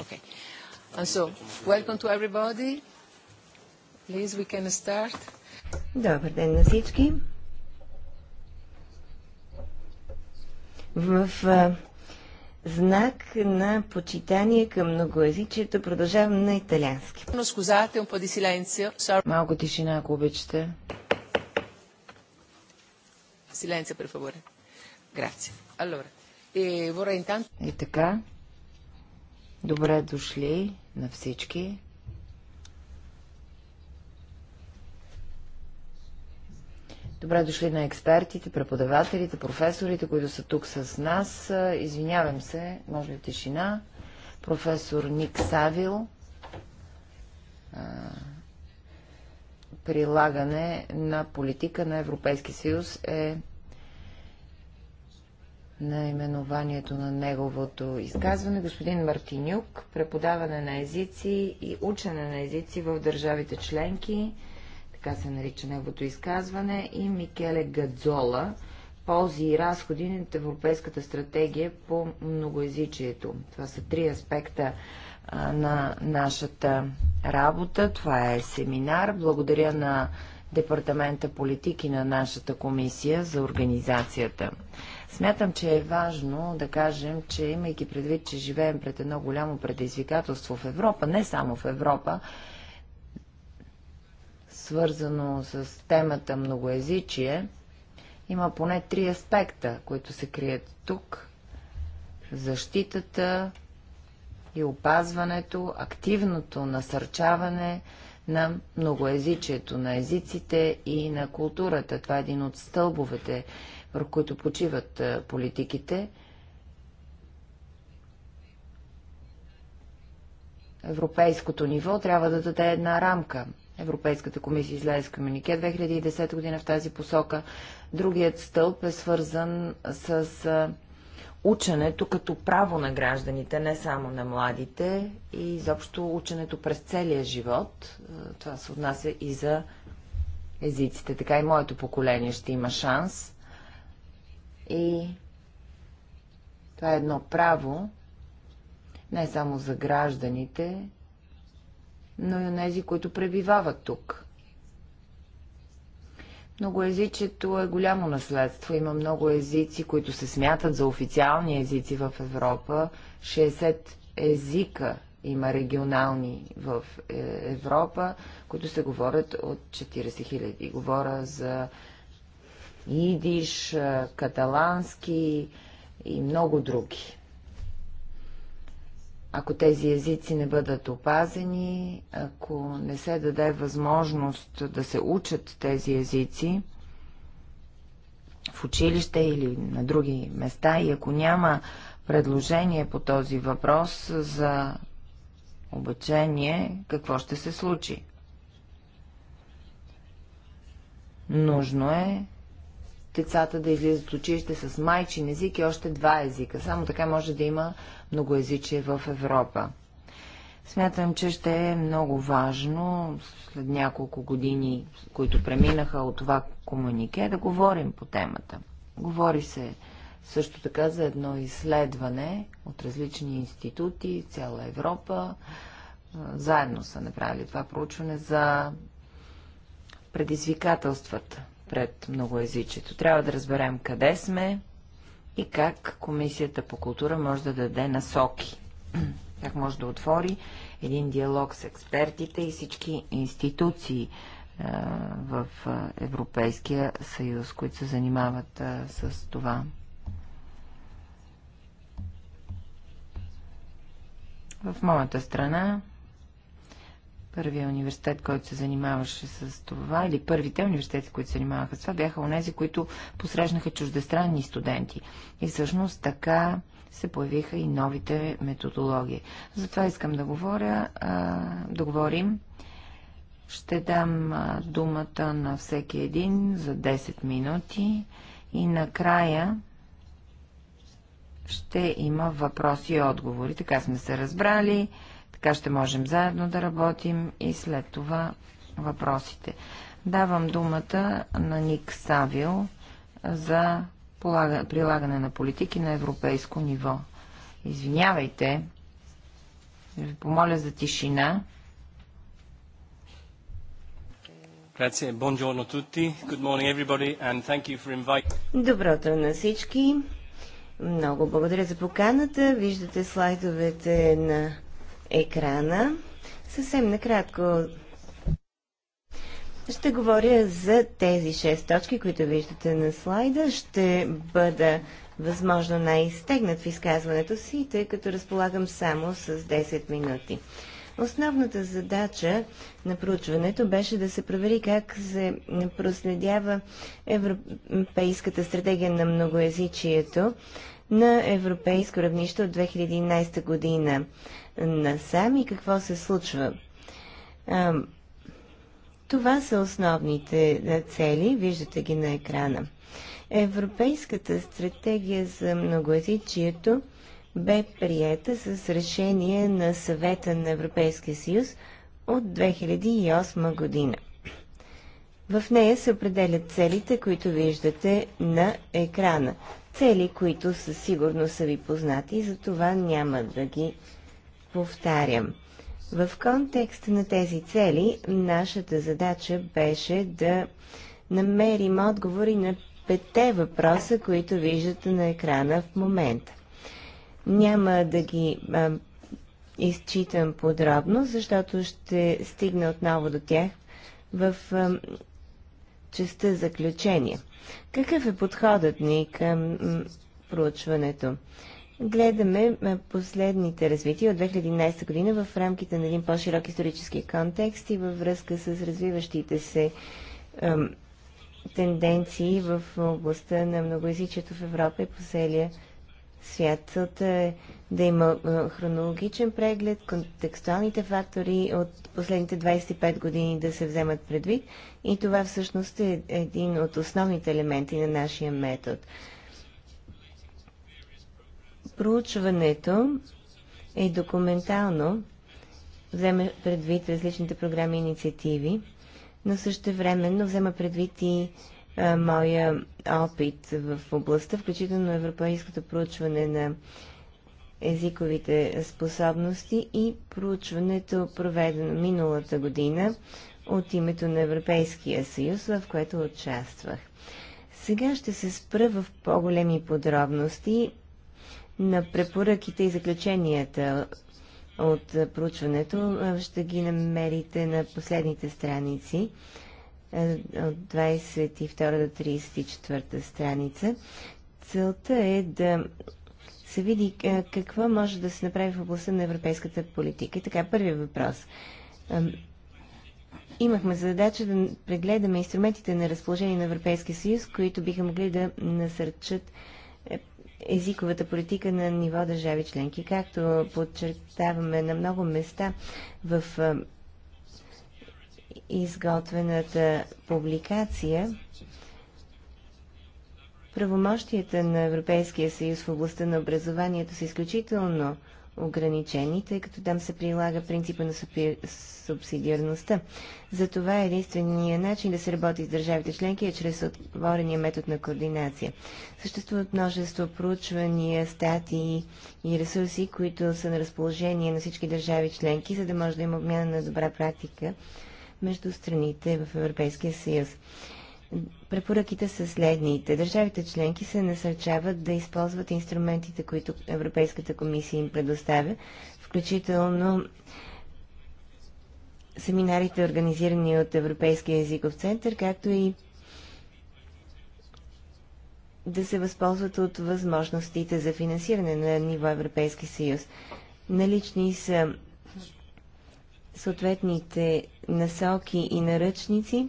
Okay. And so, welcome to everybody. Please, we can start. Добър ден на всички. В а, знак на почитание към многоязичието продължавам на италиански. Малко тишина, ако обичате. Силенция, per favore. Grazie. Allora, e vorrei intanto... И така, Добре дошли на всички. Добре дошли на експертите, преподавателите, професорите, които са тук с нас. Извинявам се, може ли тишина? Професор Ник Савил. Прилагане на политика на Европейски съюз е наименованието на неговото изказване. Господин Мартинюк, преподаване на езици и учене на езици в държавите членки, така се нарича неговото изказване, и Микеле Гадзола, ползи и разходи на Европейската стратегия по многоязичието. Това са три аспекта на нашата работа. Това е семинар. Благодаря на Департамента политики на нашата комисия за организацията. Смятам, че е важно да кажем, че имайки предвид, че живеем пред едно голямо предизвикателство в Европа, не само в Европа, свързано с темата многоязичие, има поне три аспекта, които се крият тук. Защитата и опазването, активното насърчаване на многоязичието, на езиците и на културата. Това е един от стълбовете върху които почиват политиките. Европейското ниво трябва да даде една рамка. Европейската комисия излезе с комюнике 2010 година в тази посока. Другият стълб е свързан с ученето като право на гражданите, не само на младите и изобщо ученето през целия живот. Това се отнася и за езиците. Така и моето поколение ще има шанс и това е едно право, не само за гражданите, но и онези, които пребивават тук. Многоязичието е голямо наследство. Има много езици, които се смятат за официални езици в Европа. 60 езика има регионални в е, Европа, които се говорят от 40 000. Говоря за идиш, каталански и много други. Ако тези езици не бъдат опазени, ако не се даде възможност да се учат тези езици в училище или на други места и ако няма предложение по този въпрос за обучение, какво ще се случи? Нужно е децата да излизат от училище с майчин език и още два езика. Само така може да има многоязичие в Европа. Смятам, че ще е много важно след няколко години, които преминаха от това комунике, да говорим по темата. Говори се също така за едно изследване от различни институти, цяла Европа. Заедно са направили това проучване за предизвикателствата пред многоязичието. Трябва да разберем къде сме и как Комисията по култура може да даде насоки. Как може да отвори един диалог с експертите и всички институции в Европейския съюз, които се занимават с това. В моята страна Първия университет, който се занимаваше с това, или първите университети, които се занимаваха с това, бяха онези, които посрещнаха чуждестранни студенти. И всъщност така се появиха и новите методологии. Затова искам да говоря, да говорим. Ще дам думата на всеки един за 10 минути и накрая ще има въпроси и отговори. Така сме се разбрали. Така ще можем заедно да работим и след това въпросите. Давам думата на Ник Савил за прилагане на политики на европейско ниво. Извинявайте, ви помоля за тишина. Добро утро на всички. Много благодаря за поканата. Виждате слайдовете на екрана. Съвсем накратко ще говоря за тези 6 точки, които виждате на слайда. Ще бъда възможно най-стегнат в изказването си, тъй като разполагам само с 10 минути. Основната задача на проучването беше да се провери как се проследява Европейската стратегия на многоязичието на европейско равнище от 2011 година насам и какво се случва. Това са основните цели, виждате ги на екрана. Европейската стратегия за многоязичието бе приета с решение на съвета на Европейския съюз от 2008 година. В нея се определят целите, които виждате на екрана. Цели, които със сигурност са ви познати и за това няма да ги повтарям. В контекста на тези цели, нашата задача беше да намерим отговори на пете въпроса, които виждате на екрана в момента. Няма да ги а, изчитам подробно, защото ще стигна отново до тях в а, частта заключение. Какъв е подходът ни към проучването? Гледаме последните развития от 2011 година в рамките на един по-широк исторически контекст и във връзка с развиващите се тенденции в областта на многоязичието в Европа и по целия свят. Целта е да има хронологичен преглед, контекстуалните фактори от последните 25 години да се вземат предвид и това всъщност е един от основните елементи на нашия метод. Проучването е документално, взема предвид различните програми и инициативи, но също времено взема предвид и е, моя опит в областта, включително европейското проучване на езиковите способности и проучването, проведено миналата година от името на Европейския съюз, в което участвах. Сега ще се спра в по-големи подробности на препоръките и заключенията от проучването. Ще ги намерите на последните страници е, от 22 до 34 страница. Целта е да се види е, какво може да се направи в областта на европейската политика. И така, първият въпрос. Е, имахме задача да прегледаме инструментите на разположение на Европейския съюз, които биха могли да насърчат езиковата политика на ниво държави членки. Както подчертаваме на много места в изготвената публикация, правомощията на Европейския съюз в областта на образованието са изключително ограничени, тъй като там се прилага принципа на субсидиарността. Затова единственият начин да се работи с държавите членки е чрез отворения метод на координация. Съществуват множество проучвания, статии и ресурси, които са на разположение на всички държави членки, за да може да има обмяна на добра практика между страните в Европейския съюз. Препоръките са следните. Държавите членки се насърчават да използват инструментите, които Европейската комисия им предоставя, включително семинарите, организирани от Европейския езиков център, както и да се възползват от възможностите за финансиране на ниво Европейски съюз. Налични са съответните насоки и наръчници,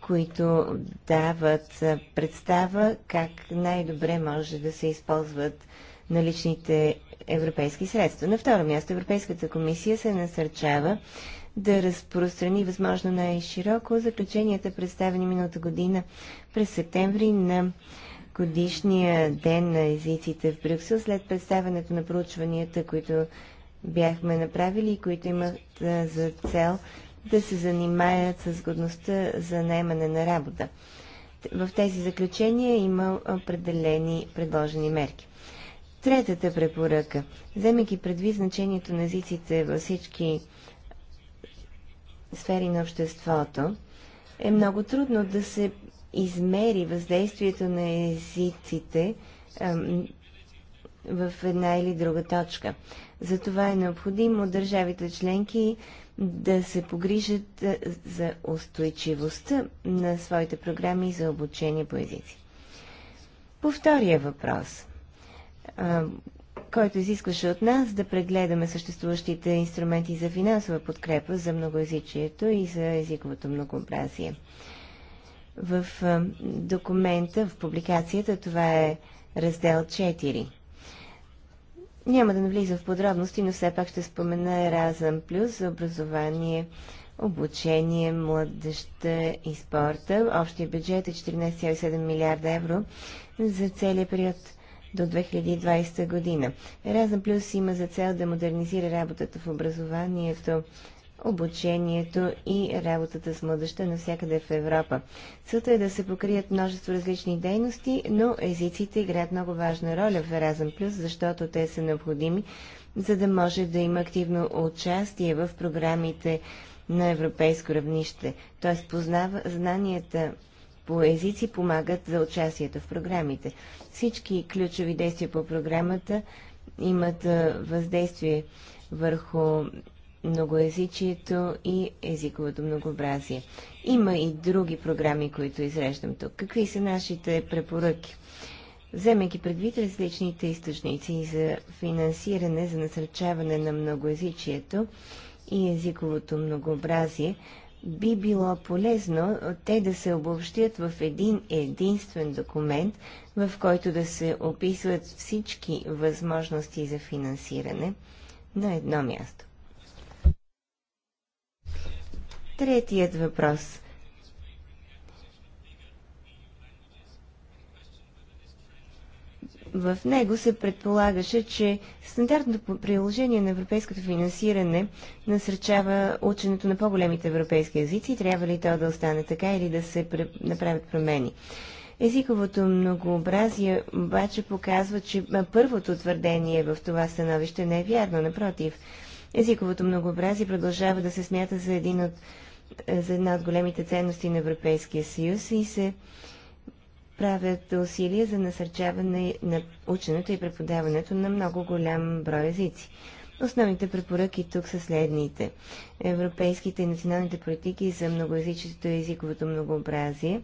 които дават представа как най-добре може да се използват наличните европейски средства. На второ място Европейската комисия се насърчава да разпространи възможно най-широко заключенията, представени миналата година през септември на годишния ден на езиците в Брюксел, след представянето на проучванията, които бяхме направили и които имат за цел да се занимаят с годността за наймане на работа. В тези заключения има определени предложени мерки. Третата препоръка. Вземайки предвид значението на езиците във всички сфери на обществото, е много трудно да се измери въздействието на езиците в една или друга точка. Затова е необходимо държавите членки да се погрижат е, за устойчивостта на своите програми за обучение по езици. По втория въпрос, е, който изискваше от нас да прегледаме съществуващите инструменти за финансова подкрепа за многоязичието и за езиковото многообразие. В е, документа, в публикацията, това е раздел 4 няма да навлизам в подробности, но все пак ще спомена Еразъм Плюс за образование, обучение, младеща и спорта. Общия бюджет е 14,7 милиарда евро за целият период до 2020 година. Еразъм Плюс има за цел да модернизира работата в образованието, обучението и работата с младеща навсякъде в Европа. Целта е да се покрият множество различни дейности, но езиците играят много важна роля в Еразъм Плюс, защото те са необходими, за да може да има активно участие в програмите на европейско равнище. Т.е. познава знанията по езици помагат за участието в програмите. Всички ключови действия по програмата имат въздействие върху многоязичието и езиковото многообразие. Има и други програми, които изреждам тук. Какви са нашите препоръки? Вземайки предвид различните източници за финансиране, за насърчаване на многоязичието и езиковото многообразие, би било полезно те да се обобщят в един единствен документ, в който да се описват всички възможности за финансиране на едно място. Третият въпрос. В него се предполагаше, че стандартното приложение на европейското финансиране насърчава ученето на по-големите европейски езици трябва ли то да остане така или да се направят промени. Езиковото многообразие обаче показва, че първото твърдение в това становище не е вярно. Напротив, езиковото многообразие продължава да се смята за един от е за една от големите ценности на Европейския съюз и се правят усилия за насърчаване на ученето и преподаването на много голям брой езици. Основните препоръки тук са следните. Европейските и националните политики за многоязичието и езиковото многообразие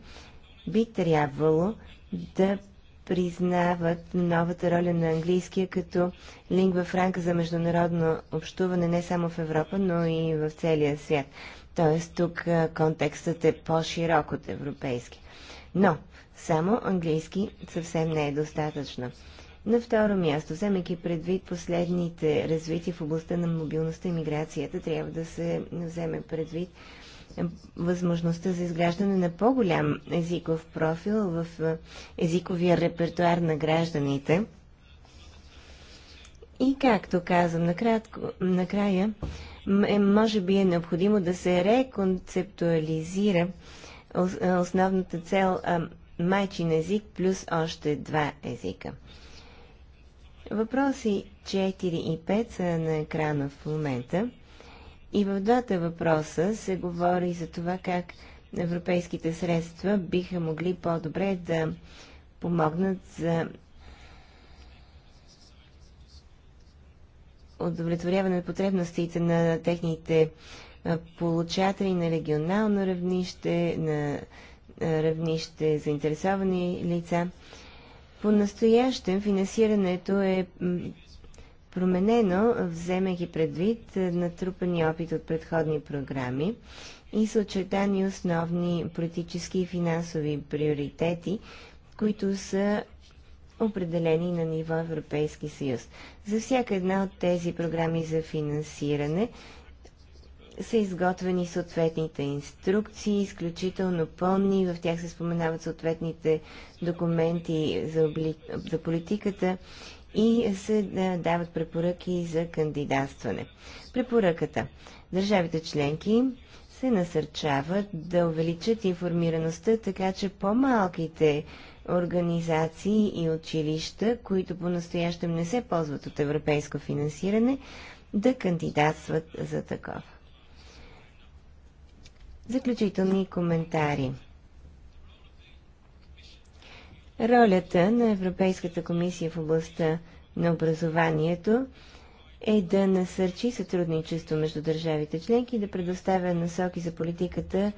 би трябвало да признават новата роля на английския като лингва франка за международно общуване не само в Европа, но и в целия свят. Тоест тук контекстът е по-широк от европейски. Но само английски съвсем не е достатъчно. На второ място, вземайки предвид последните развития в областта на мобилността и миграцията, трябва да се вземе предвид възможността за изграждане на по-голям езиков профил в езиковия репертуар на гражданите. И както казвам накратко, накрая, е, може би е необходимо да се реконцептуализира основната цел а, майчин език плюс още два езика. Въпроси 4 и 5 са на екрана в момента. И в двата въпроса се говори за това как европейските средства биха могли по-добре да помогнат за удовлетворяване на потребностите на техните получатели на регионално равнище, на равнище заинтересовани лица. По-настоящем финансирането е променено, вземайки предвид натрупани опит от предходни програми и са очертани основни политически и финансови приоритети, които са определени на ниво Европейски съюз. За всяка една от тези програми за финансиране са изготвени съответните инструкции, изключително пълни, в тях се споменават съответните документи за, обли... за политиката и се дават препоръки за кандидатстване. Препоръката. Държавите членки се насърчават да увеличат информираността, така че по-малките организации и училища, които по-настоящем не се ползват от европейско финансиране, да кандидатстват за такова. Заключителни коментари. Ролята на Европейската комисия в областта на образованието е да насърчи сътрудничество между държавите членки и да предоставя насоки за политиката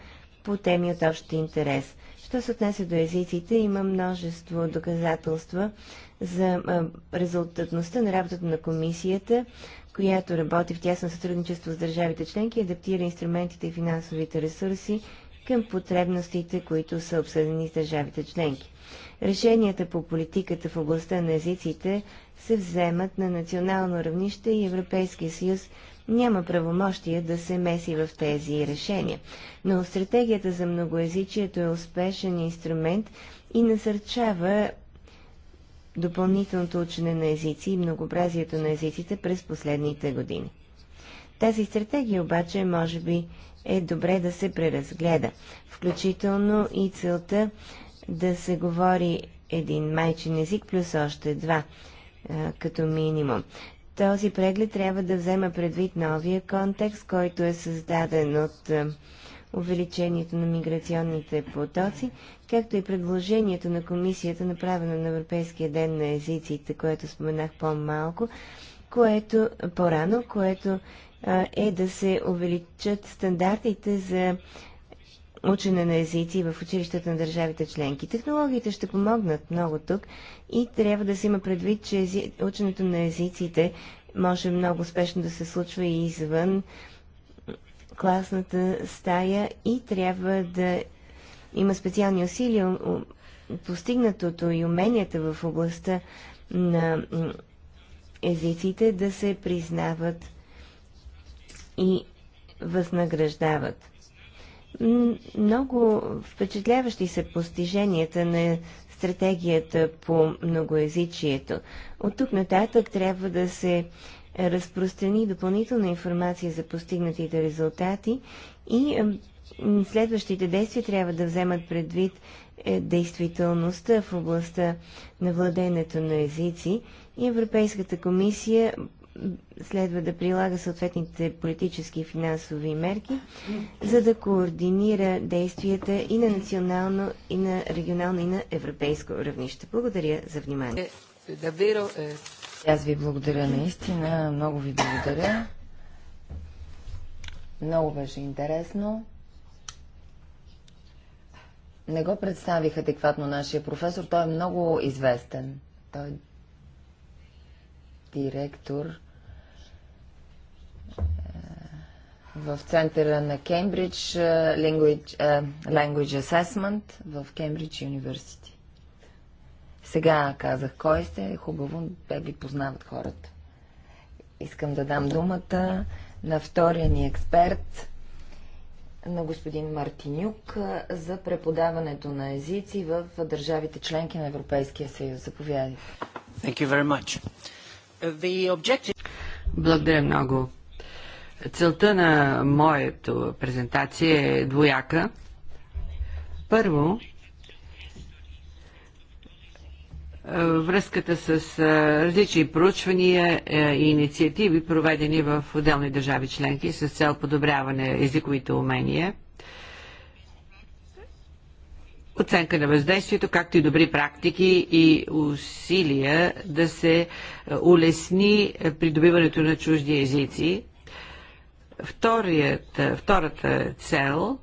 по теми от общ интерес – Що се отнася до езиците, има множество доказателства за резултатността на работата на комисията, която работи в тясно сътрудничество с държавите членки и адаптира инструментите и финансовите ресурси към потребностите, които са обсъдени с държавите членки. Решенията по политиката в областта на езиците се вземат на национално равнище и Европейския съюз няма правомощия да се меси в тези решения. Но стратегията за многоязичието е успешен инструмент и насърчава допълнителното учене на езици и многообразието на езиците през последните години. Тази стратегия обаче може би е добре да се преразгледа, включително и целта да се говори един майчин език плюс още два като минимум този преглед трябва да взема предвид новия контекст, който е създаден от е, увеличението на миграционните потоци, както и предложението на комисията, направено на Европейския ден на езиците, което споменах по-малко, което по-рано, което е, е да се увеличат стандартите за учене на езици в училищата на държавите членки. Технологиите ще помогнат много тук и трябва да се има предвид, че ези... ученето на езиците може много успешно да се случва и извън класната стая и трябва да има специални усилия постигнатото и уменията в областта на езиците да се признават и възнаграждават. Много впечатляващи са постиженията на стратегията по многоязичието. От тук нататък трябва да се разпространи допълнителна информация за постигнатите резултати и следващите действия трябва да вземат предвид е, действителността в областта на владенето на езици и Европейската комисия следва да прилага съответните политически и финансови мерки, за да координира действията и на национално, и на регионално, и на европейско равнище. Благодаря за внимание. Е, е, е. Аз ви благодаря наистина, много ви благодаря. Много беше интересно. Не го представих адекватно нашия професор. Той е много известен. Той е директор в центъра на Кембридж Language, Language Assessment в Кембридж Юниверсити. Сега казах кой сте, хубаво, те ви познават хората. Искам да дам думата на втория ни експерт, на господин Мартинюк, за преподаването на езици в държавите членки на Европейския съюз. Заповядайте. Благодаря много. Целта на моето презентация е двояка. Първо, е, връзката с е, различни проучвания е, и инициативи, проведени в отделни държави членки с цел подобряване езиковите умения, оценка на въздействието, както и добри практики и усилия да се улесни придобиването на чужди езици, Вторият, е, втората цел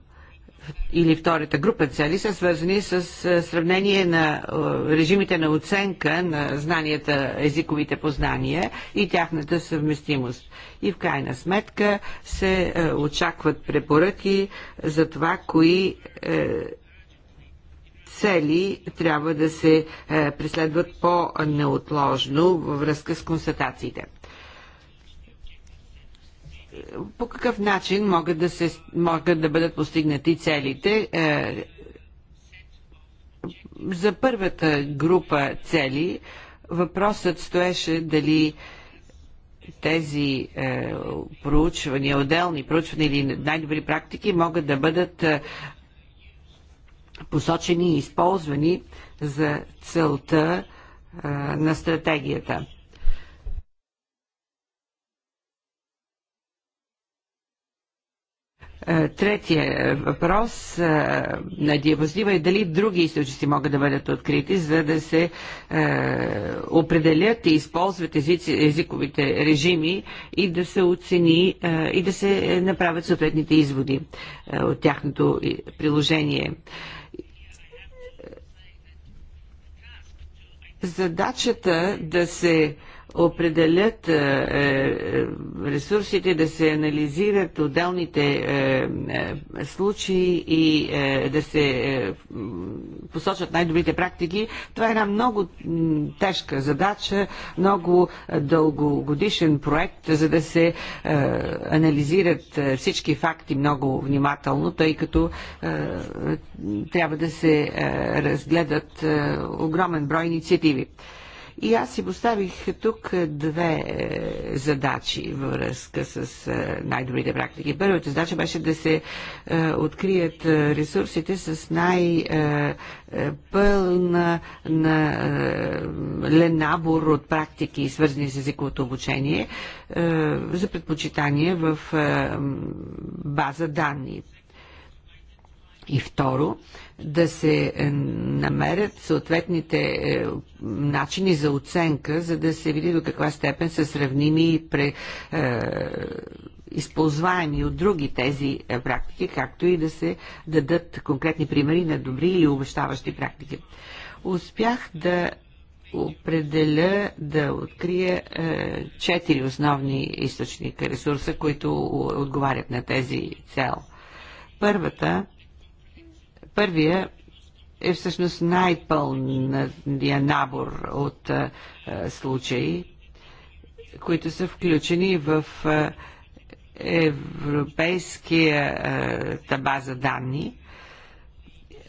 или втората група цели са свързани с е, сравнение на е, режимите на оценка на знанията, езиковите познания и тяхната съвместимост. И в крайна сметка се очакват препоръки за това, кои цели трябва да се преследват по-неотложно във връзка с констатациите по какъв начин могат да, се, могат да бъдат постигнати целите. Е, за първата група цели въпросът стоеше дали тези е, проучвания, отделни проучвания или най-добри практики могат да бъдат е, посочени и използвани за целта е, на стратегията. Е, третия въпрос е, на диапозитива е дали други източници могат да бъдат открити, за да се е, определят и използват езиковите режими и да се оцени и да се направят съответните изводи от тяхното приложение. Задачата да се определят е, е, ресурсите, да се анализират отделните е, случаи и да се посочат най-добрите практики. Това е една много тежка задача, много дългогодишен проект, за да се анализират всички факти много внимателно, тъй като трябва да се разгледат огромен брой инициативи. И аз си поставих тук е, две е, задачи във връзка с е, най-добрите практики. Първата задача беше да се открият ресурсите с най-пълна ленабор от практики, свързани с езиковото обучение, за предпочитание в база данни. И второ, да се е, намерят съответните е, начини за оценка, за да се види до каква степен са сравними и пре, е, използваеми от други тези е, практики, както и да се дадат конкретни примери на добри или обещаващи практики. Успях да определя да открия четири основни източника ресурса, които отговарят на тези цел. Първата Първия е всъщност най-пълния набор от а, случаи, които са включени в а, европейската база данни.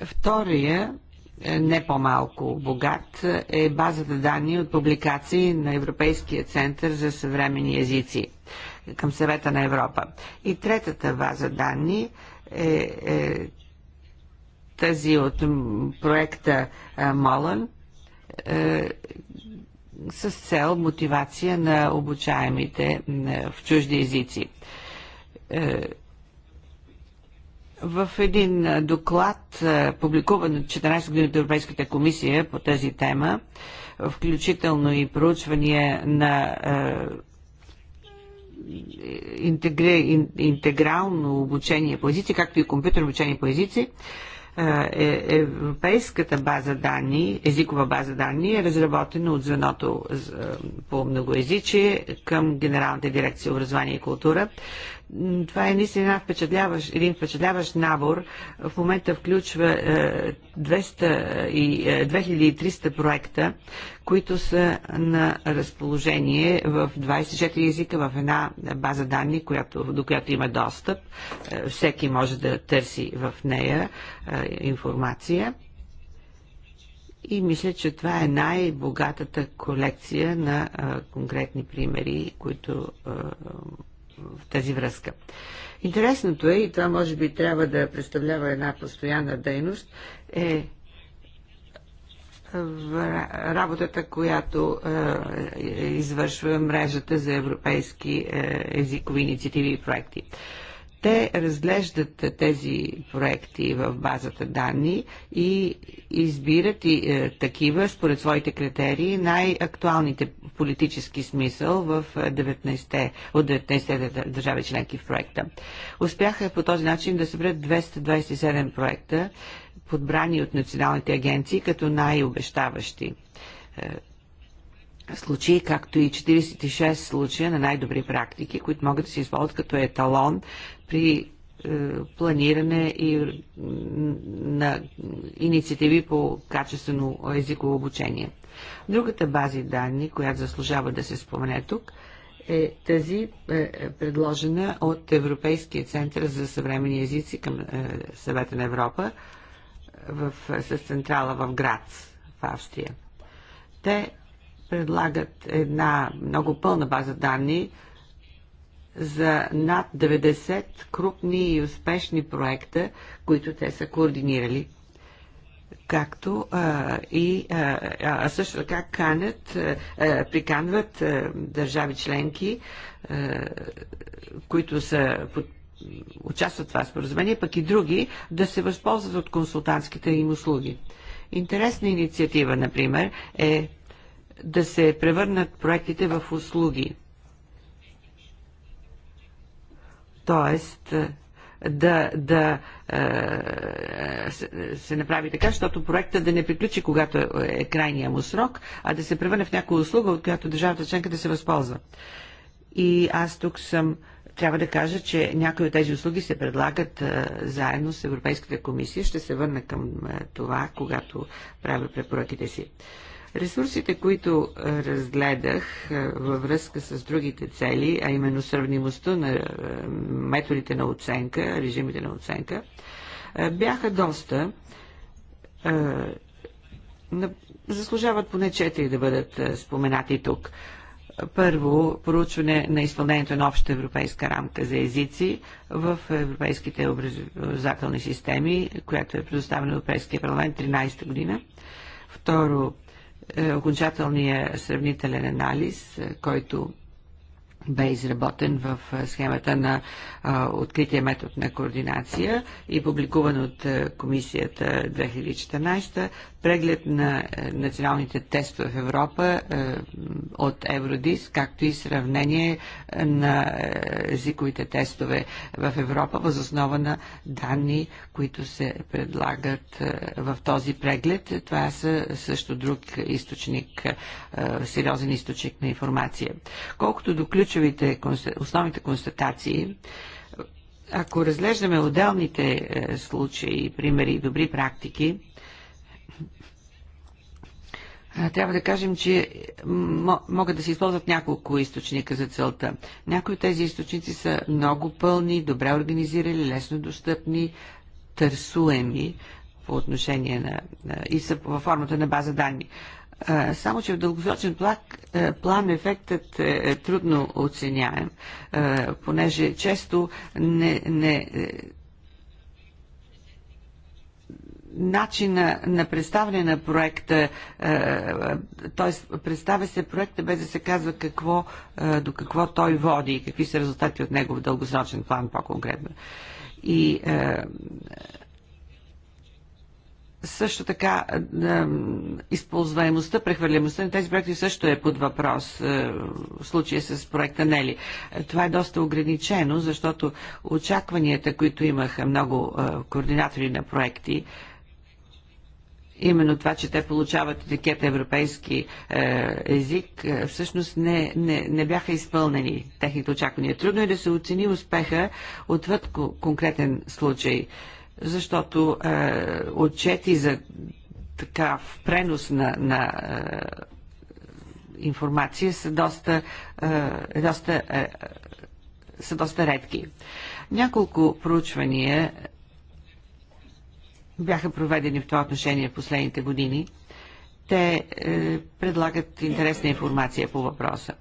Втория е, не по-малко богат е базата данни от публикации на Европейския център за съвремени езици към съвета на Европа. И третата база данни е, е тази от проекта Молън е, с цел мотивация на обучаемите в чужди езици. Е, в един доклад, публикуван от 14 години от Европейската комисия по тази тема, включително и проучвания на интегрално обучение по езици, както и компютърно обучение по езици, е, европейската база данни, езикова база данни е разработена от звеното е, по многоязичие към Генералната дирекция образование и култура. Това е наистина впечатляващ, един впечатляващ набор. В момента включва 200 е, и, 2300 е, проекта, които са на разположение в 24 езика в една база данни, която, до която има достъп. Е, всеки може да търси в нея информация. И мисля, че това е най-богатата колекция на конкретни примери, които в тази връзка. Интересното е, и това може би трябва да представлява една постоянна дейност, е, е в работата, която е, извършва мрежата за европейски е, езикови инициативи и проекти. Е, те разглеждат тези проекти в базата данни и избират и, е, такива според своите критерии най-актуалните в политически смисъл в 19 е, от 19 държави членки в проекта. Успяха по този начин да съберат 227 проекта, подбрани от националните агенции като най-обещаващи е, случаи, както и 46 случая на най-добри практики, които могат да се използват като еталон при е, планиране и на инициативи по качествено езиково обучение. Другата бази данни, която заслужава да се спомене тук, е тази е, е предложена от Европейския център за съвременни езици към е, Съвета на Европа е, в, с централа в Грац, в Австрия. Те предлагат една много пълна база данни, за над 90 крупни и успешни проекта, които те са координирали както а, и а, а също така канят, а, приканват а, държави членки, а, които са под, участват в това споразумение, пък и други, да се възползват от консултантските им услуги. Интересна инициатива, например, е да се превърнат проектите в услуги Тоест, е, да, да е, се, се направи така, защото проекта да не приключи, когато е крайния му срок, а да се превърне в някоя услуга, от която държавата членка да се възползва. И аз тук съм трябва да кажа, че някои от тези услуги се предлагат а, е, заедно с Европейската комисия. Ще се върна към а, това, когато правя препоръките си. А, Ресурсите, които разгледах във връзка с другите цели, а именно сравнимостта на методите на оценка, режимите на оценка, бяха доста. Заслужават поне четири да бъдат споменати тук. Първо, проучване на изпълнението на обща европейска рамка за езици в европейските образователни системи, която е предоставена от Европейския парламент 13-та година. Второ, е, окончателния сравнителен анализ, е, който бе изработен в е, схемата на открития метод на координация и публикуван от комисията 2014 преглед на е, националните тестове в Европа е, от Евродис, както и сравнение е, на езиковите тестове в Европа, възоснова на данни, които се предлагат в този преглед. Това са също друг източник, сериозен източник на информация. Колкото до ключовите, основните констатации, ако разглеждаме отделните случаи, примери и добри практики, трябва да кажем, че могат да се използват няколко източника за целта. Някои от тези източници са много пълни, добре организирани, лесно достъпни, търсуеми по отношение на, и са във формата на база данни. Само, че в дългосрочен е, план ефектът е, е трудно оценяем, понеже често не, не е, начина на представяне на проекта, е, т.е. представя се проекта без да се казва какво, е, до какво той води и какви са резултати от него в дългосрочен план по-конкретно. И е, също така използваемостта, прехвърлямостта на тези проекти също е под въпрос в случая с проекта Нели. Това е доста ограничено, защото очакванията, които имаха много координатори на проекти, именно това, че те получават етикет европейски е, език, е, всъщност не, не, не бяха изпълнени техните очаквания. Трудно е да се оцени успеха отвъд конкретен случай, защото е, отчети за така в пренос на, на е, информация са доста, е, доста, е, са доста редки. Няколко проучвания бяха проведени в това отношение в последните години. Те е, предлагат интересна информация по въпроса.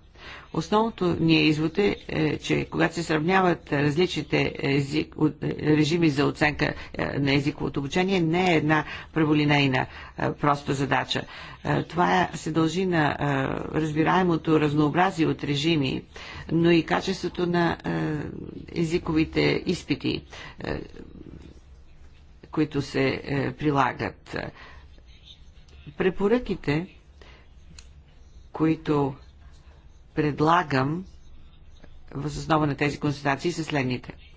Основното ни е извод е, е че когато се сравняват различните език, е, режими за оценка е, на езиковото обучение, не е една праволинейна проста задача. Това се дължи на разбираемото разнообразие от режими, но и качеството на езиковите изпити които се е, прилагат. Препоръките, които предлагам възоснова на тези консултации, са следните –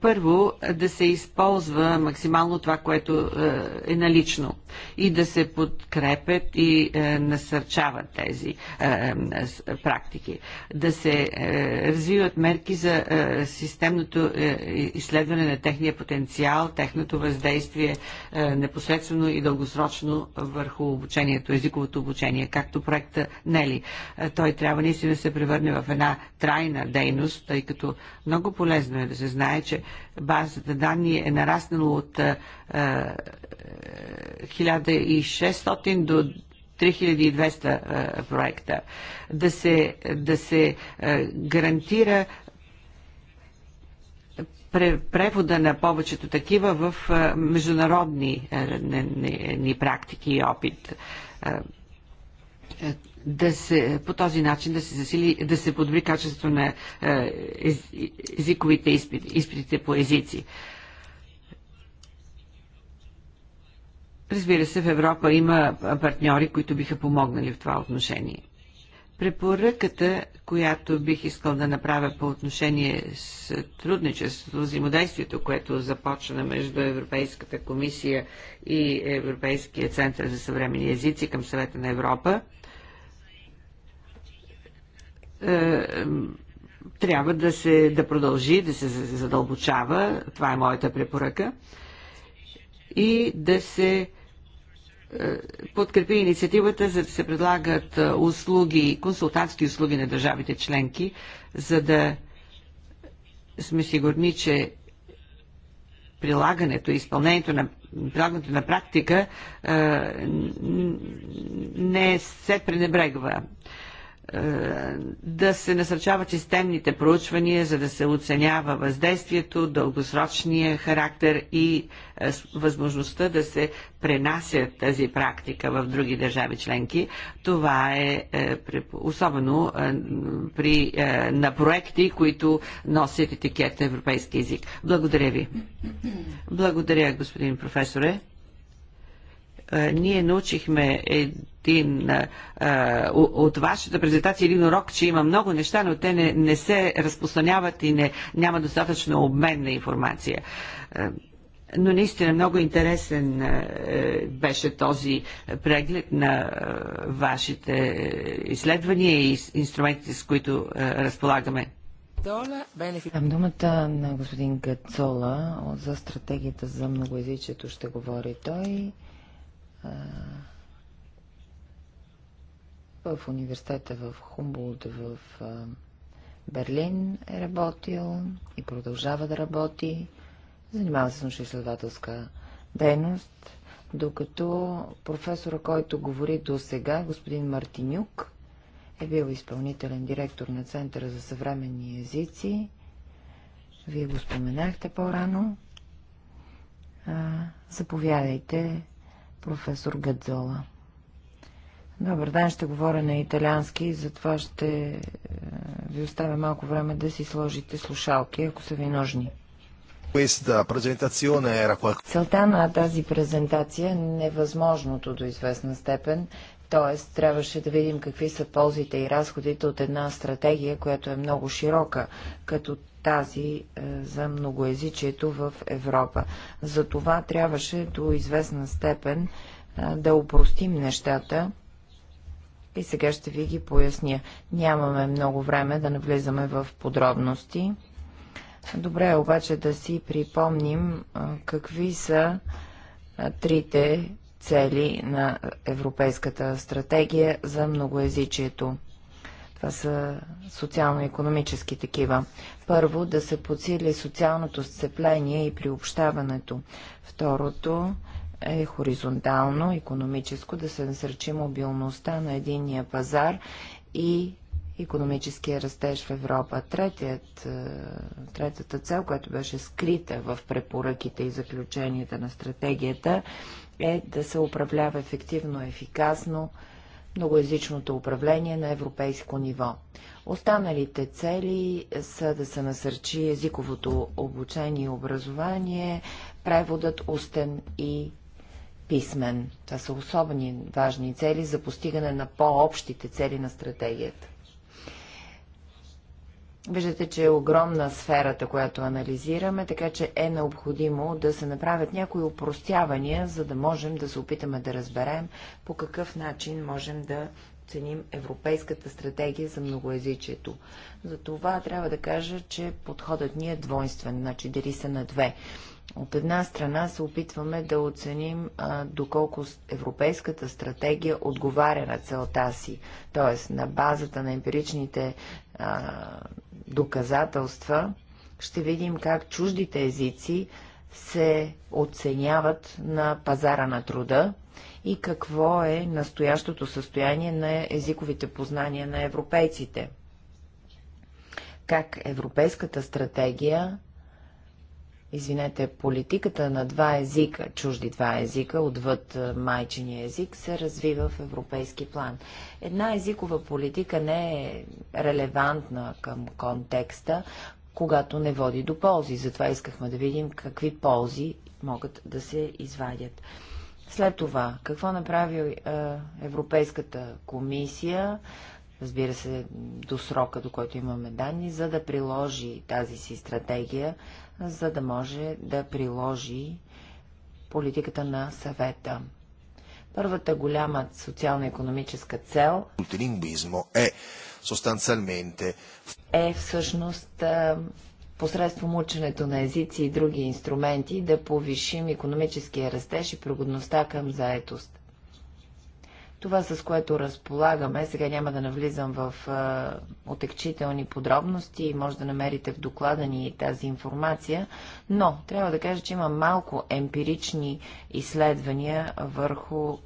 първо, да се използва максимално това, което е, е налично и да се подкрепят и е, насърчават тези е, практики. Да се развиват мерки за системното изследване на техния потенциал, техното въздействие непосредствено и дългосрочно върху обучението, езиковото обучение, както проекта Нели. Той трябва наистина да се превърне в една трайна дейност, тъй като много полезно е да се знае, че базата данни е нараснала от 1600 е, е, до 3200 е, проекта. Да се, да се гарантира превода на повечето такива в международни ни практики и опит да се, по този начин да се засили, да се подобри качеството на е, езиковите изпити, изпитите по езици. Разбира се, в Европа има партньори, които биха помогнали в това отношение. Препоръката, която бих искал да направя по отношение с трудничеството, взаимодействието, което започна между Европейската комисия и Европейския център за съвремени езици към Съвета на Европа – е, трябва да се да продължи, да се задълбочава, това е моята препоръка, и да се е, подкрепи инициативата, за да се предлагат е, услуги, консултантски услуги на държавите членки, за да сме сигурни, че прилагането и изпълнението на прилагането на практика не се пренебрегва. Е, да се насърчават системните проучвания, за да се оценява въздействието, дългосрочния характер и е, възможността да се пренася тази практика в други държави членки. Това е, е особено при, на проекти, които носят етикет на европейски язик. Благодаря ви. Благодаря, господин професоре ние научихме един, а, от вашата презентация един урок, че има много неща, но те не, не се разпространяват и не, няма достатъчно обмен на информация. Но наистина много интересен е, беше този преглед на вашите изследвания и инструментите, с които разполагаме. Дам думата на господин Гацола за стратегията за многоязичието ще говори той в университета в Хумболт в Берлин е работил и продължава да работи. Занимава се с изследователска дейност, докато професора, който говори до сега, господин Мартинюк, е бил изпълнителен директор на Центъра за съвременни езици. Вие го споменахте по-рано. заповядайте професор Гадзола. Добър ден, ще говоря на италиански, затова ще е, ви оставя малко време да си сложите слушалки, ако са ви нужни. Целта на тази презентация е невъзможното до известна степен. Тоест, трябваше да видим какви са ползите и разходите от една стратегия, която е много широка, като тази е, за многоязичието в Европа. За това трябваше до известна степен е, да упростим нещата и сега ще ви ги поясня. Нямаме много време да навлизаме в подробности. Добре е обаче да си припомним е, какви са трите цели на Европейската стратегия за многоязичието. Това са социално-економически такива. Първо, да се подсили социалното сцепление и приобщаването. Второто е хоризонтално, економическо, да се насърчи мобилността на единния пазар и економическия растеж в Европа. Третият, е, третата цел, която беше скрита в препоръките и заключенията на стратегията, е да се управлява ефективно, ефикасно многоязичното управление на европейско ниво. Останалите цели са да се насърчи езиковото обучение и образование, преводът устен и писмен. Това са особени важни цели за постигане на по-общите цели на стратегията. Виждате, че е огромна сферата, която анализираме, така че е необходимо да се направят някои упростявания, за да можем да се опитаме да разберем по какъв начин можем да ценим Европейската стратегия за многоязичието. За това трябва да кажа, че подходът ни е двойствен, значи дели са на две. От една страна се опитваме да оценим а, доколко европейската стратегия отговаря на целта си, т.е. на базата на емпиричните а, доказателства, ще видим как чуждите езици се оценяват на пазара на труда и какво е настоящото състояние на езиковите познания на европейците. Как Европейската стратегия извинете, политиката на два езика, чужди два езика, отвъд майчиния език, се развива в европейски план. Една езикова политика не е релевантна към контекста, когато не води до ползи. Затова искахме да видим какви ползи могат да се извадят. След това, какво направи е, Европейската комисия? разбира се, до срока, до който имаме данни, за да приложи тази си стратегия за да може да приложи политиката на съвета. Първата голяма социално-економическа цел е, е всъщност посредством ученето на езици и други инструменти да повишим економическия растеж и пригодността към заетост. Това, с което разполагаме, сега няма да навлизам в отекчителни подробности и може да намерите в доклада ни тази информация, но трябва да кажа, че има малко емпирични изследвания върху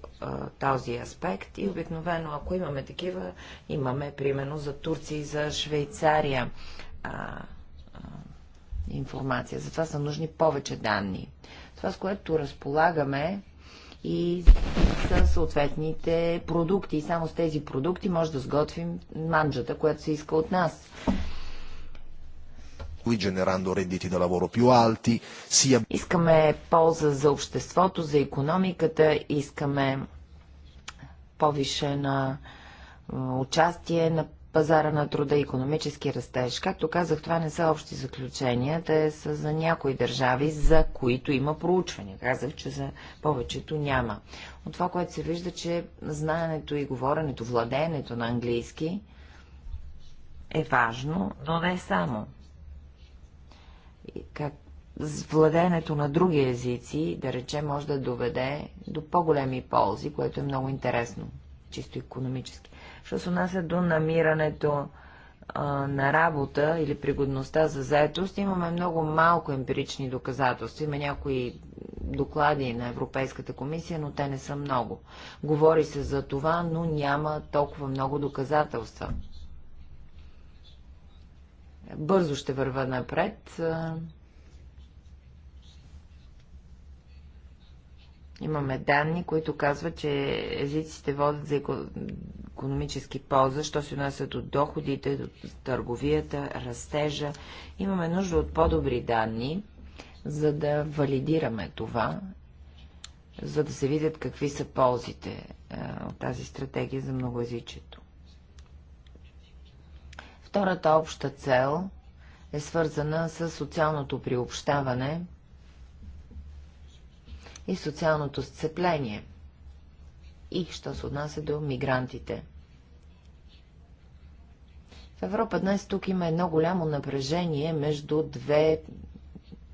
този аспект и обикновено, ако имаме такива, имаме примерно за Турция и за Швейцария а, а, информация. Затова са нужни повече данни. Това, с което разполагаме, и със съответните продукти. И само с тези продукти може да сготвим манджата, която се иска от нас. Искаме полза за обществото, за економиката, искаме повишена участие на пазара на труда и економически растеж. Както казах, това не са общи заключения, те са за някои държави, за които има проучвания. Казах, че за повечето няма. От това, което се вижда, че знаенето и говоренето, владеенето на английски е важно, но не само. Как владеенето на други езици, да рече, може да доведе до по-големи ползи, което е много интересно, чисто економически. Що се отнася до намирането а, на работа или пригодността за заетост, имаме много малко емпирични доказателства. Има някои доклади на Европейската комисия, но те не са много. Говори се за това, но няма толкова много доказателства. Бързо ще върва напред. Имаме данни, които казват, че езиците водят за економически полза, що се отнася до доходите, до търговията, растежа. Имаме нужда от по-добри данни, за да валидираме това, за да се видят какви са ползите е, от тази стратегия за многоязичието. Втората обща цел е свързана с социалното приобщаване и социалното сцепление. И що се отнася до мигрантите. В Европа днес тук има едно голямо напрежение между две,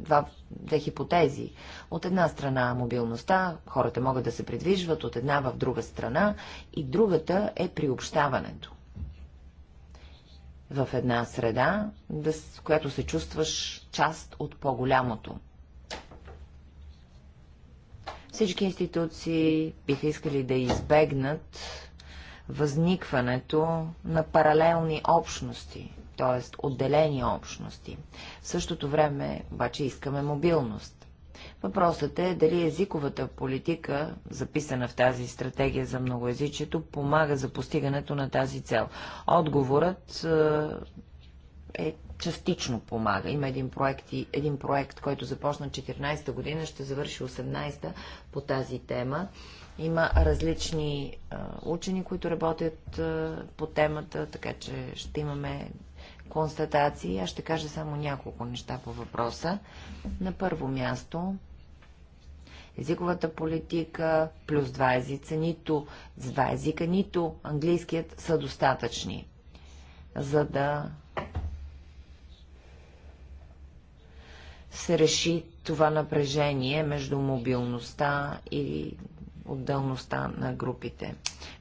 два, две хипотези. От една страна мобилността, хората могат да се придвижват от една в друга страна, и другата е приобщаването. В една среда, да, с която се чувстваш част от по-голямото. Всички институции биха искали да избегнат възникването на паралелни общности, т.е. отделени общности. В същото време обаче искаме мобилност. Въпросът е дали езиковата политика, записана в тази стратегия за многоязичието, помага за постигането на тази цел. Отговорът е, е частично помага. Има един проект, един проект който започна 14-та година, ще завърши 18-та по тази тема. Има различни учени, които работят по темата, така че ще имаме констатации. Аз ще кажа само няколко неща по въпроса. На първо място, езиковата политика плюс два езика, нито два езика, нито английският са достатъчни, за да се реши това напрежение между мобилността и отделността на групите.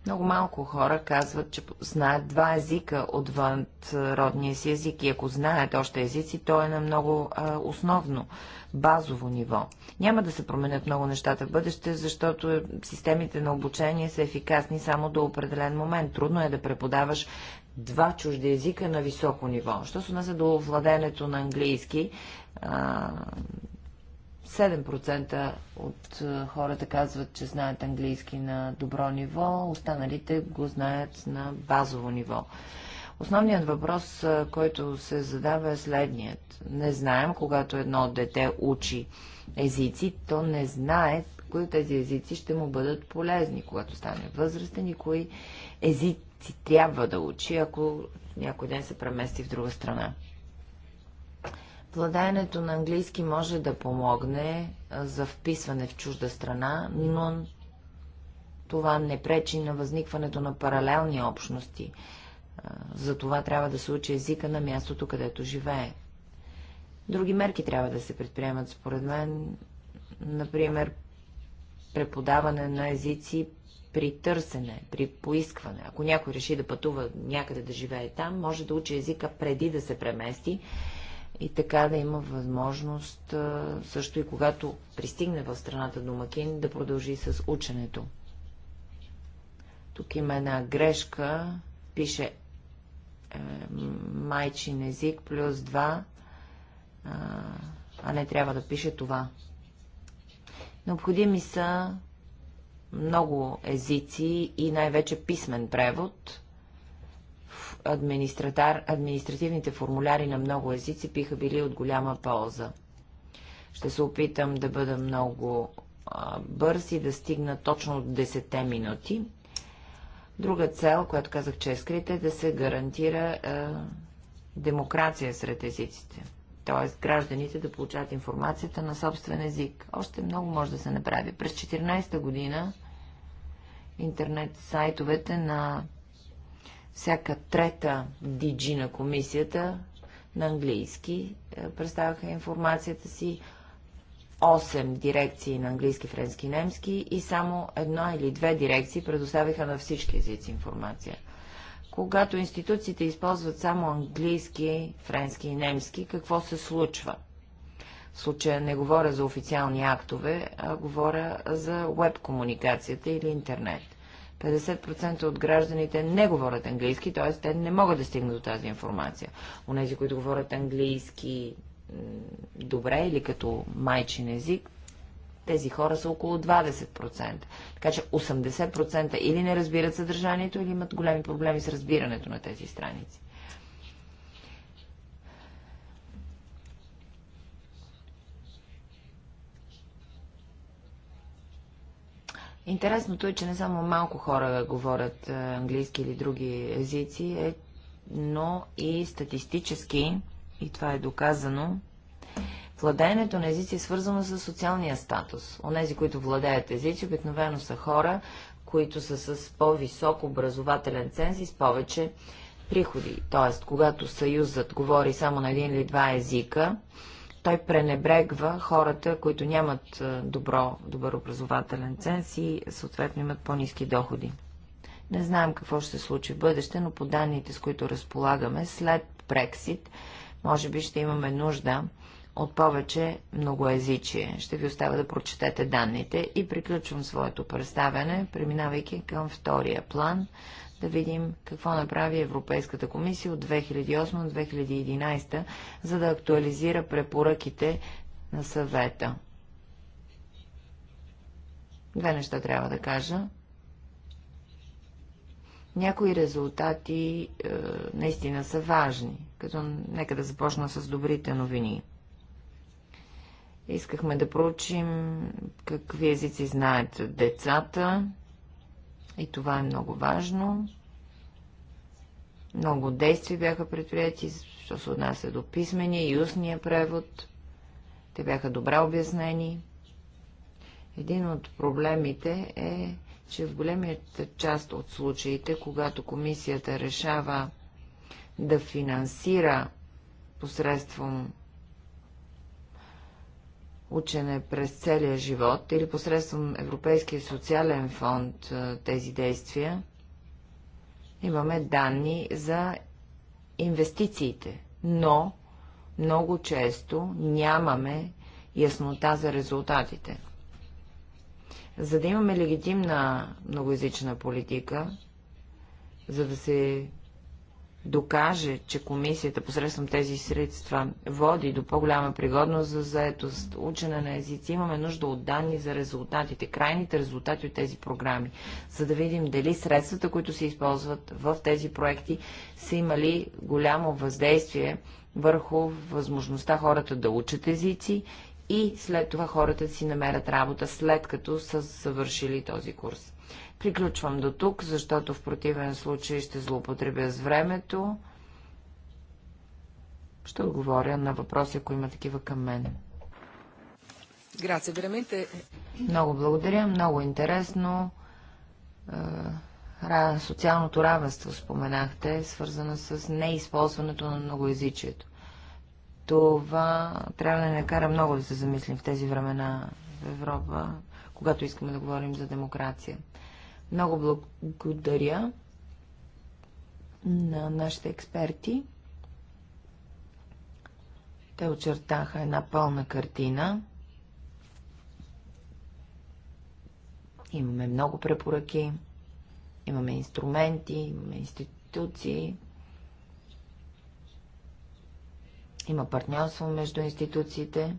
Много малко хора казват, че знаят два езика отвън родния си език и ако знаят още езици, то е на много а, основно, базово ниво. Няма да се променят много нещата в бъдеще, защото е, системите на обучение са ефикасни само до определен момент. Трудно е да преподаваш два чужди езика на високо ниво. Що се отнася до владенето на английски, а, 7% от е, хората казват, че знаят английски на добро ниво, останалите го знаят на базово ниво. Основният въпрос, е, който се задава е следният. Не знаем, когато едно дете учи езици, то не знае кои от тези езици ще му бъдат полезни, когато стане възрастен и кои езици трябва да учи, ако някой ден се премести в друга страна. Владаенето на английски може да помогне за вписване в чужда страна, но това не пречи на възникването на паралелни общности. За това трябва да се учи езика на мястото, където живее. Други мерки трябва да се предприемат, според мен. Например, преподаване на езици при търсене, при поискване. Ако някой реши да пътува някъде да живее там, може да учи езика преди да се премести и така да има възможност също и когато пристигне в страната домакин да продължи с ученето. Тук има една грешка, пише е, майчин език плюс 2, а не трябва да пише това. Необходими са много езици и най-вече писмен превод – административните формуляри на много езици биха били от голяма полза. Ще се опитам да бъда много а, бърз и да стигна точно от 10 минути. Друга цел, която казах, че е скрита, е да се гарантира а, демокрация сред езиците. Тоест, гражданите да получават информацията на собствен език. Още много може да се направи. През 14-та година интернет сайтовете на всяка трета диджи на комисията на английски е, представяха информацията си 8 дирекции на английски, френски и немски и само една или две дирекции предоставиха на всички езици информация. Когато институциите използват само английски, френски и немски, какво се случва? В случая не говоря за официални актове, а говоря за веб-комуникацията или интернет. 50% от гражданите не говорят английски, т.е. те не могат да стигнат до тази информация. Онези, които говорят английски добре или като майчин език, тези хора са около 20%. Така че 80% или не разбират съдържанието, или имат големи проблеми с разбирането на тези страници. Интересното е, че не само малко хора говорят е, английски или други езици, е, но и статистически, и това е доказано, Владеенето на езици е свързано с социалния статус. Онези, които владеят езици, обикновено са хора, които са с по-висок образователен ценз и с повече приходи. Тоест, когато Съюзът говори само на един или два езика, той пренебрегва хората, които нямат добро, добър образователен ценз и съответно имат по-низки доходи. Не знаем какво ще се случи в бъдеще, но по данните, с които разполагаме, след Брексит, може би ще имаме нужда от повече многоязичие. Ще ви оставя да прочетете данните и приключвам своето представяне, преминавайки към втория план – да видим какво направи Европейската комисия от 2008-2011, за да актуализира препоръките на съвета. Две неща трябва да кажа. Някои резултати е, наистина са важни, като нека да започна с добрите новини. Искахме да проучим какви езици знаят децата, и това е много важно. Много действия бяха предприяти, що се отнася до писмения и устния превод. Те бяха добре обяснени. Един от проблемите е, че в големията част от случаите, когато комисията решава да финансира посредством учене през целия живот или посредством Европейския социален фонд тези действия, имаме данни за инвестициите, но много често нямаме яснота за резултатите. За да имаме легитимна многоязична политика, за да се докаже, че комисията посредством тези средства води до по-голяма пригодност за заетост, учене на езици, имаме нужда от данни за резултатите, крайните резултати от тези програми, за да видим дали средствата, които се използват в тези проекти, са имали голямо въздействие върху възможността хората да учат езици и след това хората си намерят работа, след като са завършили този курс. Приключвам до тук, защото в противен случай ще злоупотребя с времето. Ще отговоря на въпроси, ако има такива към мен. Грация, верамите. Много благодаря, много интересно. Е, социалното равенство споменахте, свързано с неизползването на многоязичието. Това трябва да ни накара много да се замислим в тези времена в Европа когато искаме да говорим за демокрация. Много благодаря на нашите експерти. Те очертаха една пълна картина. Имаме много препоръки, имаме инструменти, имаме институции, има партньорство между институциите,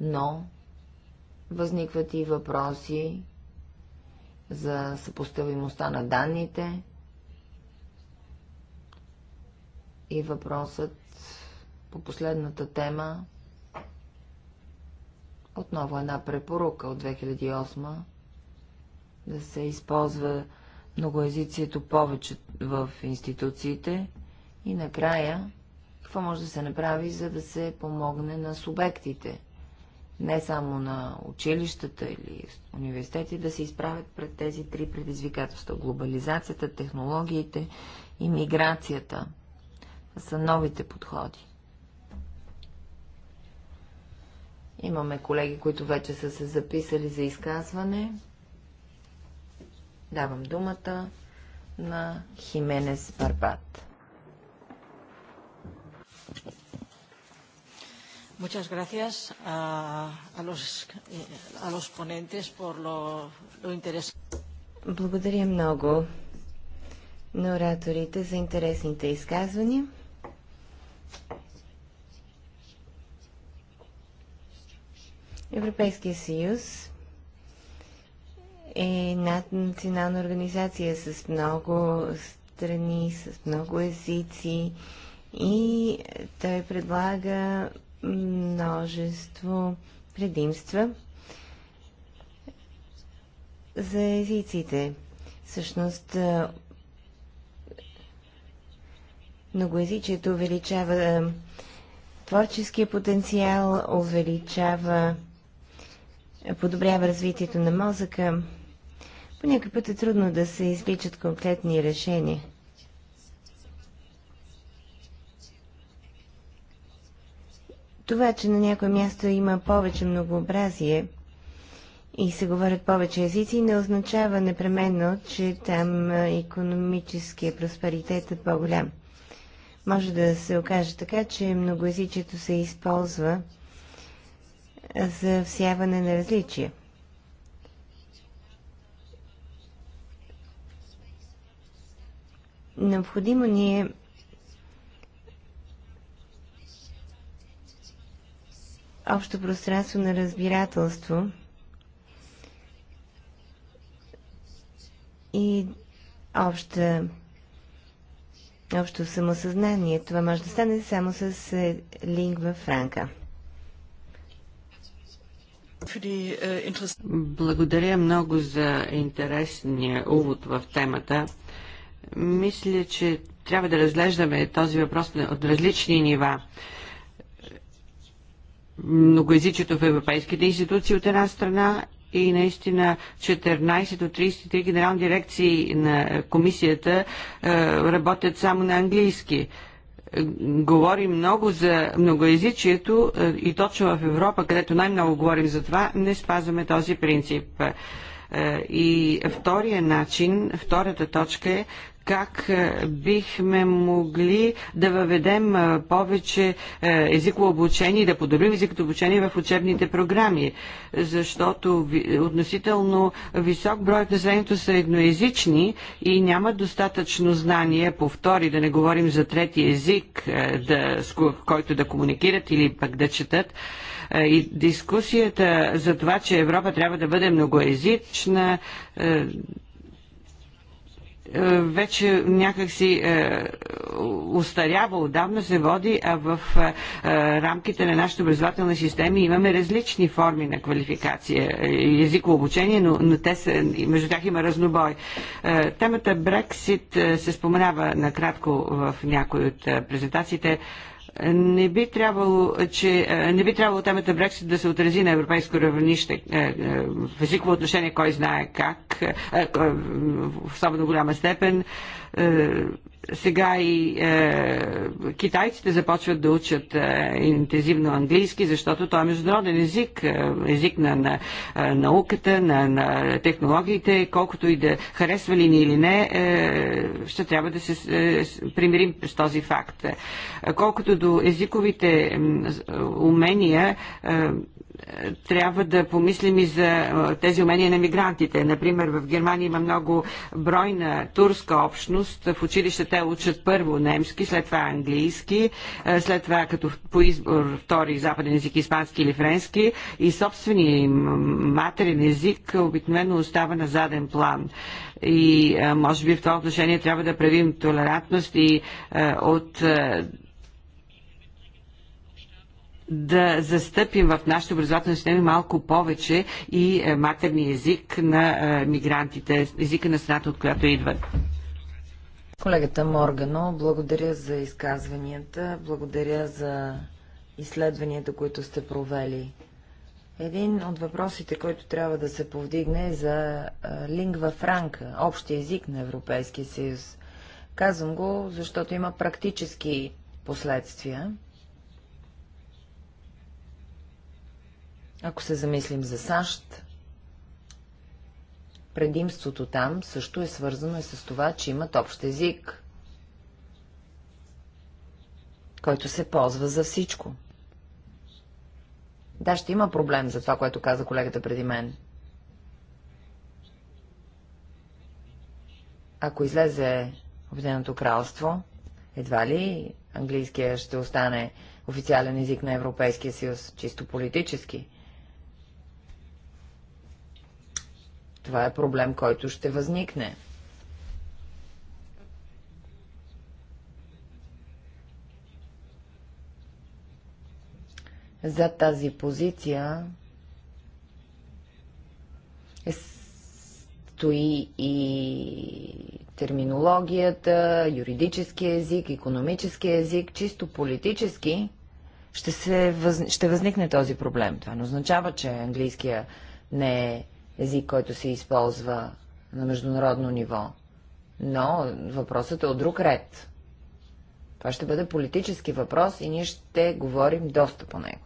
но Възникват и въпроси за съпоставимостта на данните и въпросът по последната тема отново една препоръка от 2008 да се използва многоязицието повече в институциите и накрая какво може да се направи, за да се помогне на субектите – не само на училищата или университети, да се изправят пред тези три предизвикателства – глобализацията, технологиите и миграцията. са новите подходи. Имаме колеги, които вече са се записали за изказване. Давам думата на Хименес Барбат. Muchas gracias a, a, los, a los ponentes por lo, lo interesante. Благодаря много на ораторите за интересните изказвания. Европейския съюз е наднационална организация с много страни, с много езици и той предлага множество предимства за езиците. Всъщност, многоязичието увеличава творческия потенциал, увеличава, подобрява развитието на мозъка. Понякога път е трудно да се изличат конкретни решения – това, че на някое място има повече многообразие и се говорят повече езици, не означава непременно, че там економическия просперитет е по-голям. Може да се окаже така, че многоязичието се използва за всяване на различия. Необходимо ни е общо пространство на разбирателство и обща, общо самосъзнание. Това може да стане само с е, лингва франка. Е, Благодаря много за интересния увод в темата. Мисля, че трябва да разглеждаме този въпрос от различни нива многоязичието в европейските институции от една страна и наистина 14 от 33 генерални дирекции на комисията е, работят само на английски. Говорим много за многоязичието е, и точно в Европа, където най-много говорим за това, не спазваме този принцип. Е, и втория начин, втората точка е как е, бихме могли да въведем е, повече е, езиково обучение и да подобрим езиковото обучение в учебните програми, защото относително висок брой от населението са едноязични и нямат достатъчно знание по втори, да не говорим за трети език, да, с който да комуникират или пък да четат и дискусията за това, че Европа трябва да бъде многоезична, е, вече някакси е, устарява, отдавна се води, а в е, рамките на нашите образователни системи имаме различни форми на квалификация и езиково обучение, но, но те са, между тях има разнобой. Темата Брексит се споменава накратко в някои от презентациите. Не би трябвало, че, е, не би трябвало темата Брексит да се отрази на европейско равнище е, е, в езиково отношение, кой знае как, в особено голяма степен сега и е, китайците започват да учат е, интензивно английски, защото той е международен език, е, език на, на е, науката, на, на технологиите, колкото и да харесва ли ни или не, е, ще трябва да се е, примирим с този факт. Е, колкото до езиковите е, умения, е, трябва да помислим и за тези умения на мигрантите. Например, в Германия има много бройна турска общност. В училище те учат първо немски, след това английски, след това като по избор втори западен език, испански или френски и собствения матерен език обикновено остава на заден план и може би в това отношение трябва да правим толерантност и от да застъпим в нашите образователни системи малко повече и е, матерния език на е, мигрантите, езика на страната, от която идват. Колегата Моргано, благодаря за изказванията, благодаря за изследванията, които сте провели. Един от въпросите, който трябва да се повдигне е за е, лингва франка, общия език на Европейския съюз. Казвам го, защото има практически последствия. Ако се замислим за САЩ, предимството там също е свързано и с това, че имат общ език, който се ползва за всичко. Да, ще има проблем за това, което каза колегата преди мен. Ако излезе Обединеното кралство, едва ли английския ще остане официален език на Европейския съюз, чисто политически. Това е проблем, който ще възникне. За тази позиция е стои и терминологията, юридически език, економически език, чисто политически, ще, се, въз... ще възникне този проблем. Това не означава, че английския не е език, който се използва на международно ниво. Но въпросът е от друг ред. Това ще бъде политически въпрос и ние ще говорим доста по него.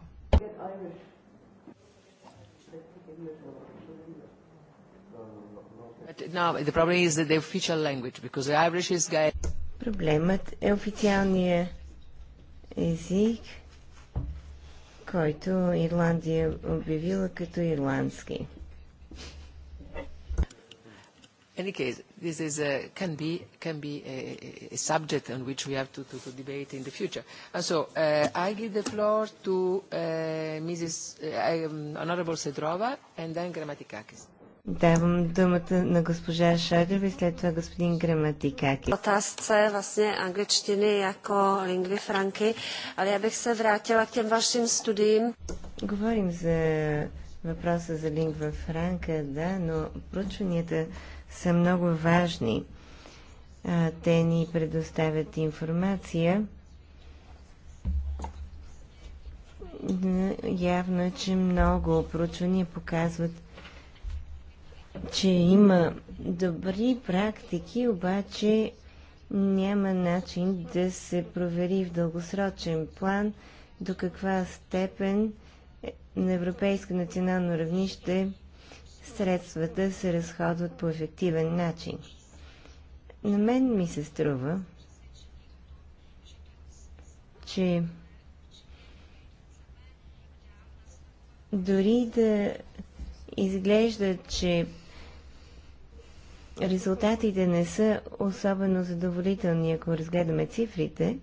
Проблемът е официалния език, който Ирландия обявила като ирландски any case, this is a, can be, can be a, a subject on which we have to, to, to debate in the future. And so uh, I give the floor to uh, Mrs. Uh, um, Honorable Sedrova and then Grammatikakis. Давам думата на госпожа Шойдрова и след това господин Граматикаки. Otázce vlastně angličtiny jako lingvy franky, ale já bych se vrátila k těm vašim studiím. Говорим за въпроса за лингва франка, да, но проучванията, са много важни. Те ни предоставят информация. Явно е, че много проучвания показват, че има добри практики, обаче няма начин да се провери в дългосрочен план до каква степен на европейско национално равнище средствата се разходват по ефективен начин. На мен ми се струва, че дори да изглежда, че резултатите не са особено задоволителни, ако разгледаме цифрите,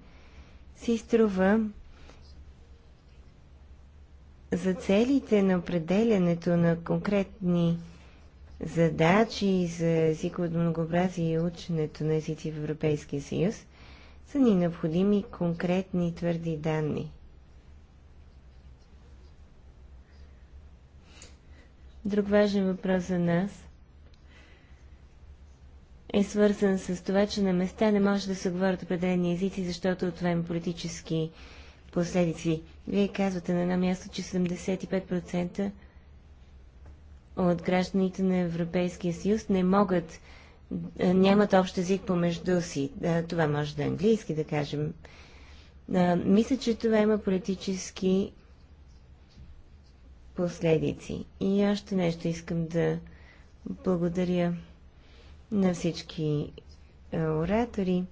си струва за целите на определянето на конкретни задачи за езиковото многообразие и ученето на езици в Европейския съюз са ни необходими конкретни твърди данни. Друг важен въпрос за нас е свързан с това, че на места не може да се говорят определени езици, защото това има политически последици. Вие казвате на едно място, че 75% от гражданите на Европейския съюз не могат, е, нямат общ език помежду си. Е, това може да е английски, да кажем. Е, мисля, че това има политически последици. И още нещо искам да благодаря на всички оратори.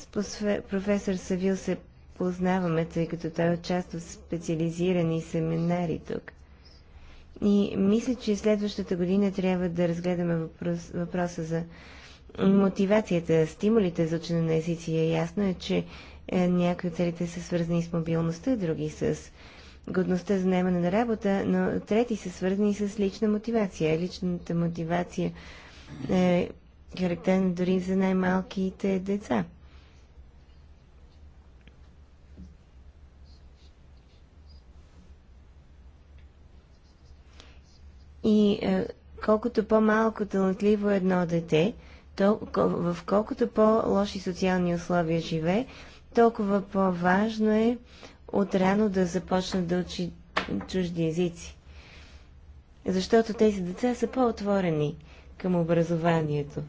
С професор Савил се познаваме, тъй като той участва е в специализирани семинари тук. И мисля, че следващата година трябва да разгледаме въпрос, въпроса за мотивацията, стимулите за учене на езици. Е ясно е, че е, някои от целите са свързани с мобилността, други с годността за наемане на работа, но трети са свързани с лична мотивация. Личната мотивация е характерна дори за най-малките деца. И е, колкото по-малко талантливо е едно дете, в колкото по-лоши социални условия живее, толкова по-важно е от рано да започнат да учи чужди езици. Защото тези деца са по-отворени към образованието.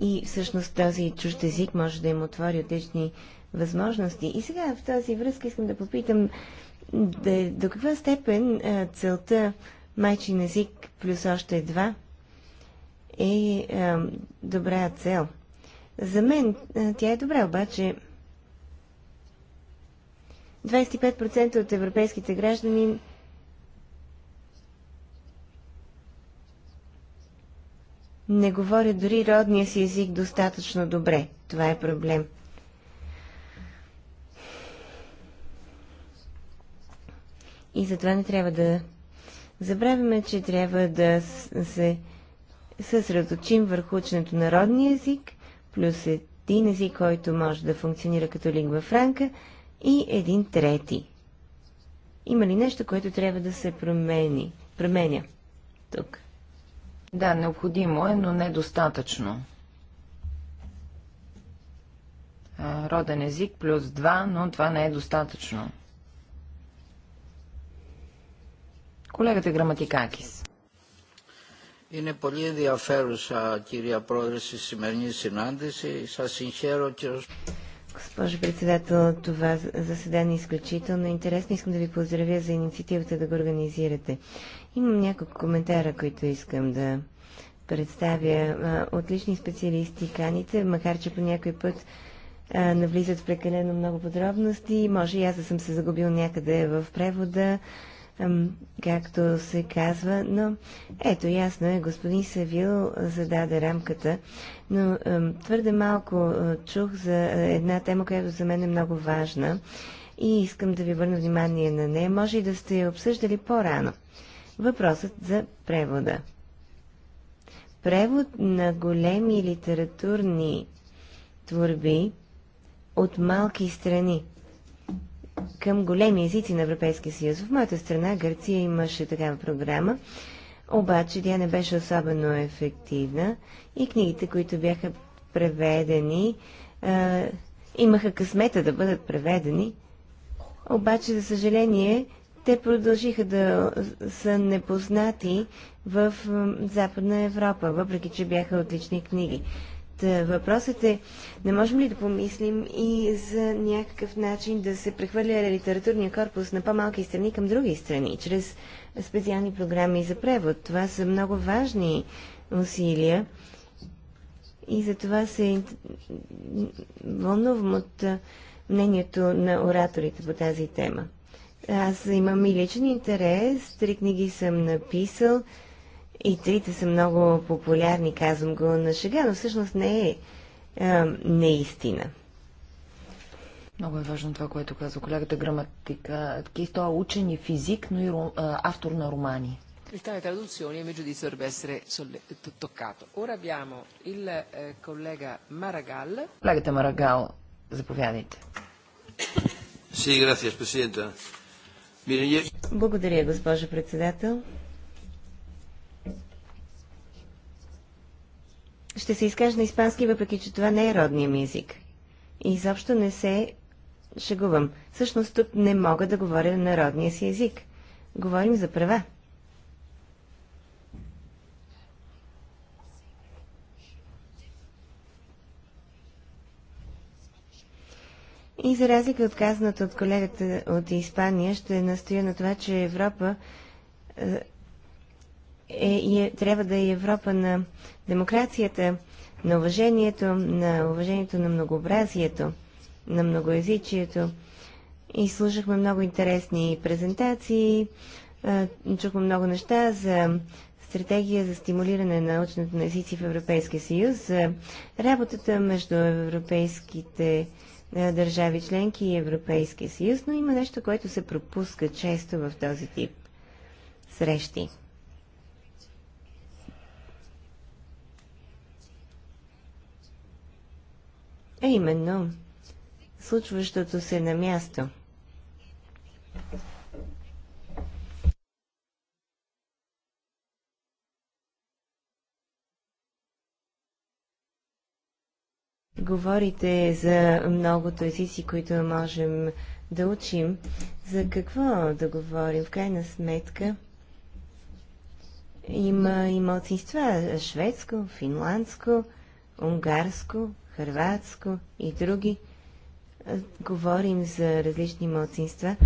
И всъщност този чужд език може да им отвори отлични възможности. И сега в тази връзка искам да попитам да, до каква степен а, целта майчин език плюс още два е а, добра цел. За мен а, тя е добра, обаче 25% от европейските граждани не говоря дори родния си език достатъчно добре. Това е проблем. И затова не трябва да забравяме, че трябва да се съсредоточим върху ученето на родния език, плюс един език, който може да функционира като лингва франка, и един трети. Има ли нещо, което трябва да се промени? Променя тук. Да, необходимо е, но недостатъчно. Роден език плюс 2, но това не е достатъчно. Колегата Граматикакис. Είναι πολύ ενδιαφέρουσα, κυρία Πρόεδρε, στη σημερινή συνάντηση. Σας συγχαίρω και ως... Госпожо председател, това заседание е изключително интересно. Искам да ви поздравя за инициативата да го организирате. Имам няколко коментара, които искам да представя. Отлични специалисти каните, макар че по някой път навлизат в прекалено много подробности. Може и аз да съм се загубил някъде в превода, както се казва, но ето ясно е, господин Савил зададе рамката, но твърде малко чух за една тема, която за мен е много важна и искам да ви върна внимание на нея. Може и да сте я обсъждали по-рано въпросът за превода. Превод на големи литературни творби от малки страни към големи езици на Европейския съюз. В моята страна, Гърция, имаше такава програма, обаче тя не беше особено ефективна и книгите, които бяха преведени, е, имаха късмета да бъдат преведени, обаче, за съжаление, те продължиха да са непознати в Западна Европа, въпреки че бяха отлични книги. Та въпросът е, не можем ли да помислим и за някакъв начин да се прехвърля литературния корпус на по-малки страни към други страни, чрез специални програми за превод. Това са много важни усилия и за това се вълнувам от мнението на ораторите по тази тема. Аз имам и личен интерес. Три книги съм написал и трите са много популярни, казвам го на шега, но всъщност не е, е неистина. Много е важно това, което казва колегата граматика. Той е учен и физик, но и автор на романи. Il tema traduzioni invece giudizio dovrebbe essere toccato. Ora abbiamo il eh, collega Maragall. Collega Maragall, заповядайте. Sì, grazie Presidente. Благодаря, госпожа председател. Ще се изкажа на испански, въпреки че това не е родния ми език. И изобщо не се шегувам. Всъщност тук не мога да говоря на родния си език. Говорим за права. И за разлика от казаната от колегата от Испания, ще настоя на това, че Европа е, е, е, трябва да е Европа на демокрацията, на уважението, на уважението на многообразието, на многоязичието. И слушахме много интересни презентации, чухме много неща за стратегия за стимулиране на научната на езици в Европейския съюз, за работата между европейските е, държави членки и Европейския съюз, но има нещо, което се пропуска често в този тип срещи. А именно, случващото се на място. Говорите за многото езици, които можем да учим. За какво да говорим? В крайна сметка има и младсинства шведско, финландско, унгарско, хрватско и други. Говорим за различни младсинства.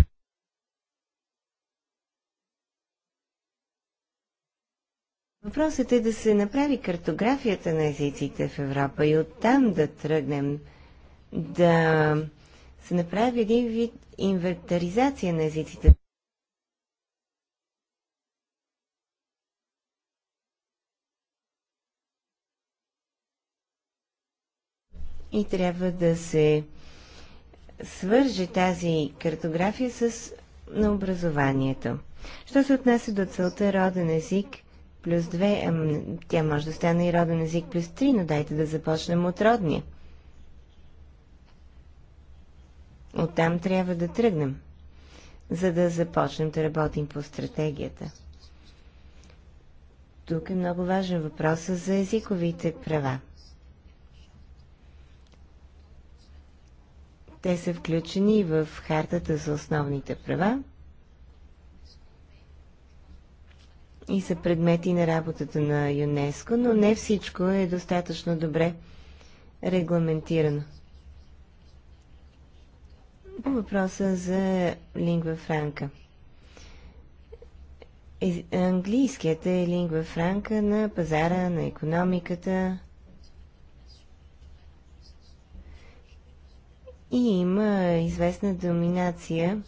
Въпросът е да се направи картографията на езиците в Европа и оттам да тръгнем да се направи един вид инвентаризация на езиците. И трябва да се свърже тази картография с на образованието. Що се отнася до целта роден език, плюс 2, тя може да стане и роден език плюс 3, но дайте да започнем от родния. Оттам трябва да тръгнем, за да започнем да работим по стратегията. Тук е много важен въпросът за езиковите права. Те са включени в Хартата за основните права, и са предмети на работата на ЮНЕСКО, но не всичко е достатъчно добре регламентирано. По въпроса за лингва франка. Английският е лингва франка на пазара, на економиката. И има известна доминация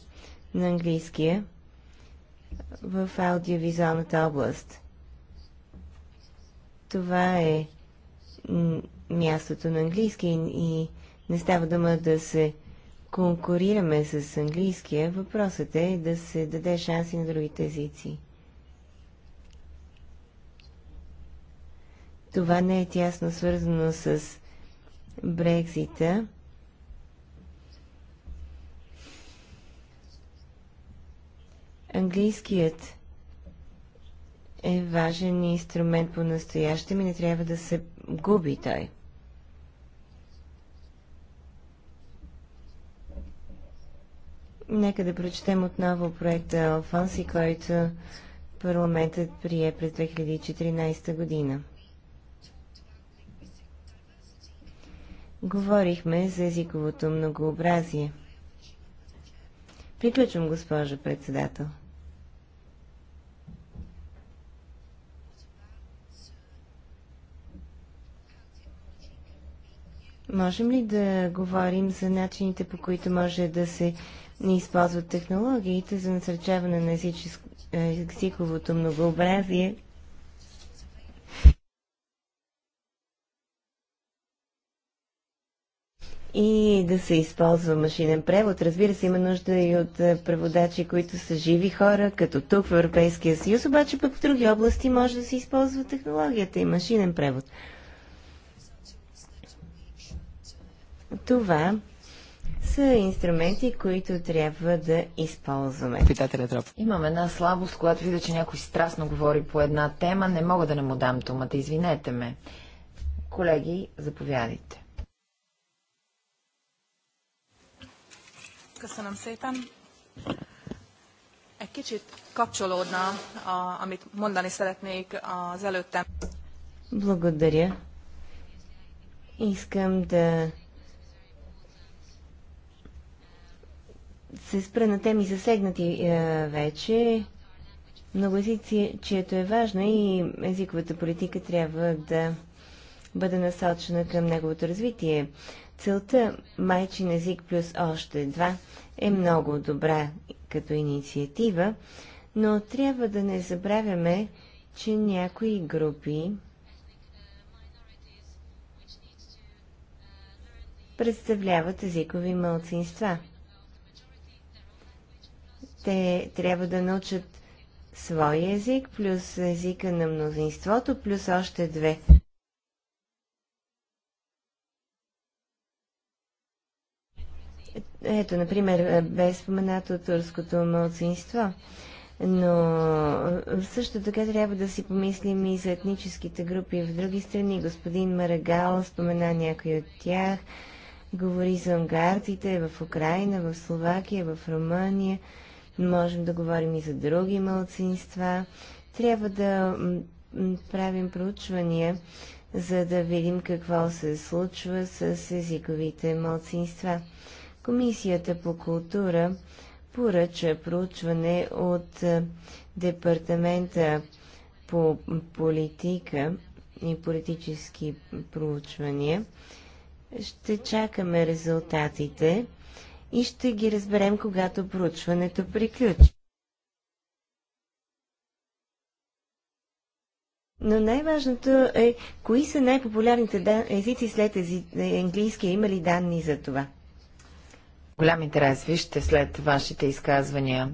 на английския в аудиовизуалната област. Това е мястото на английски и не става дума да се конкурираме с английския. Въпросът е да се даде шанси на другите езици. Това не е тясно свързано с Брекзита, Английският е важен инструмент по настоящем и не трябва да се губи той. Нека да прочетем отново проекта Алфонси, който парламентът прие през 2014 година. Говорихме за езиковото многообразие. Приключвам, госпожо председател. Можем ли да говорим за начините, по които може да се използват технологиите за насърчаване на езиковото многообразие и да се използва машинен превод. Разбира се, има нужда и от е, преводачи, които са живи хора, като тук в Европейския съюз, обаче пък в други области може да се използва технологията и машинен превод. Това са инструменти, които трябва да използваме. Имам една слабост, когато видя, че някой страстно говори по една тема, не мога да не му дам думата. Извинете ме. Колеги, заповядайте. Köszönöm szépen. Egy kicsit kapcsolódna, a, amit mondani szeretnék az előttem. Благодаря. Искам да се спра на теми засегнати е, вече. Много езици, чието е важно и езиковата политика трябва да бъде насочена към неговото развитие. Целта майчин език плюс още два е много добра като инициатива, но трябва да не забравяме, че някои групи представляват езикови мълцинства – те трябва да научат свой език, плюс езика на мнозинството, плюс още две. Ето, например, бе споменато турското мълцинство. Но също така трябва да си помислим и за етническите групи в други страни. Господин Марагал спомена някой от тях. Говори за унгарците в Украина, в Словакия, в Румъния можем да говорим и за други малцинства. Трябва да правим проучвания, за да видим какво се случва с езиковите малцинства. Комисията по култура поръча проучване от е, Департамента по политика и политически проучвания. Ще чакаме резултатите и ще ги разберем, когато проучването приключи. Но най-важното е, кои са най-популярните езици след ези... Е, английския? Има ли данни за това? Голям интерес, вижте след вашите изказвания.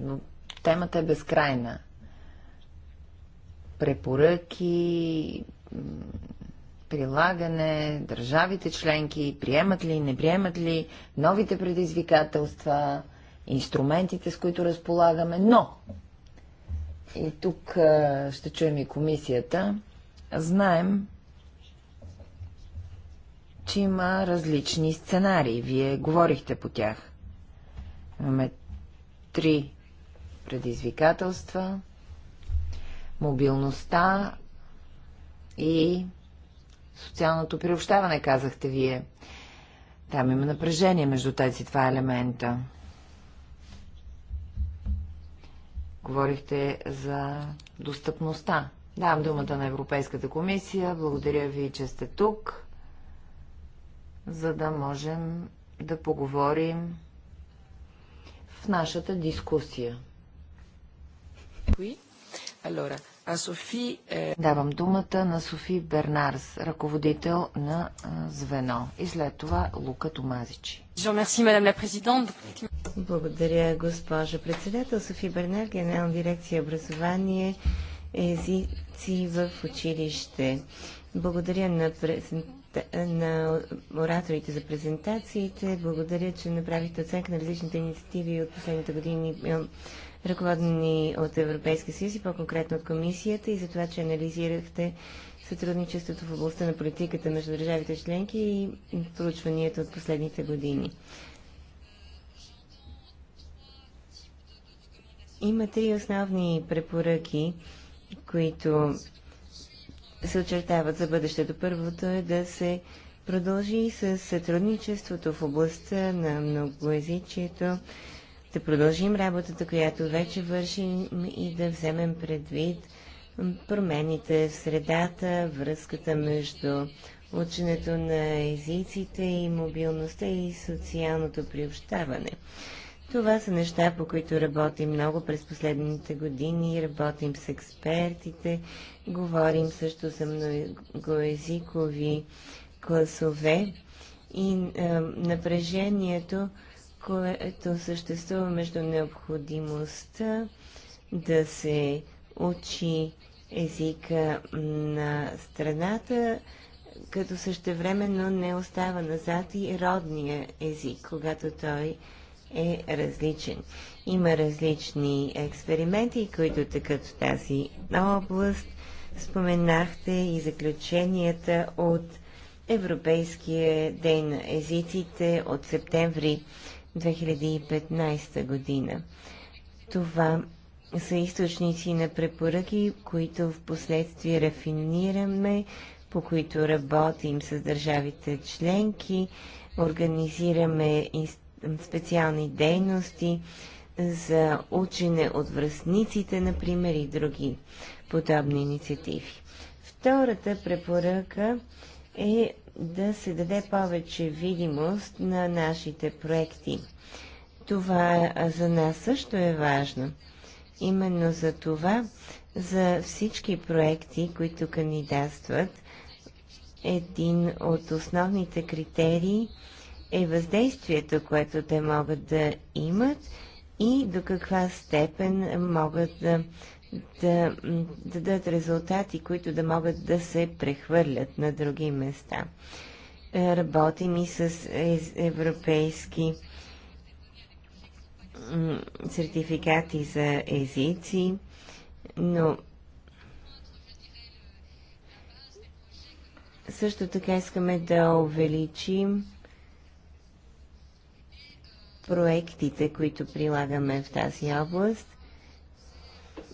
Но темата е безкрайна. Препоръки, прилагане, държавите членки, приемат ли, не приемат ли, новите предизвикателства, инструментите, с които разполагаме, но и тук ще чуем и комисията, знаем, че има различни сценарии. Вие говорихте по тях. Имаме три предизвикателства, мобилността и социалното приобщаване, казахте вие. Там има напрежение между тези два елемента. Говорихте за достъпността. Давам думата на Европейската комисия. Благодаря ви, че сте тук, за да можем да поговорим в нашата дискусия. Oui. А Софи е... Давам думата на Софи Бернарс, ръководител на звено. И след това Лука Томазичи. Благодаря, госпожа председател. Софи Бернар, генерална дирекция образование, езици в училище. Благодаря на, на ораторите за презентациите. Благодаря, че направихте оценка на различните инициативи от последните години ръководени от Европейския съюз и по-конкретно от комисията и за това, че анализирахте сътрудничеството в областта на политиката между държавите членки и проучванията от последните години. Има три основни препоръки, които се очертават за бъдещето. Първото е да се продължи с сътрудничеството в областта на многоязичието, да продължим работата, която вече вършим и да вземем предвид промените в средата, връзката между ученето на езиците и мобилността и социалното приобщаване. Това са неща, по които работим много през последните години, работим с експертите, говорим също за многоезикови класове и е, напрежението което съществува между необходимостта да се учи езика на страната, като същевременно не остава назад и родния език, когато той е различен. Има различни експерименти, които тъкат в тази област. Споменахте и заключенията от Европейския ден на езиците от септември 2015 година. Това са източници на препоръки, които в последствие рафинираме, по които работим с държавите членки, организираме специални дейности за учене от връзниците, например, и други подобни инициативи. Втората препоръка е да се даде повече видимост на нашите проекти. Това за нас също е важно. Именно за това, за всички проекти, които кандидатстват, един от основните критерии е въздействието, което те могат да имат и до каква степен могат да да дадат резултати, които да могат да се прехвърлят на други места. Е, работим и с европейски сертификати за езици, но също така искаме да увеличим проектите, които прилагаме в тази област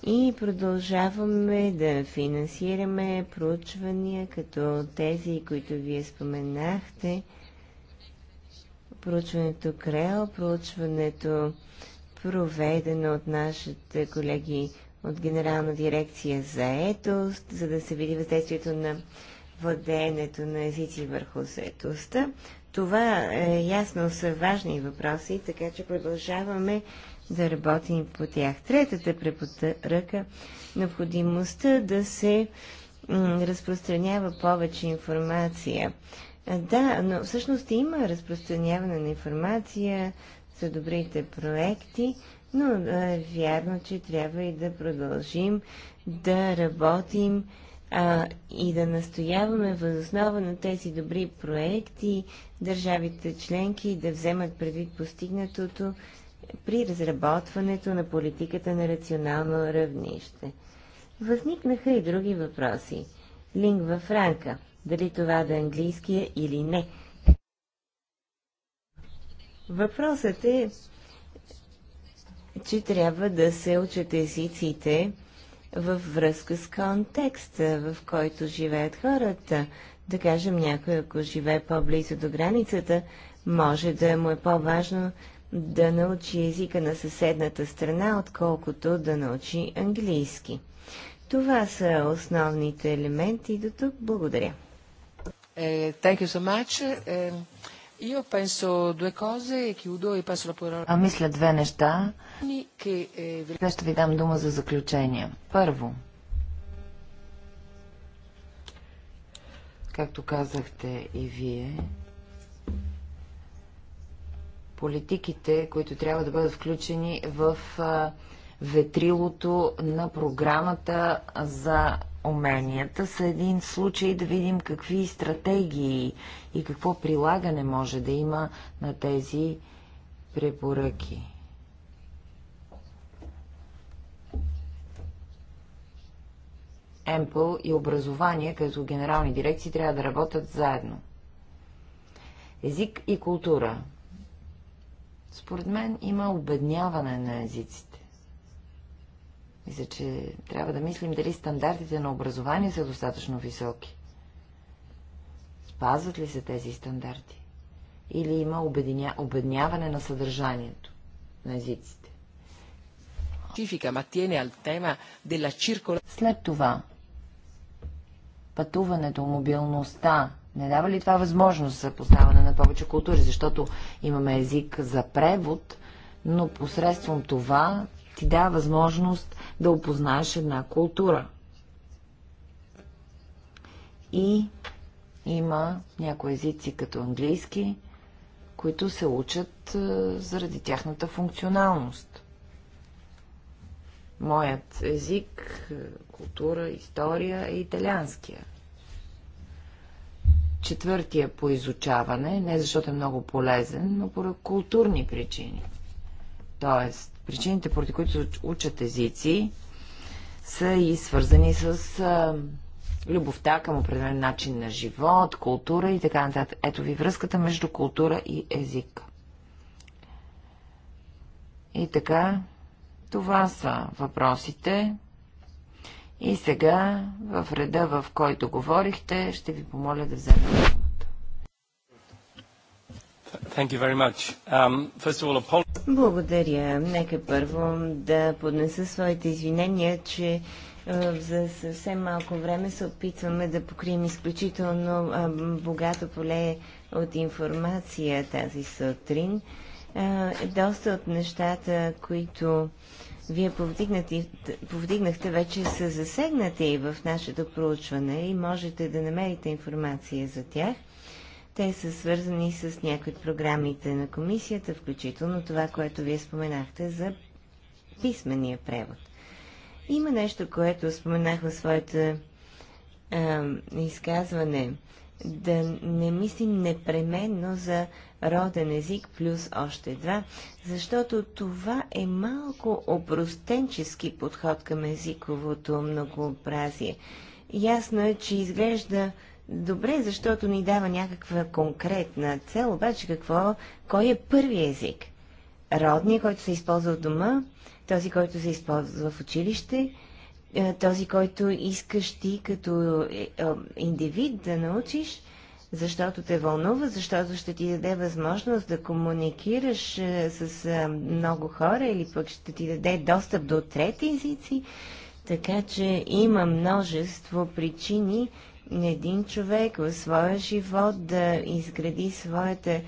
и продължаваме да финансираме проучвания като тези, които вие споменахте. Проучването КРЕО, проучването проведено от нашите колеги от Генерална дирекция за етост, за да се види въздействието на владеенето на езици върху заетостта. Това е ясно са важни въпроси, така че продължаваме да работим по тях. Третата препоръка – необходимостта да се разпространява повече информация. Да, но всъщност има разпространяване на информация за добрите проекти, но е вярно, че трябва и да продължим да работим а, и да настояваме възоснова на тези добри проекти държавите членки да вземат предвид постигнатото при разработването на политиката на рационално равнище. Възникнаха и други въпроси. Лингва франка. Дали това да е английския или не? Въпросът е, че трябва да се учат езиците във връзка с контекста, в който живеят хората. Да кажем, някой, ако живее по-близо до границата, може да му е по-важно да научи езика на съседната страна, отколкото да научи английски. Това са основните елементи до тук. Благодаря. А мисля две неща. Днес е, ще ви дам дума за заключение. Първо, както казахте и вие, политиките, които трябва да бъдат включени в ветрилото на програмата за уменията, С един случай да видим какви стратегии и какво прилагане може да има на тези препоръки. МПЛ и образование като генерални дирекции трябва да работят заедно. Език и култура според мен има обедняване на езиците. Мисля, че трябва да мислим дали стандартите на образование са достатъчно високи. Спазват ли се тези стандарти? Или има обединя... обедняване на съдържанието на езиците? След това пътуването, мобилността, не дава ли това възможност за познаване на повече култури? Защото имаме език за превод, но посредством това ти дава възможност да опознаеш една култура. И има някои езици като английски, които се учат е, заради тяхната функционалност. Моят език, е, култура, история е италианския четвъртия по изучаване, не защото е много полезен, но по културни причини. Тоест, причините, поради които учат езици, са и свързани с а, любовта към определен начин на живот, култура и така нататък. Ето ви връзката между култура и език. И така, това са въпросите. И сега, в реда, в който говорихте, ще ви помоля да вземете думата. Um, Благодаря. Нека първо да поднеса своите извинения, че за съвсем малко време се опитваме да покрием изключително богато поле от информация тази сутрин. доста от нещата, които вие повдигнахте, вече са засегнати в нашето проучване и можете да намерите информация за тях. Те са свързани с някои от програмите на комисията, включително това, което вие споменахте за писмения превод. Има нещо, което споменах в своята е, изказване – да не мислим непременно за роден език плюс още два, защото това е малко опростенчески подход към езиковото многообразие. Ясно е, че изглежда добре, защото ни дава някаква конкретна цел, обаче какво, кой е първи език? Родния, който се използва в дома, този, който се използва в училище, е, този, който искаш ти като е, е, индивид да научиш, защото те вълнува, защото ще ти даде възможност да комуникираш с много хора или пък ще ти даде достъп до трети езици. Така че има множество причини един човек в своя живот да изгради своята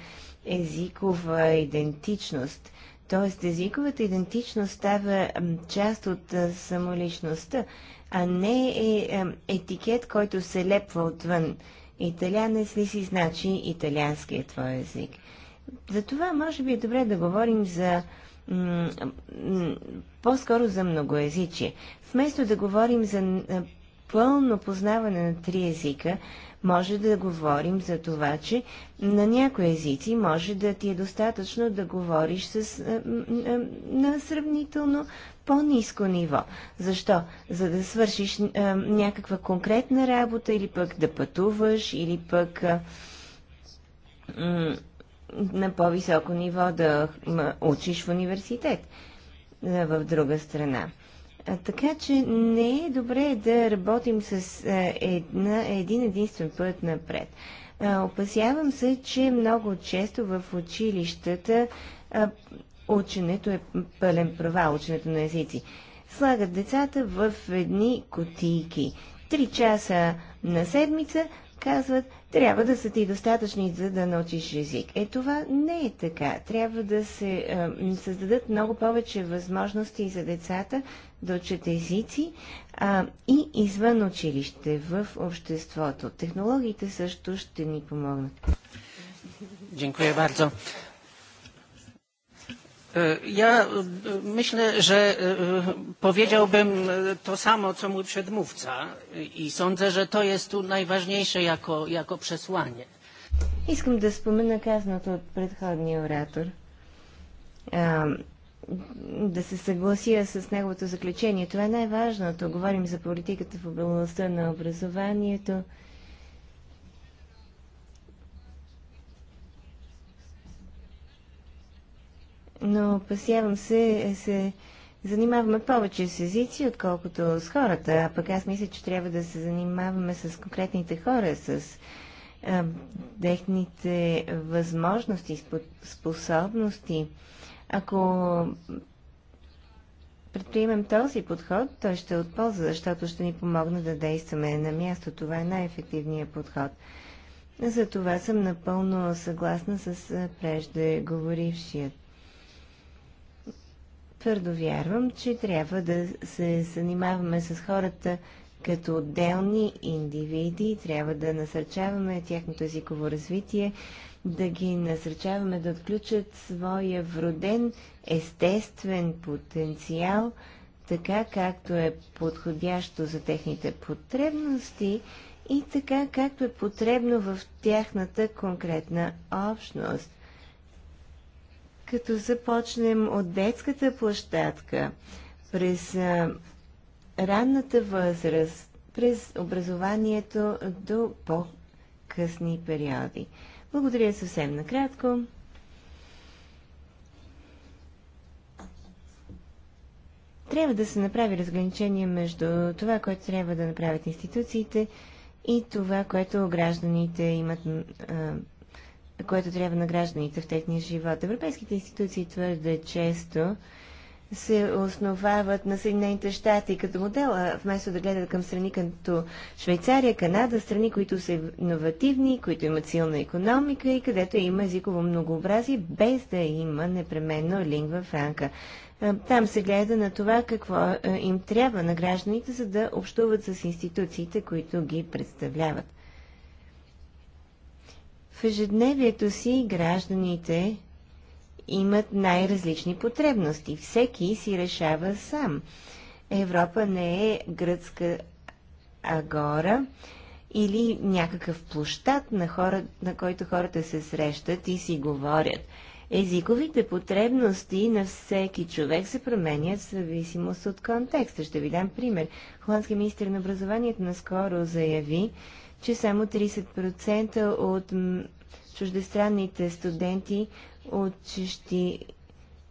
езикова идентичност. Тоест езиковата идентичност става част от самоличността, а не е, е етикет, който се лепва отвън. Италянец ли си, значи италианският е твой език. Затова може би е добре да говорим за по-скоро за многоязичие. Вместо да говорим за пълно познаване на три езика, може да говорим за това, че на някои езици може да ти е достатъчно да говориш с, а, а, на сравнително по-низко ниво. Защо? За да свършиш а, някаква конкретна работа или пък да пътуваш, или пък а, на по-високо ниво да учиш в университет в друга страна. Така че не е добре да работим с една, един единствен път напред. Опасявам се, че много често в училищата ученето е пълен права, ученето на езици. Слагат децата в едни котийки. Три часа на седмица, казват, трябва да са ти достатъчни, за да научиш език. Е, това не е така. Трябва да се е, създадат много повече възможности за децата да учат езици а, и извън училище, в обществото. Технологиите също ще ни помогнат. Dziękuję bardzo. E, ja e, myślę, że e, powiedziałbym to samo, co mój przedmówca i sądzę, że to jest tu najważniejsze jako, jako przesłanie. Искам да спомена казаното от предходния оратор. А, да се съглася с неговото заключение. Това е най-важното. Говорим за политиката в областта на образованието, но опасявам се, се занимаваме повече с езици, отколкото с хората. А пък аз мисля, че трябва да се занимаваме с конкретните хора, с а, техните възможности, способности. Ако предприемем този подход, той ще е от полза, защото ще ни помогне да действаме на място. Това е най-ефективният подход. За това съм напълно съгласна с преждеговорившият твърдо вярвам, че трябва да се занимаваме с хората като отделни индивиди, трябва да насърчаваме тяхното езиково развитие, да ги насърчаваме да отключат своя вроден естествен потенциал, така както е подходящо за техните потребности и така както е потребно в тяхната конкретна общност като започнем от детската площадка, през а, ранната възраст, през образованието до по-късни периоди. Благодаря съвсем накратко. Трябва да се направи разграничение между това, което трябва да направят институциите и това, което гражданите имат а, което трябва на гражданите в техния живот. Европейските институции твърде често се основават на Съединените щати като модел, а вместо да гледат към страни като Швейцария, Канада, страни, които са иновативни, които имат силна економика и където има езиково многообразие, без да има непременно лингва франка. Там се гледа на това какво им трябва на гражданите, за да общуват с институциите, които ги представляват. В ежедневието си гражданите имат най-различни потребности. Всеки си решава сам. Европа не е гръцка агора или някакъв площад, на, хора, на който хората се срещат и си говорят. Езиковите потребности на всеки човек се променят в зависимост от контекста. Ще ви дам пример. Холандски министр на образованието наскоро заяви, че само 30% от чуждестранните студенти, учещи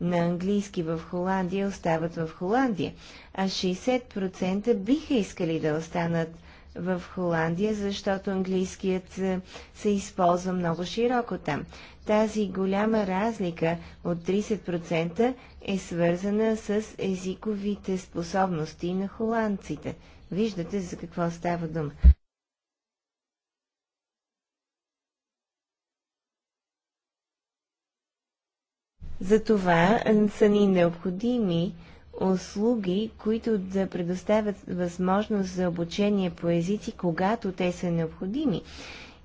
на английски в Холандия, остават в Холандия, а 60% биха искали да останат в Холандия, защото английският се, се използва много широко там. Тази голяма разлика от 30% е свързана с езиковите способности на холандците. Виждате за какво става дума. Затова са ни необходими услуги, които да предоставят възможност за обучение по езици, когато те са необходими.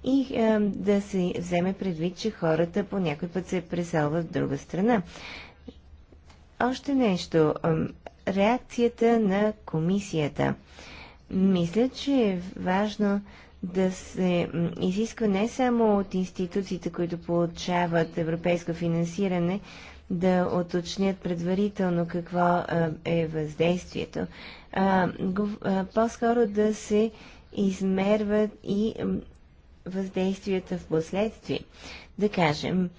И е, да се вземе предвид, че хората по някой път се преселват в друга страна. Още нещо. Е, реакцията на комисията. Мисля, че е важно да се изисква не само от институциите, които получават европейско финансиране, да оточнят предварително какво е въздействието, а по-скоро да се измерват и въздействията в последствие. Да кажем,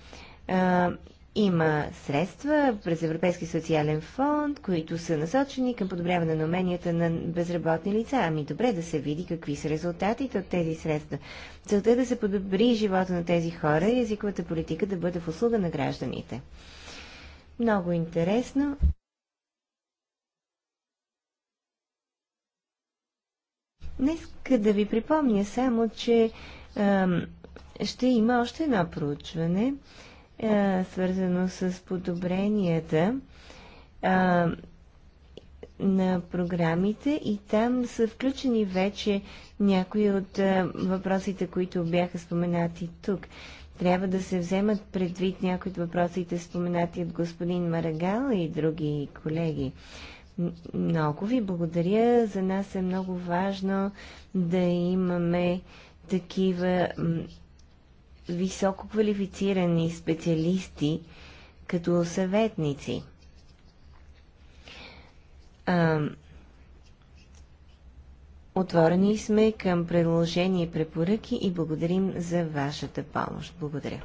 има средства през Европейски социален фонд, които са насочени към подобряване на уменията на безработни лица. Ами добре да се види какви са резултатите от тези средства. Целта е да се подобри живота на тези хора и езиковата политика да бъде в услуга на гражданите. Много интересно. Днес да ви припомня само, че ам, ще има още едно проучване. Е, свързано с подобренията а, на програмите и там са включени вече някои от а, въпросите, които бяха споменати тук. Трябва да се вземат предвид някои от въпросите, споменати от господин Марагал и други колеги. Много ви благодаря. За нас е много важно да имаме такива високо квалифицирани специалисти като съветници. А, отворени сме към предложения и препоръки и благодарим за вашата помощ. Благодаря.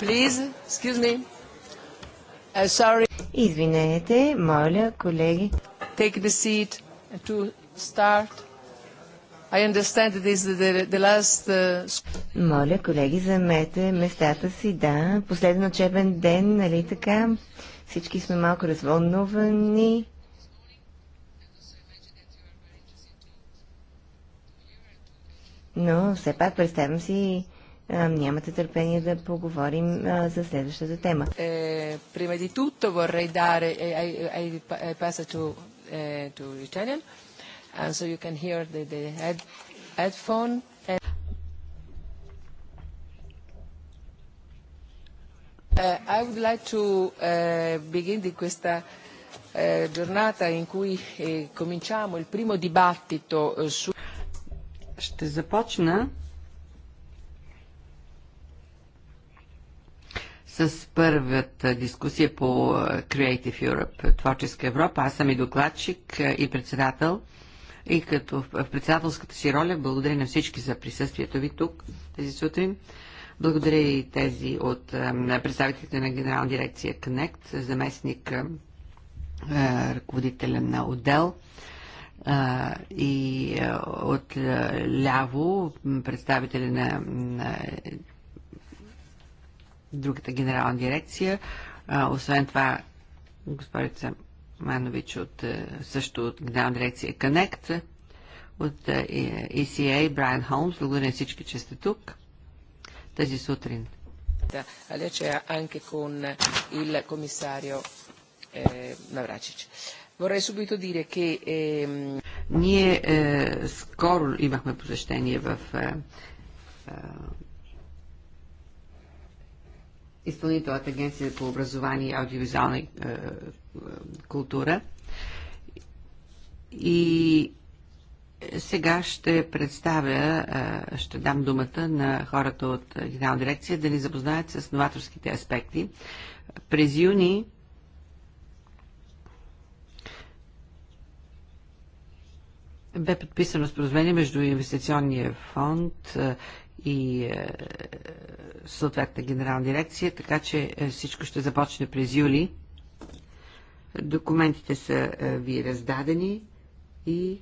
Please, excuse me. Uh, sorry. Извинете, моля, колеги. Take the seat to start. I understand that is the, the last... Uh... Моля, колеги, замете местата си, да. Последен учебен ден, нали така? Всички сме малко развълнувани. Но все пак представям си нямате търпение да поговорим за следващата тема. Prima di tutto vorrei dare, I, I, I pass to, uh, to Italian, and so you can hear the, the head, headphone. And... Uh, I would like to uh, begin di questa eh, giornata in cui eh, cominciamo il primo dibattito eh, su... Ще започна с първата дискусия по е, Creative Europe, Творческа Европа. Аз съм и докладчик, е, и председател. И като в председателската си роля, благодаря на всички за присъствието ви тук тези сутрин. Благодаря и тези от е, представителите на Генерална дирекция Connect, заместник ръководителя на отдел и от ляво представители на другата генерална дирекция. А, освен това, госпожица Манович от, е, също от генерална дирекция Connect, от е, е, ECA, Брайан Холмс. Благодаря на всички, че сте тук тази сутрин. Да, Алече, anche con il commissario eh, Vorrei subito dire che... Ние скоро имахме посещение в изпълнителната агенция по образование и аудиовизуална е, е, култура. И сега ще представя, е, ще дам думата на хората от Генерална дирекция да ни запознаят с новаторските аспекти. През юни бе подписано споразумение между Инвестиционния фонд е, и е, съответна генерална дирекция, така че е, всичко ще започне през юли. Документите са е, ви раздадени и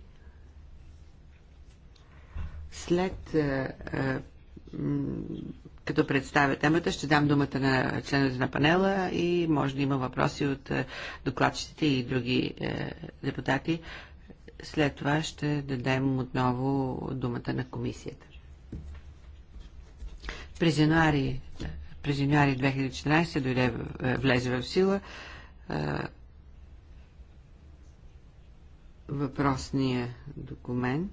след е, е, като представя темата, ще дам думата на членовете на панела и може да има въпроси от е, докладчиците и други е, депутати. След това ще дадем отново думата на комисията. През януари, през януари 2014 дойде, е, влезе в сила е, въпросния документ.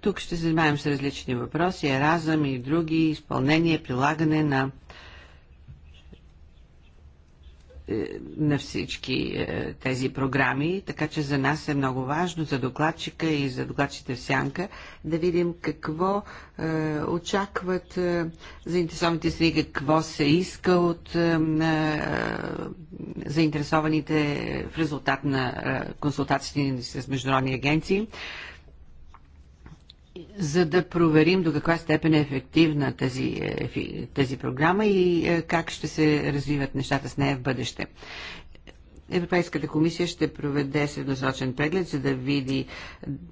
Тук ще занимаем с различни въпроси, еразъм и други, изпълнение, прилагане на Е, на всички е, тези програми, така че за нас е много важно, за докладчика и за докладчите в сянка, да видим какво е, очакват заинтересованите страни, какво се иска от заинтересованите в резултат на консултациите с международни агенции за да проверим до каква степен е ефективна тази, е, тази програма и е, как ще се развиват нещата с нея в бъдеще. Европейската комисия ще проведе средносрочен преглед, за да види,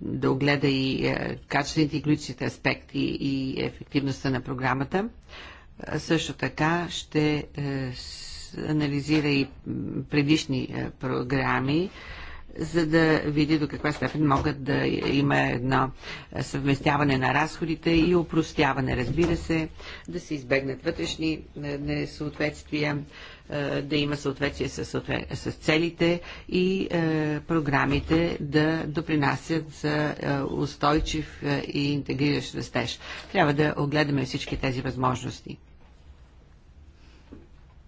да огледа и е, качествените и ключите аспекти и ефективността на програмата. Също така ще анализира и предишни програми, за да види до каква степен могат да има едно съвместяване на разходите и упростяване, разбира се, да се избегнат вътрешни е, несъответствия, е, да има съответствие с, с целите и е, програмите да допринасят за устойчив и интегриращ растеж. Трябва да огледаме всички тези възможности.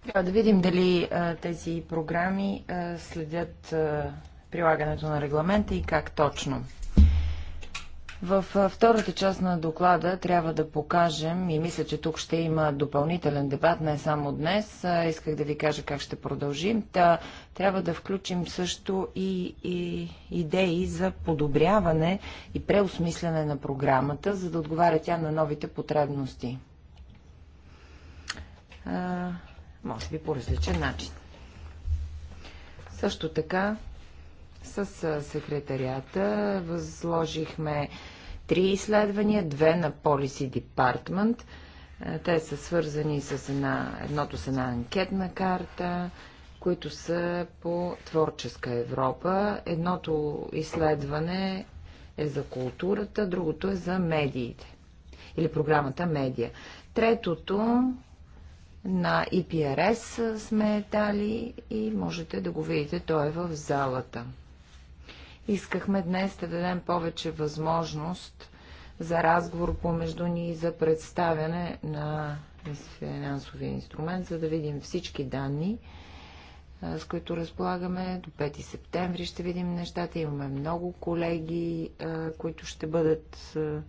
Трябва да видим дали а, тези програми а, следят а, прилагането на регламента и как точно. В втората част на доклада трябва да покажем, и мисля, че тук ще има допълнителен дебат, не само днес, исках да ви кажа как ще продължим, Та, трябва да включим също и, и идеи за подобряване и преосмислене на програмата, за да отговаря тя на новите потребности. А, може би по различен начин. Също така с секретарията възложихме три изследвания, две на Policy Department. Те са свързани с една, едното с една анкетна карта, които са по творческа Европа. Едното изследване е за културата, другото е за медиите или програмата Медия. Третото на IPRS сме дали и можете да го видите, той е в залата. Искахме днес да дадем повече възможност за разговор помежду ни и за представяне на финансовия инструмент, за да видим всички данни, с които разполагаме. До 5 септември ще видим нещата. Имаме много колеги, които ще бъдат е,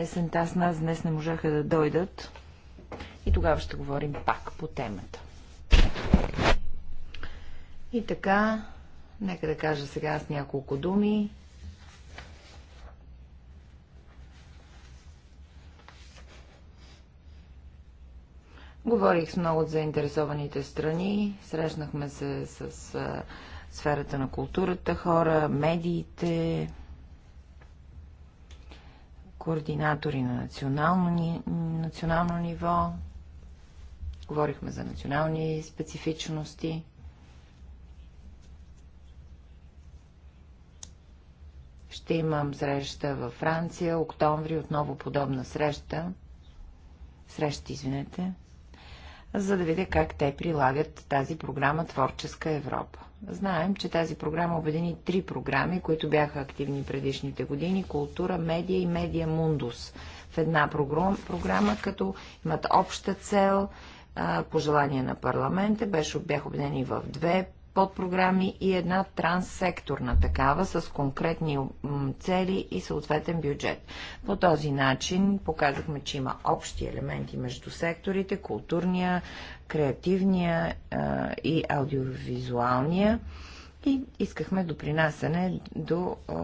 есента с нас. Днес не можаха да дойдат. И тогава ще говорим пак по темата. И така, Нека да кажа сега с няколко думи. Говорих с много от заинтересованите страни, срещнахме се с а, сферата на културата, хора, медиите, координатори на национално, национално ниво, говорихме за национални специфичности. Ще имам среща във Франция, октомври, отново подобна среща. Среща, извинете. За да видя как те прилагат тази програма Творческа Европа. Знаем, че тази програма обедини три програми, които бяха активни предишните години – култура, медия и медия мундус в една програма, като имат обща цел – пожелания на парламента, беше, бях обедени в две подпрограми и една транссекторна такава с конкретни цели и съответен бюджет. По този начин показахме, че има общи елементи между секторите, културния, креативния а, и аудиовизуалния и искахме допринасяне до, а,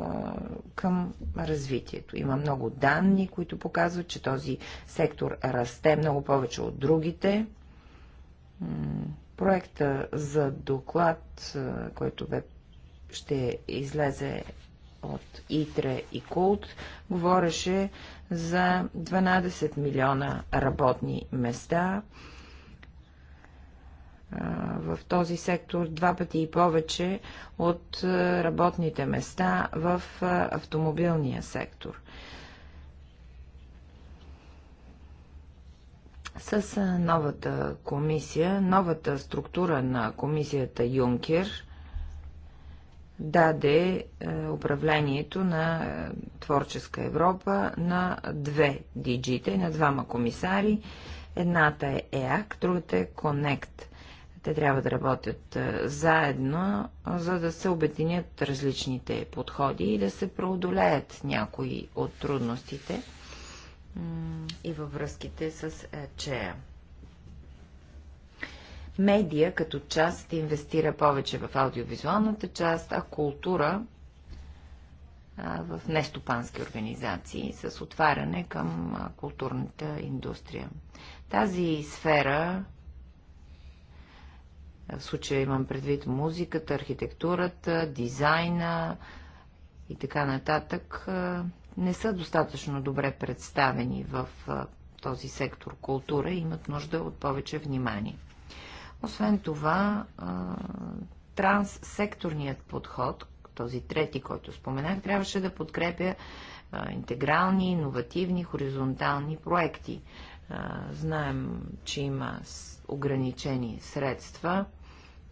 към развитието. Има много данни, които показват, че този сектор расте много повече от другите Проекта за доклад, който бе, ще излезе от ИТРЕ и КУЛТ, говореше за 12 милиона работни места. В този сектор два пъти и повече от работните места в автомобилния сектор. С новата комисия, новата структура на комисията Юнкер даде управлението на Творческа Европа на две диджите, на двама комисари. Едната е ЕАК, другата е Конект. Те трябва да работят заедно, за да се обединят различните подходи и да се преодолеят някои от трудностите – и във връзките с е, ЧЕА. Медия като част инвестира повече в аудиовизуалната част, а култура в нестопански организации с отваряне към културната индустрия. Тази сфера, в случая имам предвид музиката, архитектурата, дизайна и така нататък, не са достатъчно добре представени в този сектор култура и имат нужда от повече внимание. Освен това, транссекторният подход, този трети, който споменах, трябваше да подкрепя интегрални, иновативни, хоризонтални проекти. Знаем, че има ограничени средства,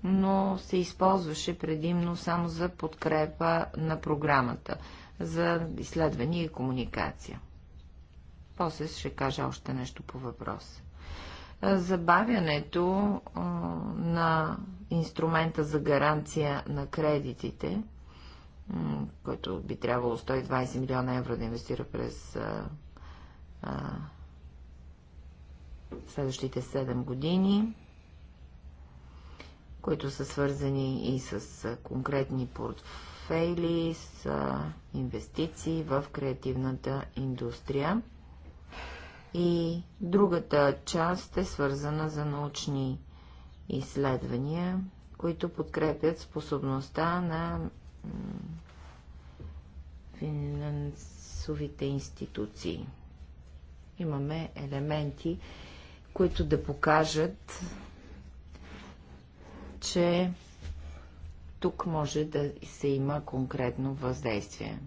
но се използваше предимно само за подкрепа на програмата за изследвания и комуникация. После ще кажа още нещо по въпрос. Забавянето на инструмента за гаранция на кредитите, който би трябвало 120 милиона евро да инвестира през следващите 7 години, които са свързани и с конкретни портфели портфейли с инвестиции в креативната индустрия. И другата част е свързана за научни изследвания, които подкрепят способността на финансовите институции. Имаме елементи, които да покажат, че тук може да се има конкретно въздействие.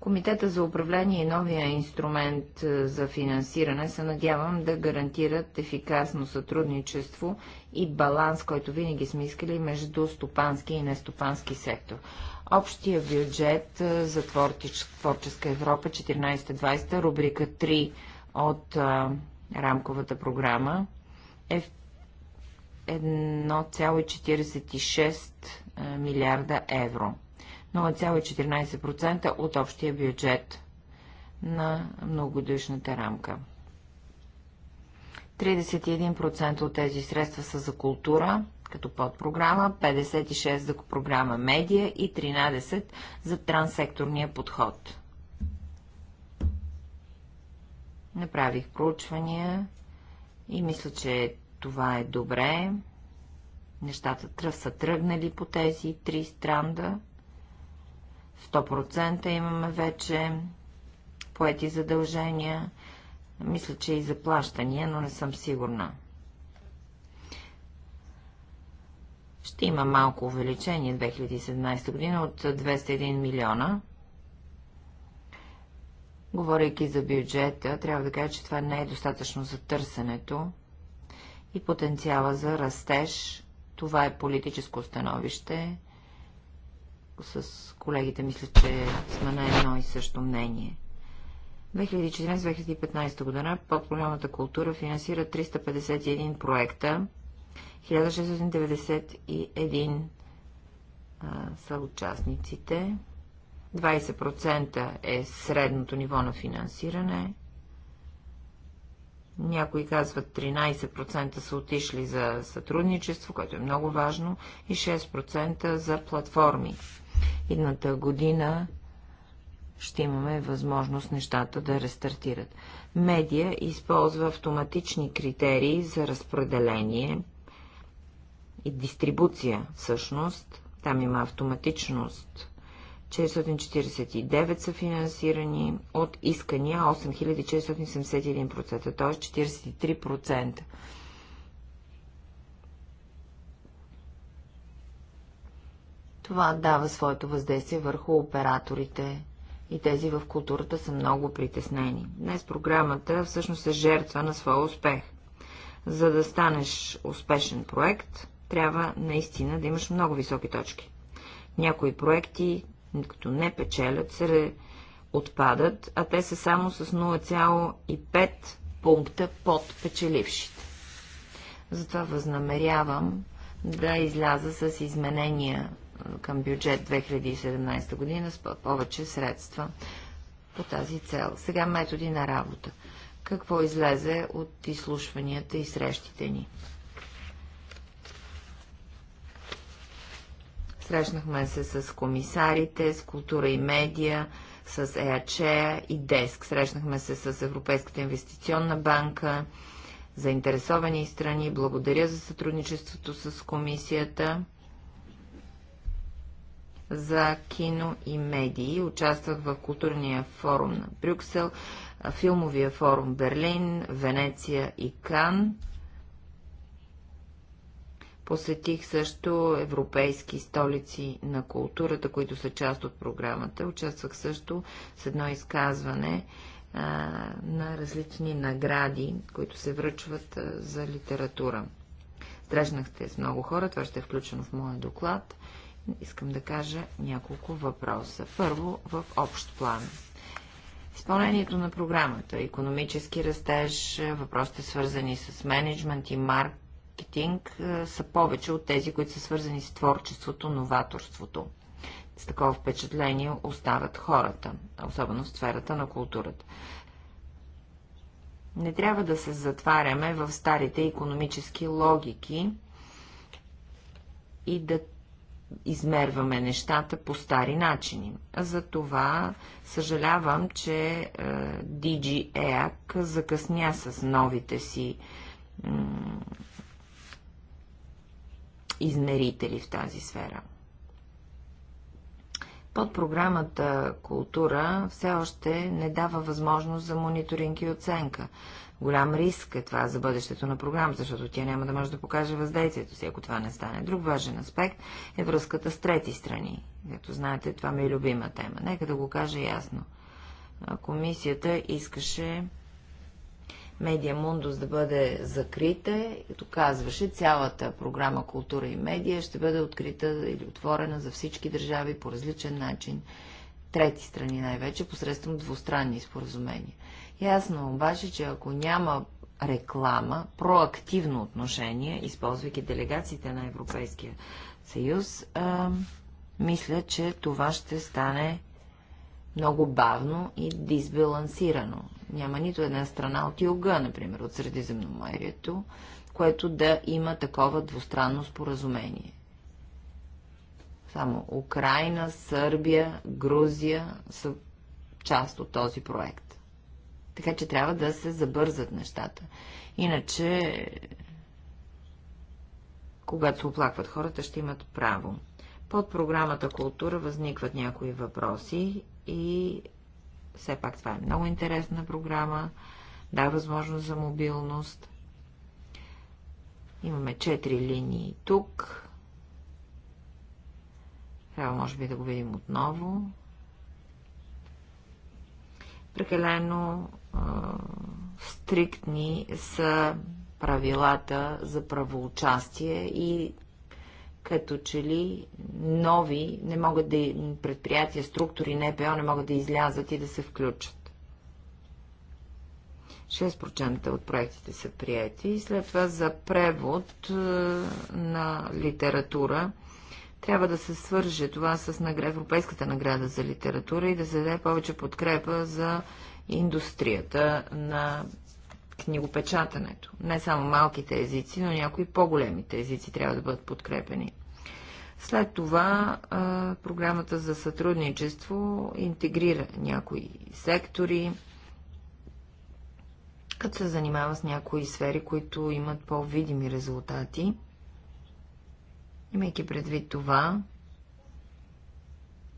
Комитета за управление и новия инструмент е, за финансиране се надявам да гарантират ефикасно сътрудничество и баланс, който винаги сме искали между стопански и нестопански сектор. Общия бюджет е, за творческа Европа 14-20, рубрика 3 от е, рамковата програма е 1,46 е, милиарда евро. 0,14% от общия бюджет на многогодишната рамка. 31% от тези средства са за култура, като подпрограма, 56% за програма медия и 13% за транссекторния подход. Направих проучвания и мисля, че това е добре. Нещата тръв са тръгнали по тези три странда. 100% имаме вече поети задължения. Мисля, че и заплащания, но не съм сигурна. Ще има малко увеличение 2017 година от 201 милиона. Говорейки за бюджета, трябва да кажа, че това не е достатъчно за търсенето и потенциала за растеж. Това е политическо становище. С колегите мисля, че сме на едно и също мнение. 2014-2015 година подпрограмата култура финансира 351 проекта, 1691 а, са участниците. 20% е средното ниво на финансиране. Някои казват 13% са отишли за сътрудничество, което е много важно, и 6% за платформи. Идната година ще имаме възможност нещата да рестартират. Медия използва автоматични критерии за разпределение и дистрибуция, всъщност. Там има автоматичност 449 са финансирани от искания 8671%, т.е. 43%. Това дава своето въздействие върху операторите и тези в културата са много притеснени. Днес програмата всъщност е жертва на своя успех. За да станеш успешен проект, трябва наистина да имаш много високи точки. Някои проекти като не печелят, се отпадат, а те са само с 0,5 пункта под печелившите. Затова възнамерявам да изляза с изменения към бюджет 2017 година с повече средства по тази цел. Сега методи на работа. Какво излезе от изслушванията и срещите ни? Срещнахме се с комисарите, с култура и медия, с ЕАЧЕА и ДЕСК. Срещнахме се с Европейската инвестиционна банка, заинтересовани страни. Благодаря за сътрудничеството с комисията за кино и медии. Участвах в културния форум на Брюксел, филмовия форум Берлин, Венеция и Кан. Посетих също европейски столици на културата, които са част от програмата. Участвах също с едно изказване а, на различни награди, които се връчват а, за литература. Срещнахте с много хора, това ще е включено в моя доклад. Искам да кажа няколко въпроса. Първо, в общ план. Изпълнението на програмата, економически растеж, въпросите свързани с менеджмент и марк, маркетинг е, са повече от тези, които са свързани с творчеството, новаторството. С такова впечатление остават хората, особено в сферата на културата. Не трябва да се затваряме в старите економически логики и да измерваме нещата по стари начини. Затова съжалявам, че DG е, EAC закъсня с новите си измерители в тази сфера. Под програмата Култура все още не дава възможност за мониторинг и оценка. Голям риск е това за бъдещето на програма, защото тя няма да може да покаже въздействието си, ако това не стане. Друг важен аспект е връзката с трети страни. Като знаете, това ми е любима тема. Нека да го кажа ясно. Комисията искаше Медиа Мундус да бъде закрита, като казваше, цялата програма Култура и медия ще бъде открита или отворена за всички държави по различен начин, трети страни най-вече, посредством двустранни споразумения. Ясно обаче, че ако няма реклама, проактивно отношение, използвайки делегациите на Европейския съюз, а, мисля, че това ще стане много бавно и дисбалансирано. Няма нито една страна от юга, например, от Средиземноморието, което да има такова двустранно споразумение. Само Украина, Сърбия, Грузия са част от този проект. Така че трябва да се забързат нещата. Иначе, когато се оплакват хората, ще имат право. Под програмата култура възникват някои въпроси и все пак това е много интересна програма, дава възможност за мобилност. Имаме четири линии тук. Трябва може би да го видим отново. Прекалено а, стриктни са правилата за правоучастие и като че ли нови не могат да предприятия, структури, НПО не могат да излязат и да се включат. 6% от проектите са прияти и след това за превод е, на литература трябва да се свърже това с нагр... Европейската награда за литература и да се даде повече подкрепа за индустрията на книгопечатането. Не само малките езици, но някои по-големите езици трябва да бъдат подкрепени. След това а, програмата за сътрудничество интегрира някои сектори, като се занимава с някои сфери, които имат по-видими резултати. Имайки предвид това,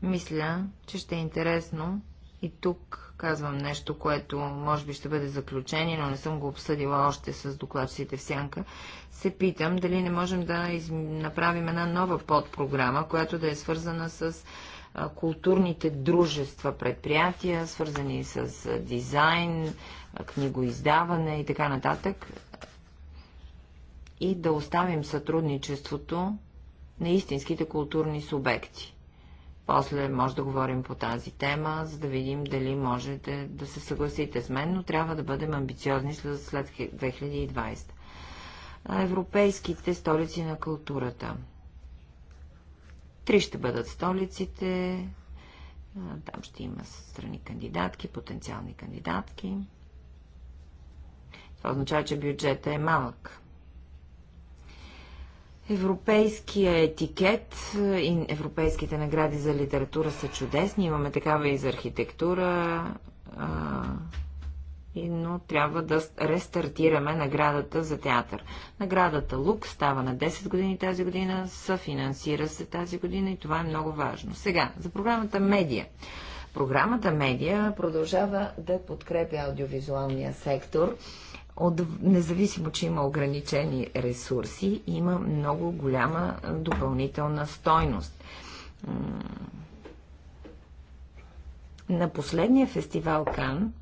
мисля, че ще е интересно и тук казвам нещо, което може би ще бъде заключение, но не съм го обсъдила още с докладците в сянка се питам дали не можем да из... направим една нова подпрограма, която да е свързана с културните дружества, предприятия, свързани с дизайн, книгоиздаване и така нататък. И да оставим сътрудничеството на истинските културни субекти. После може да говорим по тази тема, за да видим дали можете да се съгласите с мен, но трябва да бъдем амбициозни след 2020 европейските столици на културата. Три ще бъдат столиците, там ще има страни кандидатки, потенциални кандидатки. Това означава, че бюджета е малък. Европейския етикет и европейските награди за литература са чудесни. Имаме такава и за архитектура но трябва да рестартираме наградата за театър. Наградата Лук става на 10 години тази година, съфинансира се тази година и това е много важно. Сега, за програмата Медия. Програмата Медия продължава да подкрепя аудиовизуалния сектор. От, независимо, че има ограничени ресурси, има много голяма допълнителна стойност. На последния фестивал Кан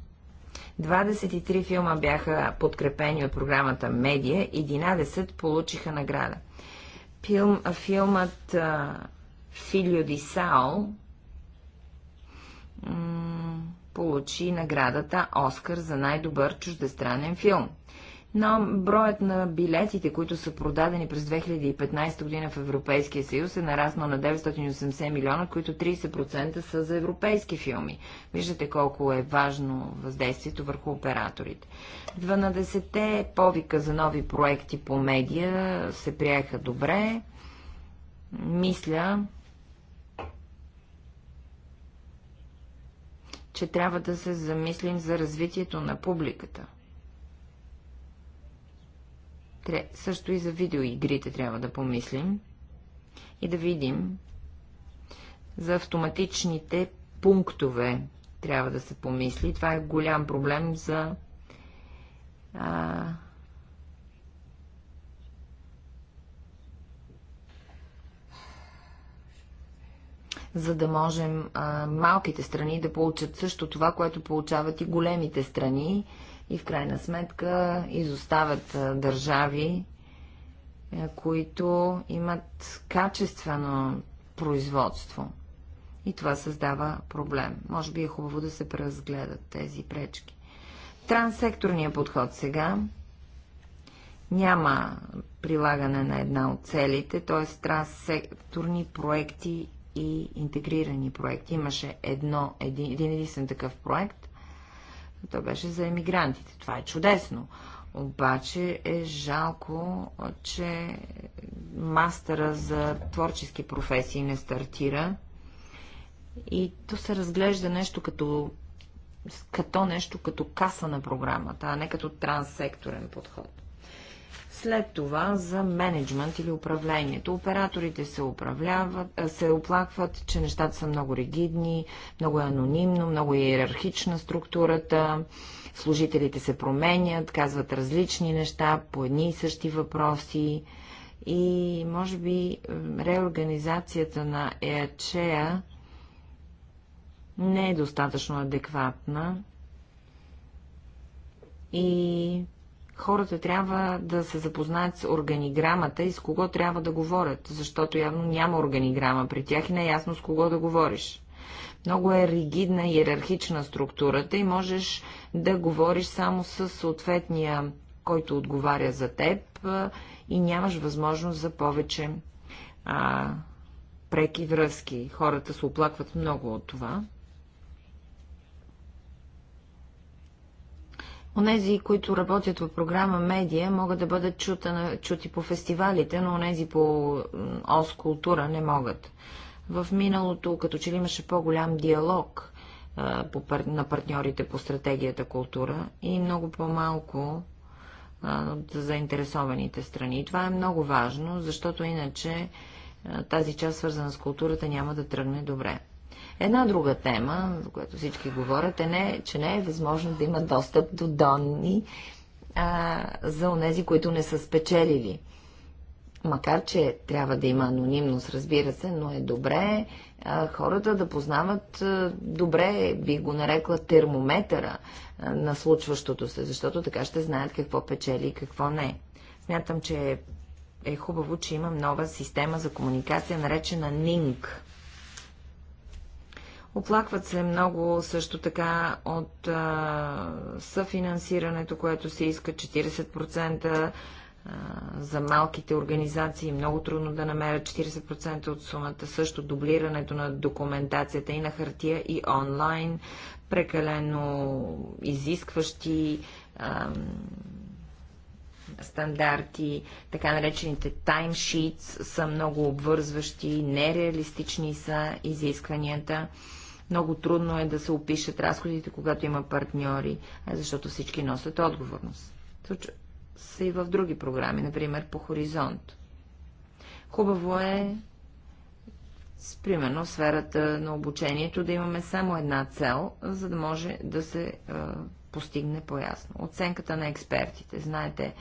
23 филма бяха подкрепени от програмата Медия, 11 получиха награда. Филм, филмът Филио Ди Сао получи наградата Оскар за най-добър чуждестранен филм – но броят на билетите, които са продадени през 2015 година в Европейския съюз е нараснал на 980 милиона, които 30% са за европейски филми. Виждате колко е важно въздействието върху операторите. 12-те повика за нови проекти по медия се прияха добре. Мисля, че трябва да се замислим за развитието на публиката – също и за видеоигрите трябва да помислим и да видим за автоматичните пунктове трябва да се помисли. Това е голям проблем за а, за да можем а, малките страни да получат също това, което получават и големите страни, и в крайна сметка изоставят държави, които имат качествено производство. И това създава проблем. Може би е хубаво да се преразгледат тези пречки. Транссекторния подход сега няма прилагане на една от целите, т.е. транссекторни проекти и интегрирани проекти. Имаше едно, един, един единствен такъв проект, то беше за емигрантите. Това е чудесно. Обаче е жалко, че мастера за творчески професии не стартира. И то се разглежда нещо като, като нещо като каса на програмата, а не като транссекторен подход. След това за менеджмент или управлението. Операторите се, управляват, се оплакват, че нещата са много ригидни, много е анонимно, много е иерархична структурата, служителите се променят, казват различни неща по едни и същи въпроси. И може би реорганизацията на ЕАЧЕА не е достатъчно адекватна и Хората трябва да се запознаят с органиграмата и с кого трябва да говорят, защото явно няма органиграма при тях и не е ясно с кого да говориш. Много е ригидна иерархична структурата и можеш да говориш само с съответния, който отговаря за теб и нямаш възможност за повече а, преки връзки. Хората се оплакват много от това. Онези, които работят в програма Медия, могат да бъдат чута, чути по фестивалите, но онези по ОС култура не могат. В миналото, като че ли имаше по-голям диалог а, по, на партньорите по стратегията култура и много по-малко от заинтересованите страни. И това е много важно, защото иначе а, тази част, свързана с културата, няма да тръгне добре. Една друга тема, за която всички говорят, е, не, че не е възможно да има достъп до данни а, за онези, които не са спечелили. Макар, че трябва да има анонимност, разбира се, но е добре а, хората да познават а, добре, би го нарекла, термометъра а, на случващото се, защото така ще знаят какво печели и какво не. Смятам, че е, е хубаво, че имам нова система за комуникация, наречена НИНК. Оплакват се много също така от а, съфинансирането, което се иска 40% а, за малките организации. Много трудно да намерят 40% от сумата. Също дублирането на документацията и на хартия, и онлайн. Прекалено изискващи а, стандарти, така наречените таймшитс са много обвързващи, нереалистични са изискванията. Много трудно е да се опишат разходите, когато има партньори, защото всички носят отговорност. Случва се и в други програми, например по Хоризонт. Хубаво е, с, примерно, в сферата на обучението да имаме само една цел, за да може да се е, постигне по-ясно. Оценката на експертите. Знаете,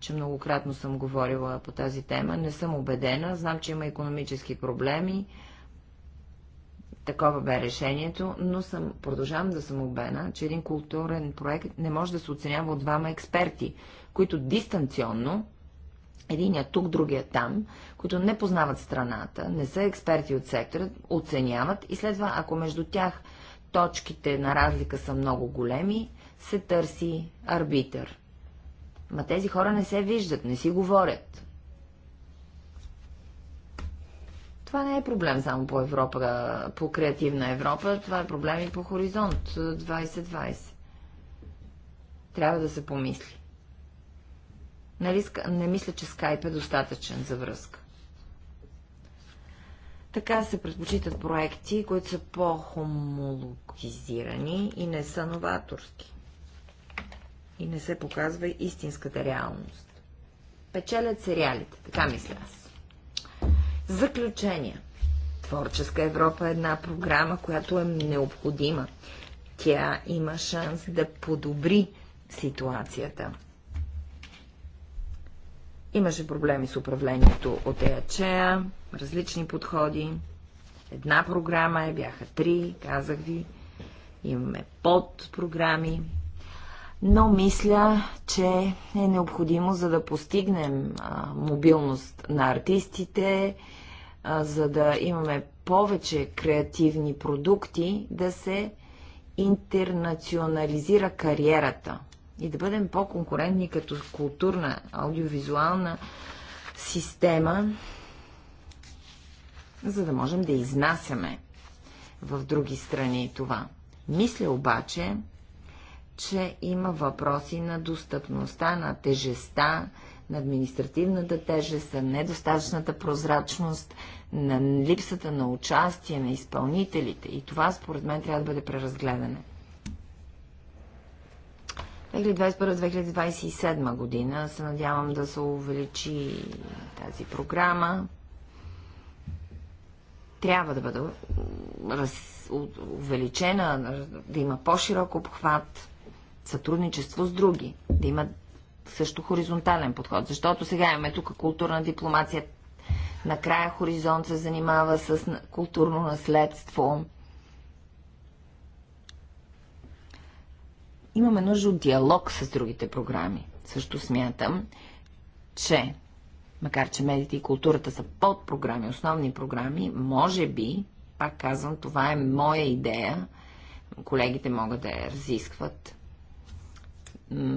че многократно съм говорила по тази тема. Не съм убедена. Знам, че има економически проблеми. Такова бе решението, но съм, продължавам да съм убена, че един културен проект не може да се оценява от двама експерти, които дистанционно, единият тук, другия там, които не познават страната, не са експерти от сектора, оценяват и след това, ако между тях точките на разлика са много големи, се търси арбитър. Ма тези хора не се виждат, не си говорят. Това не е проблем само по Европа, по креативна Европа, това е проблем и по хоризонт 2020. Е, Трябва да се помисли. Нали, не мисля, че скайп е достатъчен за връзка. Така се предпочитат проекти, които са по-хомологизирани и не са новаторски. И не се показва истинската реалност. Печелят сериалите, така мисля аз. Заключение. Творческа Европа е една програма, която е необходима. Тя има шанс да подобри ситуацията. Имаше проблеми с управлението от ЕАЧЕА, различни подходи. Една програма е, бяха три, казах ви. Имаме подпрограми, но мисля, че е необходимо, за да постигнем мобилност на артистите, за да имаме повече креативни продукти, да се интернационализира кариерата и да бъдем по-конкурентни като културна, аудиовизуална система, за да можем да изнасяме в други страни това. Мисля обаче, че има въпроси на достъпността, на тежеста, на административната тежест, на недостатъчната прозрачност, на липсата на участие на изпълнителите. И това, според мен, трябва да бъде преразгледане. 2021-2027 година се надявам да се увеличи тази програма. Трябва да бъде раз... увеличена, да има по-широк обхват сътрудничество с други, да имат също хоризонтален подход, защото сега имаме тук културна дипломация. Накрая Хоризонт се занимава с културно наследство. Имаме нужда от диалог с другите програми. Също смятам, че макар че медиите и културата са подпрограми, основни програми, може би, пак казвам, това е моя идея, колегите могат да я разискват,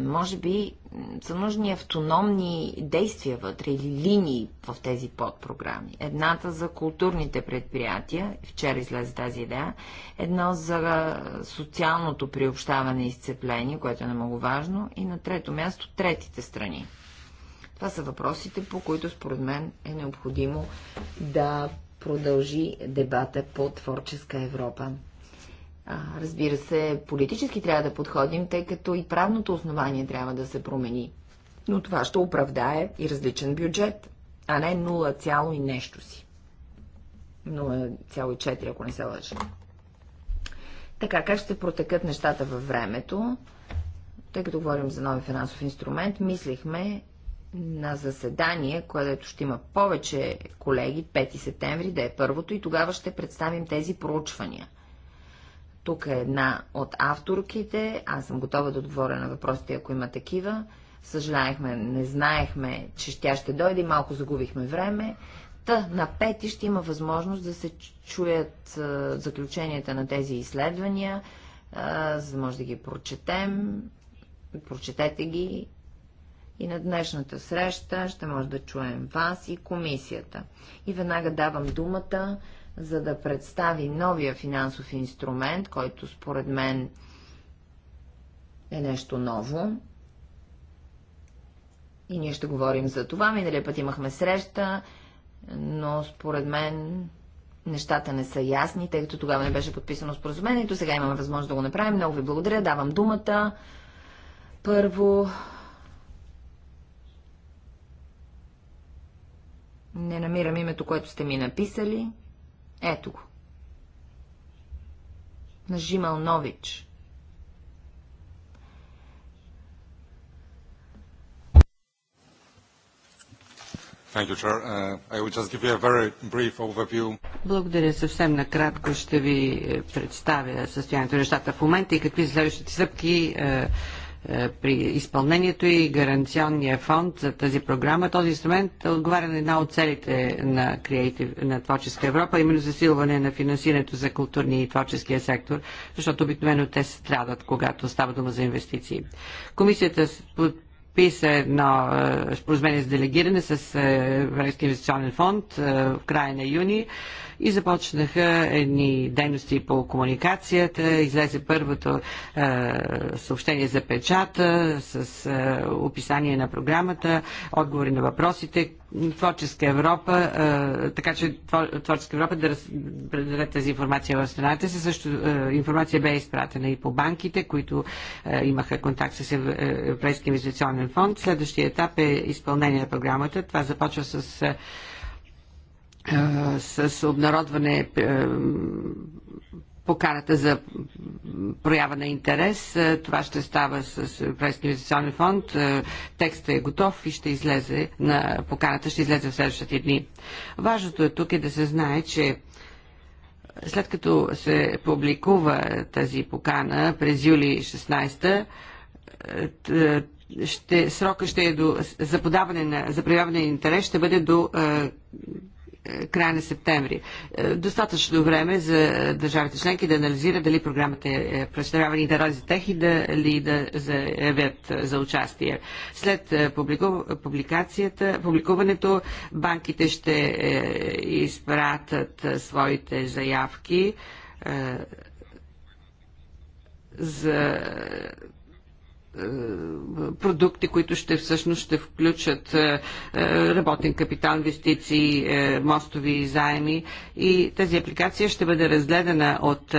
може би са нужни автономни действия вътре или линии в тези подпрограми. Едната за културните предприятия, вчера излезе тази идея, едно за социалното приобщаване и изцепление, което е много важно, и на трето място третите страни. Това са въпросите, по които според мен е необходимо да продължи дебата по творческа Европа разбира се, политически трябва да подходим, тъй като и правното основание трябва да се промени. Но това ще оправдае и различен бюджет, а не 0, цяло и нещо си. 0,4, ако не се лъжа. Така, как ще протекат нещата във времето? Тъй като говорим за нови финансов инструмент, мислихме на заседание, което ще има повече колеги, 5 септември, да е първото, и тогава ще представим тези проучвания. Тук е една от авторките. Аз съм готова да отговоря на въпросите, ако има такива. Съжаляехме, не знаехме, че тя ще дойде, малко загубихме време. Та на пети ще има възможност да се чуят е, заключенията на тези изследвания, е, за да може да ги прочетем. Прочетете ги. И на днешната среща ще може да чуем вас и комисията. И веднага давам думата за да представи новия финансов инструмент, който според мен е нещо ново. И ние ще говорим за това. Миналия път имахме среща, но според мен нещата не са ясни, тъй като тогава не беше подписано споразумението. Сега имаме възможност да го направим. Много ви благодаря. Давам думата. Първо, не намирам името, което сте ми написали. Ето го. Нажимал Нович. Uh, Благодаря. Съвсем накратко ще ви е, представя състоянието на нещата в момента и какви са следващите стъпки е, е, при изпълнението и гаранционния фонд за тази програма. Този инструмент отговаря на една от целите на, креатив, на творческа Европа, именно засилване на финансирането за културния и творческия сектор, защото обикновено те страдат, когато става дума за инвестиции. Комисията подписа едно е, споразумение с делегиране с е, Европейския инвестиционен фонд в края на юни и започнаха едни дейности по комуникацията. Излезе първото е, съобщение за печата с е, описание на програмата, отговори на въпросите, Творческа Европа, е, така че Творческа Европа да предаде тази информация в страната си. Също е, информация бе изпратена и по банките, които е, имаха контакт с е, Европейския инвестиционен фонд. Следващия етап е изпълнение на програмата. Това започва с е, с обнародване е, поканата за проява на интерес. Е, това ще става с Европейския инвестиционен фонд. Е, текстът е готов и ще излезе на поканата, ще излезе в следващите дни. Важното е тук е да се знае, че след като се публикува тази покана през юли 16 ще, срока ще е до, за подаване на, за на интерес ще бъде до края на септември. Е, достатъчно време за държавите членки да анализират дали програмата е, е представлява и да тех и да ли да заявят е, за участие. След публикацията, публикуването банките ще изпратят своите заявки за е, продукти, които ще всъщност ще включат е, е, работен капитал, инвестиции, мостови заеми и тази апликация ще бъде разгледана от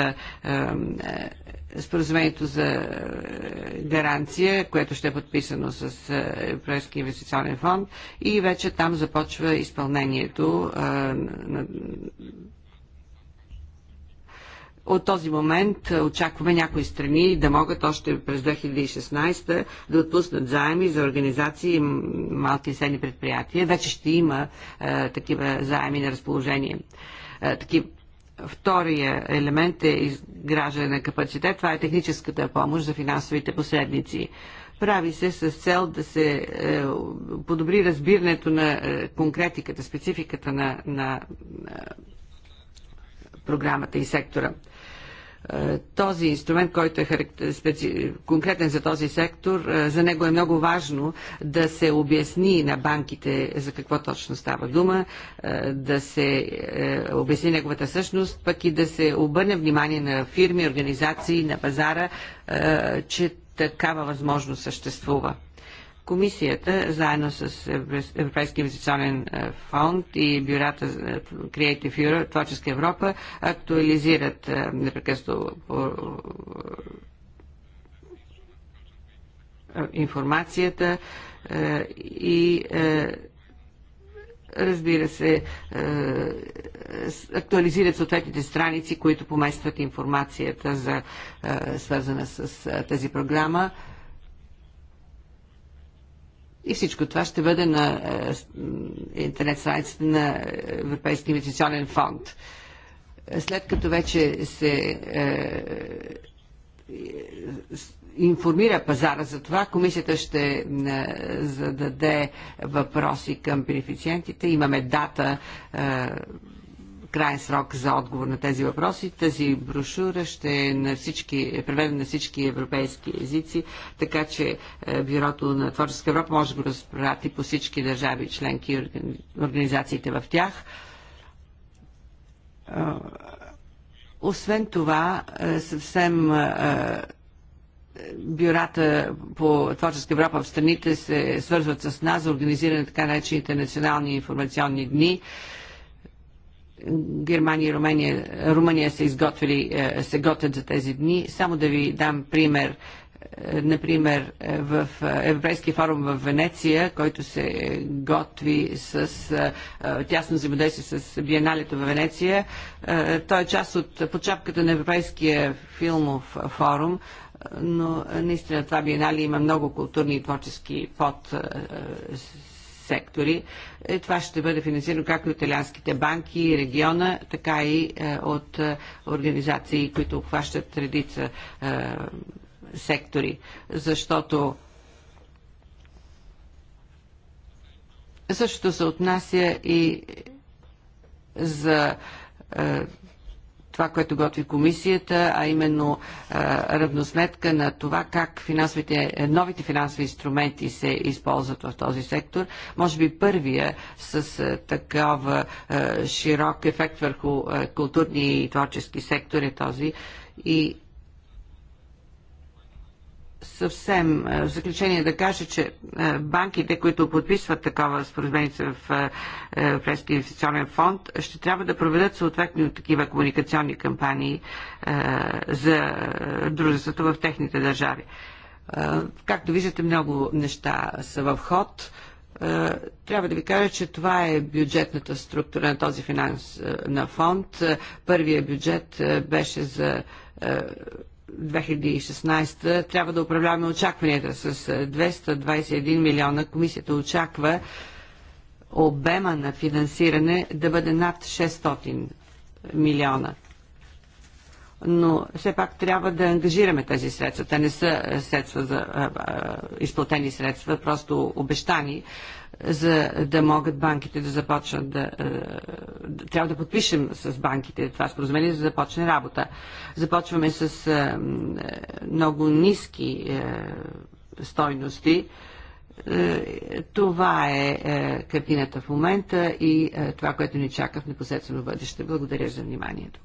споразумението за гаранция, което ще е подписано с Европейския инвестиционен фонд и вече там започва изпълнението на от този момент е, очакваме някои страни да могат още през 2016 да отпуснат заеми за организации и малки и средни предприятия. Вече ще има е, такива заеми на разположение. Е, такив... Втория елемент е изграждане на капацитет. Това е техническата помощ за финансовите посредници. Прави се с цел да се е, подобри разбирането на е, конкретиката, спецификата на, на е, програмата и сектора. Е, този инструмент, който е конкретен за този сектор, е, за него е много важно да се обясни на банките за какво точно става дума, е, да се обясни неговата същност, пък и да се обърне внимание на фирми, организации, на пазара, че такава възможност съществува. Комисията, заедно с Европейския инвестиционен е, фонд и бюрата е, Creative Europe, Творческа Европа, актуализират е, непрекъснато информацията и разбира се, актуализират съответните страници, които поместват информацията за, свързана с тази програма. И всичко това ще бъде на е, интернет страницата на Европейския инвестиционен фонд. След като вече се е, информира пазара за това. Комисията ще е, зададе въпроси към бенефициентите. Имаме дата крайен срок за отговор на тези въпроси. Тази брошура ще е, на всички, е преведена на всички европейски езици, така че е, Бюрото на Творческа Европа може да го разпрати по всички държави, членки и организациите в тях. Е, освен това, е, съвсем бюрата по Творческа Европа в страните се свързват с нас за организиране на така наречените национални информационни дни. Германия и Румъния, Румъния са изготвили, е, се готвят за тези дни. Само да ви дам пример е, например, е, в Европейския форум в Венеция, който се готви с тясно взаимодействие с Биеналето в Венеция. Той е част от подчапката на Европейския филмов форум, но наистина това Биенали има много културни и творчески подсектори. Е, това ще бъде финансирано както от италианските банки и региона, така и е, от е, организации, които обхващат редица сектори. Защото Същото се отнася и за това, което готви комисията, а именно е, равносметка на това как финансовите, е, новите финансови инструменти се използват в този сектор. Може би първия с е, такава широк ефект върху културния и творчески сектор е този и съвсем е, в заключение да кажа, че е, банките, които подписват такова споразумение в е, Европейския инвестиционен фонд, ще трябва да проведат съответно такива комуникационни кампании за дружеството в техните държави. Както виждате, много неща са в ход. Трябва да ви кажа, че това е бюджетната структура на този финанс на фонд. Първия бюджет беше за 2016 трябва да управляваме очакванията с 221 милиона. Комисията очаква обема на финансиране да бъде над 600 милиона но все пак трябва да ангажираме тези средства. Те не са средства за изплатени средства, просто обещани, за да могат банките да започнат да... трябва да подпишем с банките това споразумение, за да започне работа. Започваме с много ниски стойности. Това е картината в момента и това, което ни чака в непосредствено бъдеще. Благодаря за вниманието.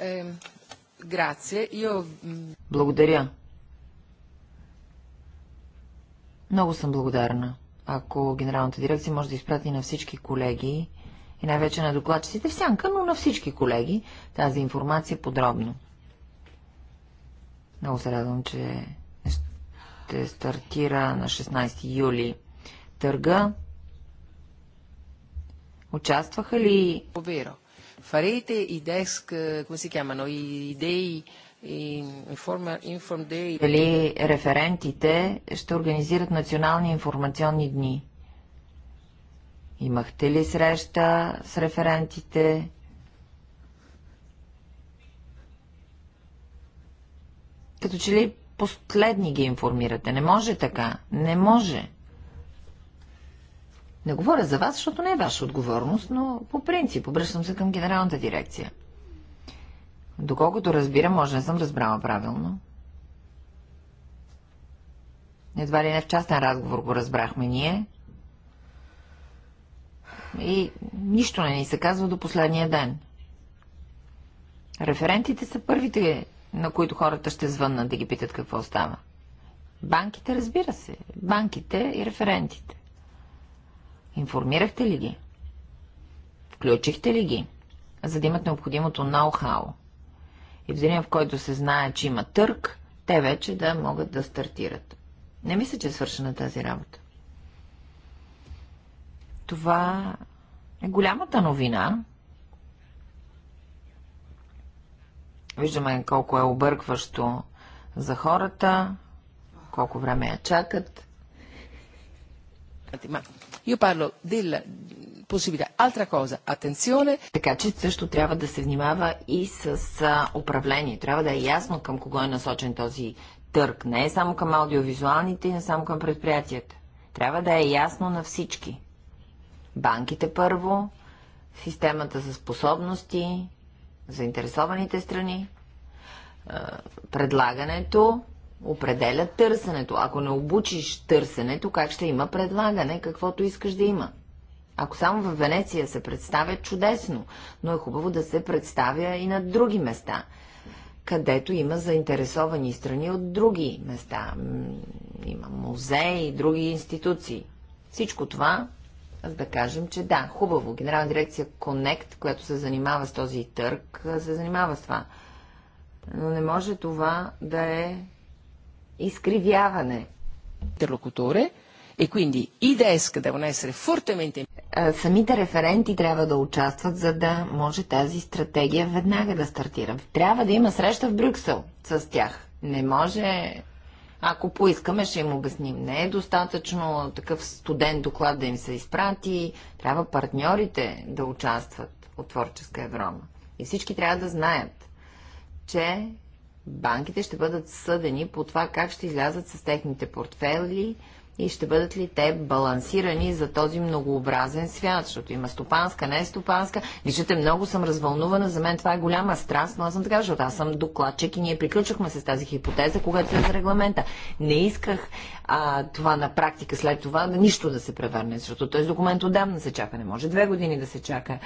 Ehm, mm, Благодаря. Много съм благодарна. Ако Генералната дирекция може да изпрати на всички колеги и най-вече на докладчиците в сянка, но на всички колеги тази информация подробно. Много се радвам, че ще стартира на 16 юли търга. Участваха ли... Поверо farete i desk, eh, come si chiamano, i dei дали референтите ще организират национални информационни дни? Имахте ли среща с референтите? Като че ли последни ги информирате? Не може така. Не може. Не говоря за вас, защото не е ваша отговорност, но по принцип обръщам се към генералната дирекция. Доколкото разбирам, може не съм разбрала правилно. Едва ли не в частен разговор го разбрахме ние. И нищо не ни се казва до последния ден. Референтите са първите, на които хората ще звъннат да ги питат какво става. Банките, разбира се. Банките и референтите. Информирахте ли ги? Включихте ли ги? За да имат необходимото ноу-хау. И в деня, в който се знае, че има търк, те вече да могат да стартират. Не мисля, че е свършена тази работа. Това е голямата новина. Виждаме колко е объркващо за хората, колко време я чакат. Io parlo della possibilità. Altra cosa, attenzione. Така че също трябва да се внимава и с управление. Трябва да е ясно към кого е насочен този търг. Не е само към аудиовизуалните и не само към предприятията. Трябва да е ясно на всички. Банките първо, системата за способности, заинтересованите страни, предлагането Определя търсенето. Ако не обучиш търсенето, как ще има предлагане, каквото искаш да има. Ако само в Венеция се представя чудесно, но е хубаво да се представя и на други места, където има заинтересовани страни от други места. Има музеи и други институции. Всичко това, аз да кажем, че да, хубаво. Генерална дирекция Connect, която се занимава с този търг, се занимава с това. Но не може това да е изкривяване. Интерлокуторе и e quindi i desk devono essere fortemente... Самите референти трябва да участват, за да може тази стратегия веднага да стартира. Трябва да има среща в Брюксел с тях. Не може... Ако поискаме, ще им обясним. Не е достатъчно такъв студен доклад да им се изпрати. Трябва партньорите да участват от Творческа Европа. И всички трябва да знаят, че банките ще бъдат съдени по това как ще излязат с техните портфели, и ще бъдат ли те балансирани за този многообразен свят, защото има стопанска, не стопанска. Виждате, много съм развълнувана, за мен това е голяма страст, но аз съм така, защото аз съм докладчик и ние приключвахме с тази хипотеза, когато е за регламента. Не исках а, това на практика след това да нищо да се превърне, защото този документ отдавна се чака. Не може две години да се чака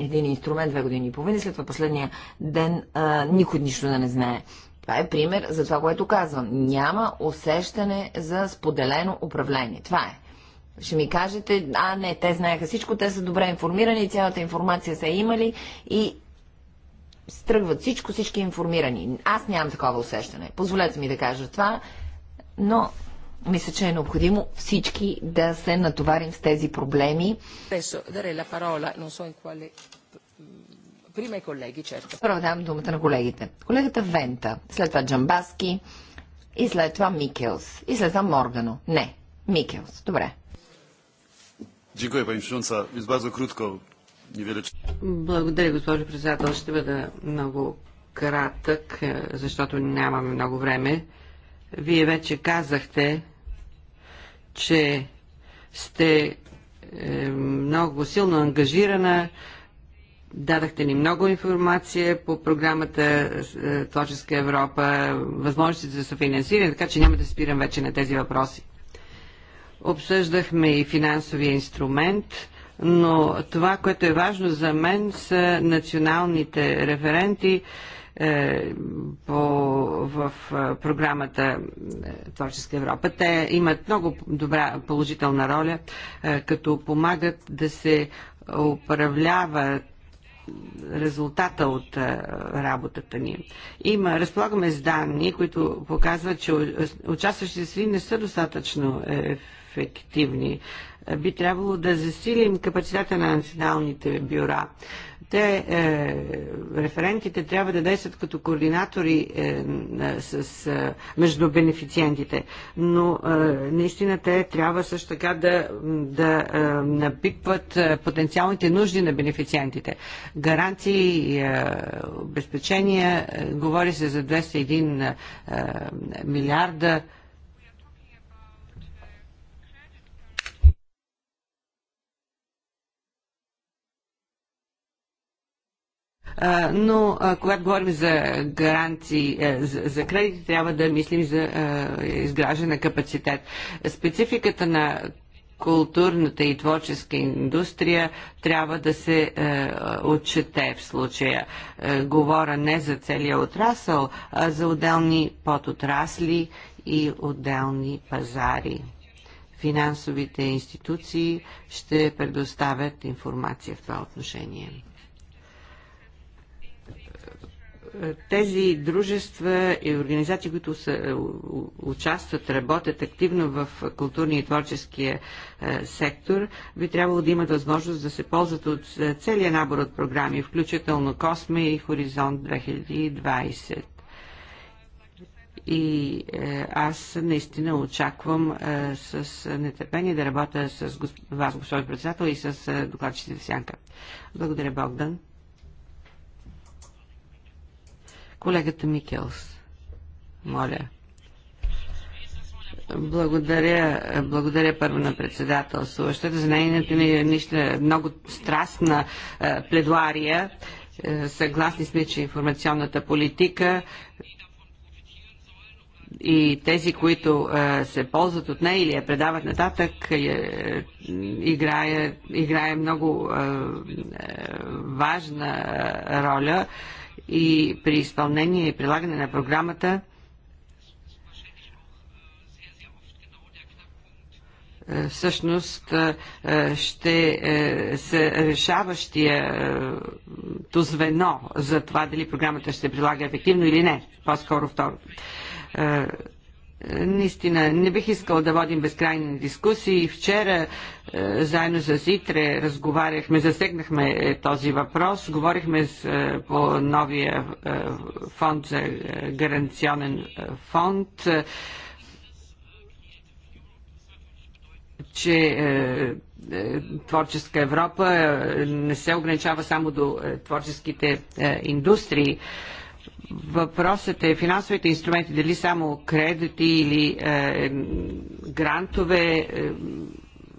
един инструмент, две години и половина, след това последния ден а, никой нищо да не знае. Това е пример за това, което казвам. Няма усещане за споделено управление. Това е. Ще ми кажете, а не, те знаеха всичко, те са добре информирани, цялата информация са имали и стръгват всичко, всички информирани. Аз нямам такова усещане. Позволете ми да кажа това, но мисля, че е необходимо всички да се натоварим с тези проблеми. Adesso Прима и колеги, черта. Първо давам думата на колегите. Колегата Вента, след това Джамбаски и след това Микелс. И след това Моргано. Не, Микелс. Добре. Дякую, пани Шунца. Избазо крутко. Благодаря, госпожо председател. Ще бъда много кратък, е, защото нямаме много време. Вие вече казахте, че сте е, много силно ангажирана Дадахте ни много информация по програмата е, Творческа Европа, възможностите за съфинансиране, така че няма да спирам вече на тези въпроси. Обсъждахме и финансовия инструмент, но това, което е важно за мен, са националните референти е, по, в е, програмата е, Творческа Европа. Те имат много добра положителна роля, е, като помагат да се управляват резултата от е, работата ни. Има, разполагаме с данни, които показват, че участващите си не са достатъчно е, ефективни би трябвало да засилим капацитета на националните бюра. Те, е, референтите, трябва да действат като координатори е, с, е, между бенефициентите, но е, наистина те трябва също така да, да е, напипват е, потенциалните нужди на бенефициентите. Гаранции, е, обезпечения, е, говори се за 201 е, милиарда. но когато говорим за гаранции е, за кредити, трябва да мислим за изграждане на капацитет. Спецификата на културната и творческа индустрия трябва да се е, отчете в случая. Е, говоря не за целия отрасъл, а за отделни подотрасли и отделни пазари. Финансовите институции ще предоставят информация в това отношение тези дружества и организации, които са, е, участват, работят активно в културния и творческия е, сектор, би трябвало да имат възможност да се ползват от е, целия набор от програми, включително Косме и Хоризонт 2020 и е, аз наистина очаквам е, с нетърпение да работя с госп... вас, господин председател, и с е, докладчите в сянка. Благодаря, Богдан. Колегата Микелс, моля. Благодаря, благодаря първо на председателстващата за нейната ни е нища, много страстна е, пледуария. Е, съгласни сме, че информационната политика и тези, които е, се ползват от нея или я предават нататък, е, е, играе, играе много е, е, важна е, роля. Е, и при изпълнение и прилагане на програмата е, всъщност е, е, ще се решаващия то звено за това дали програмата ще прилага ефективно или не. По-скоро второ наистина не бих искал да водим безкрайни дискусии. Вчера е, заедно с Итре разговаряхме, засегнахме е, този въпрос, говорихме с, е, по новия фонд за гаранционен фонд, че Творческа Европа не се ограничава само до творческите индустрии. Въпросът е финансовите инструменти, дали само кредити или е, грантове, е,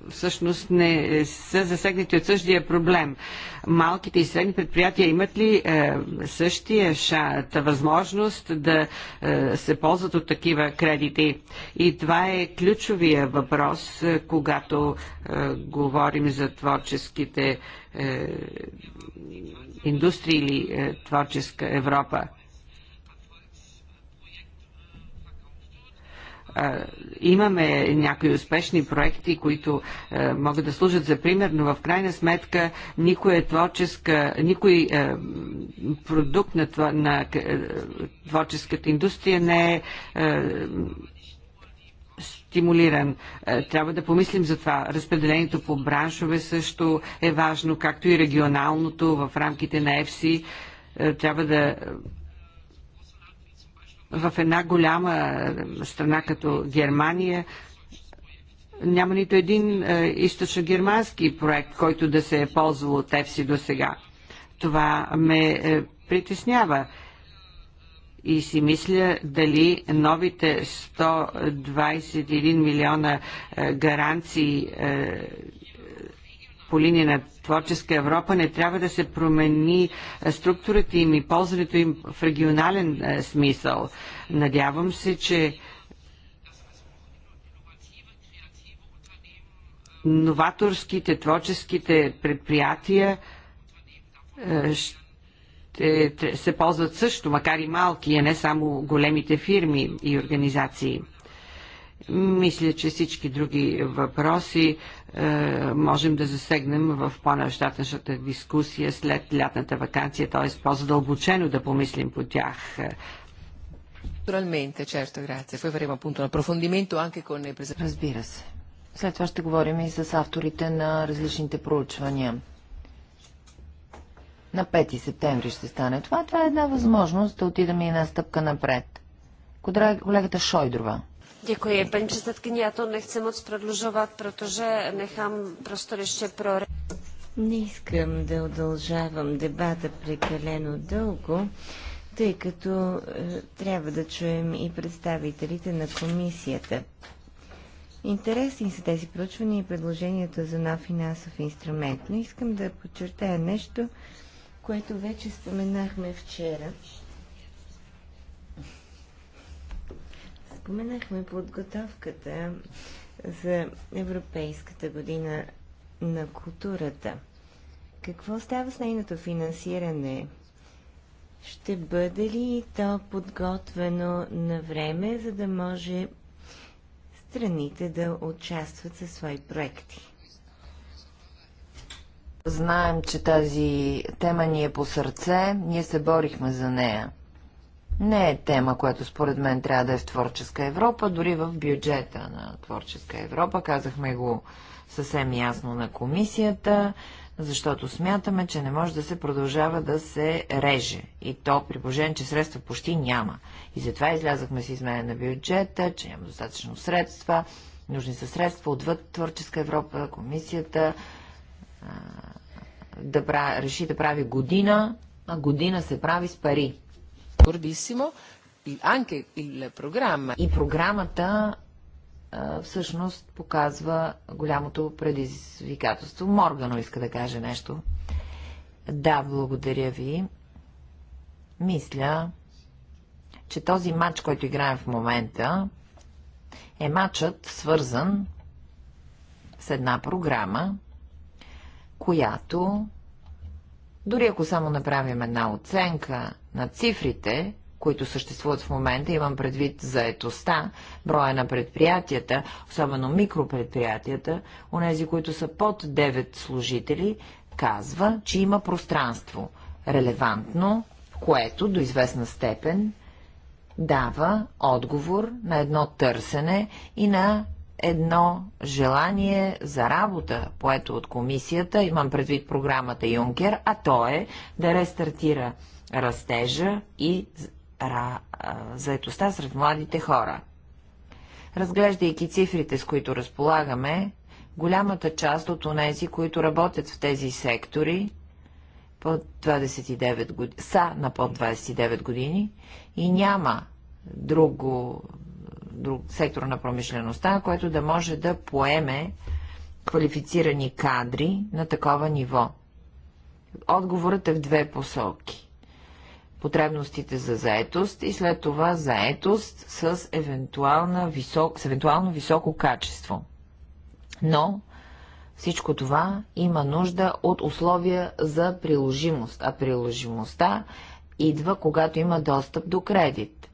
всъщност не са засегнати от същия проблем. Малките и средни предприятия имат ли е, същия шата възможност да е, се ползват от такива кредити? И това е ключовия въпрос, е, когато е, говорим за творческите е, индустрии или е, творческа Европа. имаме някои успешни проекти, които е, могат да служат за пример, но в крайна сметка никой е творческа, никой е, продукт на, на е, творческата индустрия не е, е стимулиран. Трябва да помислим за това. Разпределението по браншове също е важно, както и регионалното в рамките на ЕФСИ. Трябва да в една голяма е, страна като Германия няма нито един е, източно-германски проект, който да се е ползвал от ЕФСИ до сега. Това ме е, притеснява и си мисля дали новите 121 милиона гаранции по линия на Творческа Европа не трябва да се промени структурата им и ползването им в регионален смисъл. Надявам се, че новаторските, творческите предприятия ще се ползват също, макар и малки, а не само големите фирми и организации. Мисля, че всички други въпроси е, можем да засегнем в по-нащатъчната дискусия след лятната вакансия, т.е. по-задълбочено да помислим по тях. Naturalmente, черто, грация. Poi време appunto на approfondimento anche con il презент. Разбира се. След това ще говорим и с авторите на различните проучвания. На 5 септември ще стане това. Това е една възможност да отидем и една стъпка напред. Колегата Шойдрова. Děkuji, paní předsedkyně. Já to nechci moc prodlužovat, protože nechám prostor ještě pro... Не искам да удължавам дебата прекалено дълго, тъй като е, трябва да чуем и представителите на комисията. Интересни са тези проучвания и предложението за нов финансов инструмент, но искам да подчертая нещо, което вече споменахме вчера – споменахме подготовката за Европейската година на културата. Какво става с нейното финансиране? Ще бъде ли то подготвено на време, за да може страните да участват със свои проекти? Знаем, че тази тема ни е по сърце, ние се борихме за нея не е тема, която според мен трябва да е в Творческа Европа, дори в бюджета на Творческа Европа. Казахме го съвсем ясно на комисията, защото смятаме, че не може да се продължава да се реже. И то при положение, че средства почти няма. И затова излязахме с измене на бюджета, че няма достатъчно средства, нужни са средства отвъд Творческа Европа, комисията да прави, реши да прави година, а година се прави с пари. Cortissimo, anche il programma. И програмата всъщност показва голямото предизвикателство. Моргано иска да каже нещо. Да, благодаря ви. Мисля, че този матч, който играем в момента, е матчът свързан с една програма, която, дори ако само направим една оценка на цифрите, които съществуват в момента, имам предвид заетостта, броя на предприятията, особено микропредприятията, нези, които са под 9 служители, казва, че има пространство, релевантно, което до известна степен дава отговор на едно търсене и на едно желание за работа, поето от комисията, имам предвид програмата Юнкер, а то е да рестартира растежа и заетостта сред младите хора. Разглеждайки цифрите, с които разполагаме, голямата част от онези, които работят в тези сектори, под 29 год... са на под 29 години и няма друго, друг сектор на промишлеността, който да може да поеме квалифицирани кадри на такова ниво. Отговорът е в две посоки потребностите за заетост и след това заетост с, висок, с евентуално високо качество. Но всичко това има нужда от условия за приложимост, а приложимостта идва, когато има достъп до кредит,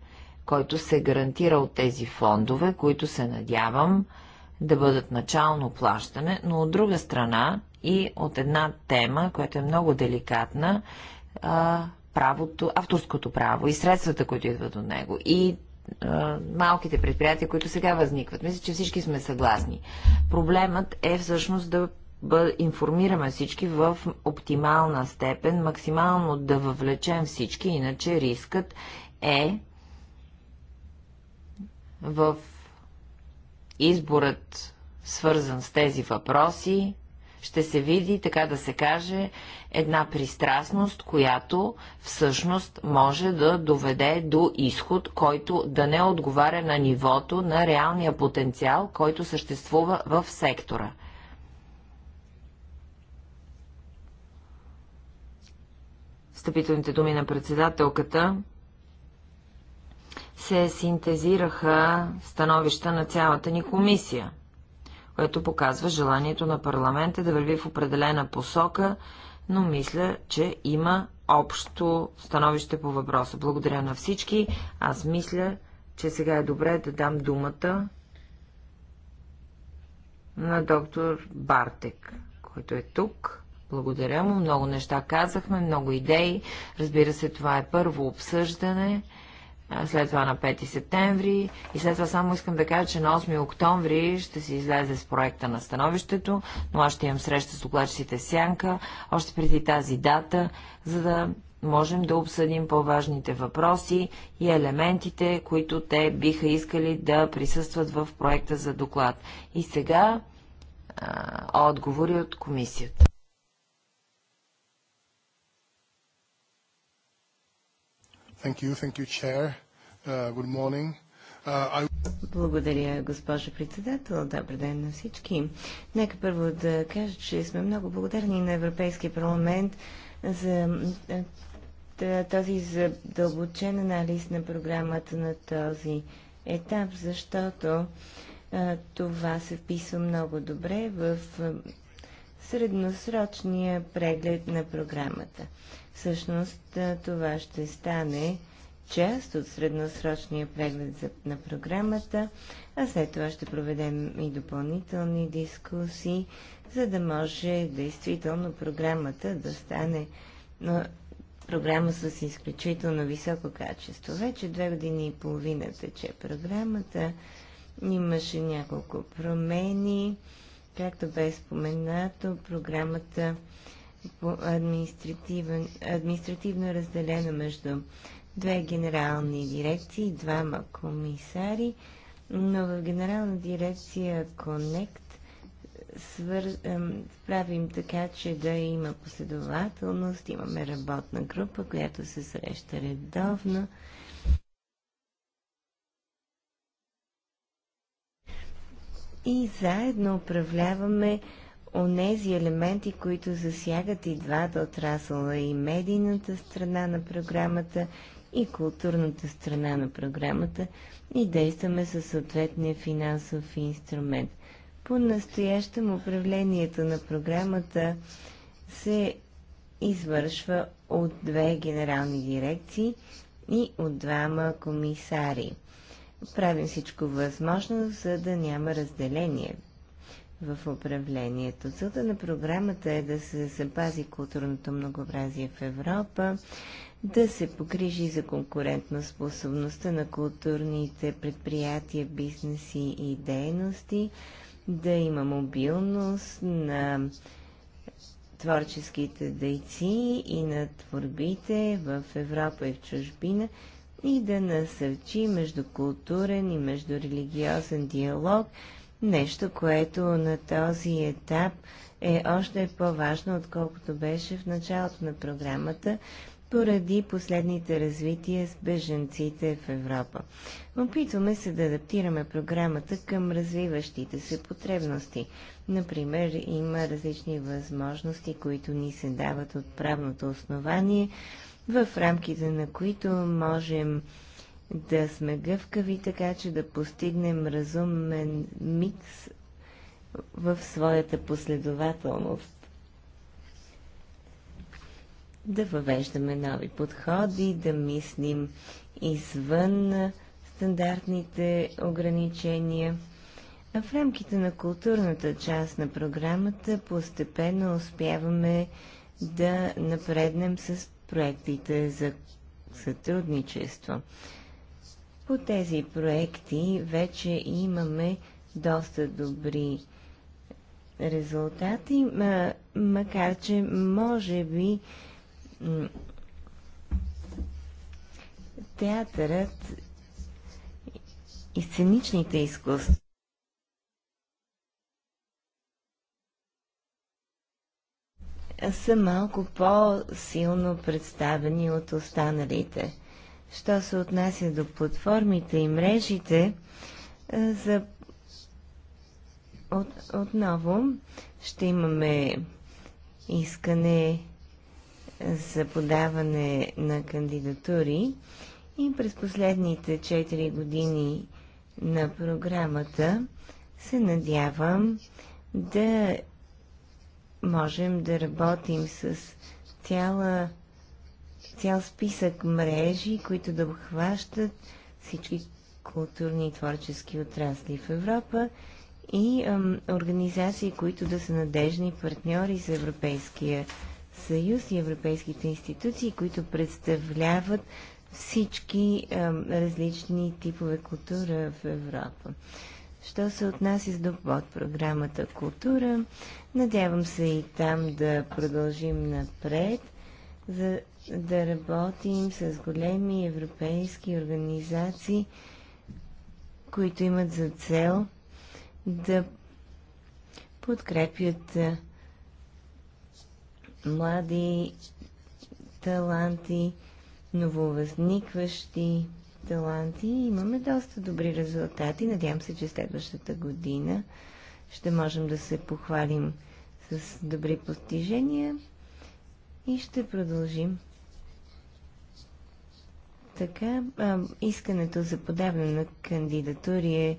който се гарантира от тези фондове, които се надявам да бъдат начално плащане, но от друга страна и от една тема, която е много деликатна, правото, авторското право и средствата, които идват от него. И малките предприятия, които сега възникват. Мисля, че всички сме съгласни. Проблемът е всъщност да информираме всички в оптимална степен, максимално да въвлечем всички, иначе рискът е в изборът, свързан с тези въпроси, ще се види, така да се каже, една пристрастност, която всъщност може да доведе до изход, който да не отговаря на нивото на реалния потенциал, който съществува в сектора. Встъпителните думи на председателката се синтезираха становища на цялата ни комисия, което показва желанието на парламента да върви в определена посока но мисля, че има общо становище по въпроса. Благодаря на всички. Аз мисля, че сега е добре да дам думата на доктор Бартек, който е тук. Благодаря му. Много неща казахме, много идеи. Разбира се, това е първо обсъждане след това на 5 септември и след това само искам да кажа, че на 8 октомври ще се излезе с проекта на становището, но аз ще имам среща с докладчиците Сянка, още преди тази дата, за да можем да обсъдим по-важните въпроси и елементите, които те биха искали да присъстват в проекта за доклад. И сега а, отговори от комисията. Thank you. Thank you, Chair. Uh, good morning. Uh, Благодаря, госпожо председател. Добър ден на всички. Нека първо да кажа, че сме много благодарни на Европейския парламент за е, този задълбочен анализ на програмата на този етап, защото е, това се вписва много добре в е, средносрочния преглед на програмата. Всъщност това ще стане част от средносрочния преглед на програмата, а след това ще проведем и допълнителни дискусии, за да може действително програмата да стане програма с изключително високо качество. Вече две години и половина тече програмата. Имаше няколко промени. Както бе споменато, програмата административно разделено между две генерални дирекции, двама комисари, но в генерална дирекция Connect свър... правим така, че да има последователност, имаме работна група, която се среща редовно. И заедно управляваме онези елементи, които засягат и двата отрасъла, и медийната страна на програмата, и културната страна на програмата, и действаме със съответния финансов инструмент. По настоящем управлението на програмата се извършва от две генерални дирекции и от двама комисари. Правим всичко възможно, за да няма разделение в управлението. Целта на програмата е да се запази културното многообразие в Европа, да се погрижи за конкурентна способността на културните предприятия, бизнеси и дейности, да има мобилност на творческите дейци и на творбите в Европа и в чужбина и да насърчи междукултурен и междурелигиозен диалог – Нещо, което на този етап е още по-важно, отколкото беше в началото на програмата, поради последните развития с беженците в Европа. Опитваме се да адаптираме програмата към развиващите се потребности. Например, има различни възможности, които ни се дават от правното основание, в рамките на които можем да сме гъвкави, така че да постигнем разумен микс в своята последователност. Да въвеждаме нови подходи, да мислим извън стандартните ограничения. А в рамките на културната част на програмата постепенно успяваме да напреднем с проектите за сътрудничество. По тези проекти вече имаме доста добри резултати, макар че може би театърът и сценичните изкуства са малко по-силно представени от останалите що се отнася до платформите и мрежите, е, за от, отново ще имаме искане за подаване на кандидатури и през последните 4 години на програмата се надявам да можем да работим с цяла цял списък мрежи, които да обхващат всички културни и творчески отрасли в Европа и ам, организации, които да са надежни партньори за Европейския съюз и европейските институции, които представляват всички ам, различни типове култура в Европа. Що се отнася до подпрограмата Култура, надявам се и там да продължим напред, за да работим с големи европейски организации, които имат за цел да подкрепят млади таланти, нововъзникващи таланти. Имаме доста добри резултати. Надявам се, че следващата година ще можем да се похвалим с добри постижения и ще продължим така искането за подаване на кандидатури е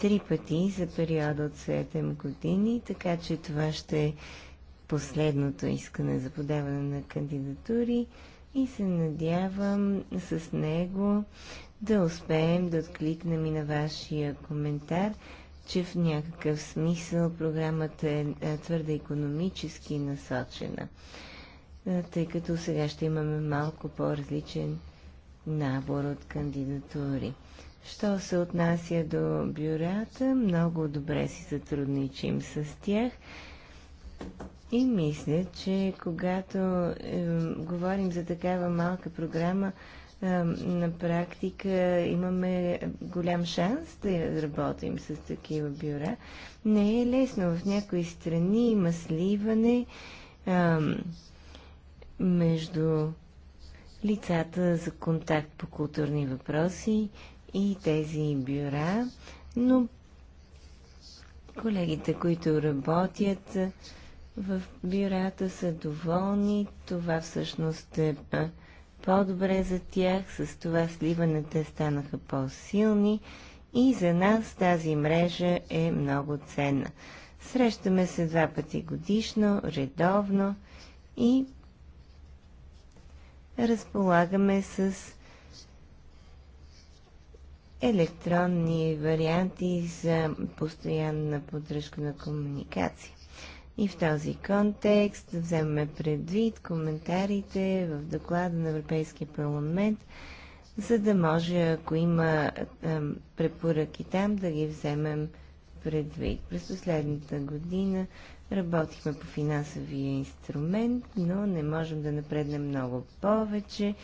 три пъти за периода от 7 години, така че това ще е последното искане за подаване на кандидатури и се надявам с него да успеем да откликнем и на вашия коментар, че в някакъв смисъл програмата е, е твърде економически насочена, тъй като сега ще имаме малко по-различен набор от кандидатури. Що се отнася до бюрата, много добре си сътрудничим с тях. И мисля, че когато е, говорим за такава малка програма, е, на практика имаме голям шанс да работим с такива бюра. Не е лесно. В някои страни има сливане е, между лицата за контакт по културни въпроси и тези бюра, но колегите, които работят в бюрата, са доволни. Това всъщност е по-добре за тях. С това сливаните станаха по-силни и за нас тази мрежа е много ценна. Срещаме се два пъти годишно, редовно и разполагаме с електронни варианти за постоянна поддръжка на комуникация. И в този контекст вземаме предвид коментарите в доклада на Европейския парламент, за да може, ако има препоръки там, да ги вземем предвид. През последната година Работихме по финансовия инструмент, но не можем да напреднем много повече,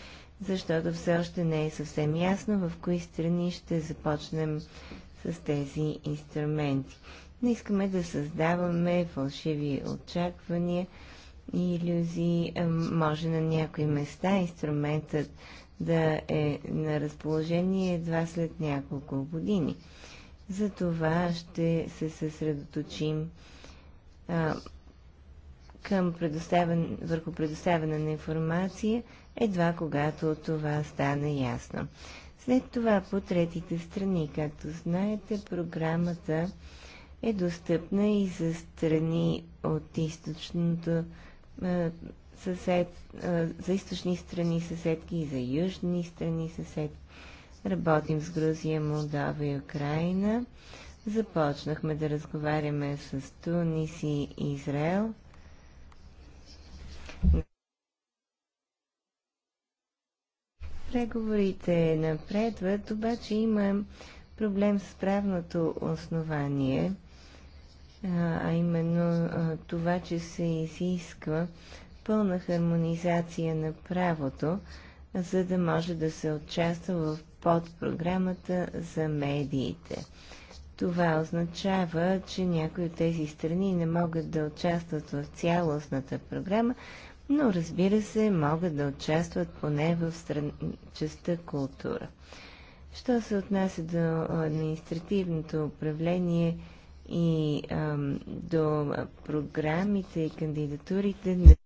защото все още не е съвсем ясно в кои страни ще започнем с тези инструменти. Не искаме да създаваме фалшиви очаквания и иллюзии. Може на някои места инструментът да е на разположение едва след няколко години. За това ще се съсредоточим а, към предоставен, върху предоставяне на информация, едва когато това стане ясно. След това по третите страни, както знаете, програмата е достъпна и за страни от източното съсед, за източни страни съседки и за южни страни съседки. Работим с Грузия, Молдова и Украина. Започнахме да разговаряме с Тунис и Израел. Преговорите напредват, обаче има проблем с правното основание, а именно това, че се изисква пълна хармонизация на правото, за да може да се участва в подпрограмата за медиите. Това означава, че някои от тези страни не могат да участват в цялостната програма, но разбира се, могат да участват поне в стран... частта култура. Що се отнася до административното управление и ам, до програмите и кандидатурите,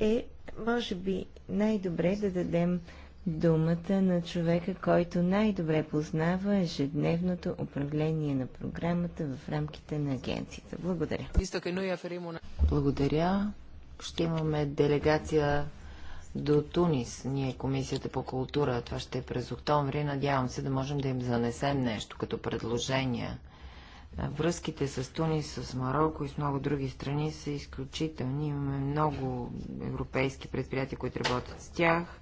е, може би, най-добре да дадем думата на човека, който най-добре познава ежедневното управление на програмата в рамките на агенцията. Благодаря. Благодаря. Ще имаме делегация до Тунис, ние Комисията по култура. Това ще е през октомври. Надявам се да можем да им занесем нещо като предложения. Връзките с Тунис, с Марокко и с много други страни са изключителни. Имаме много европейски предприятия, които работят с тях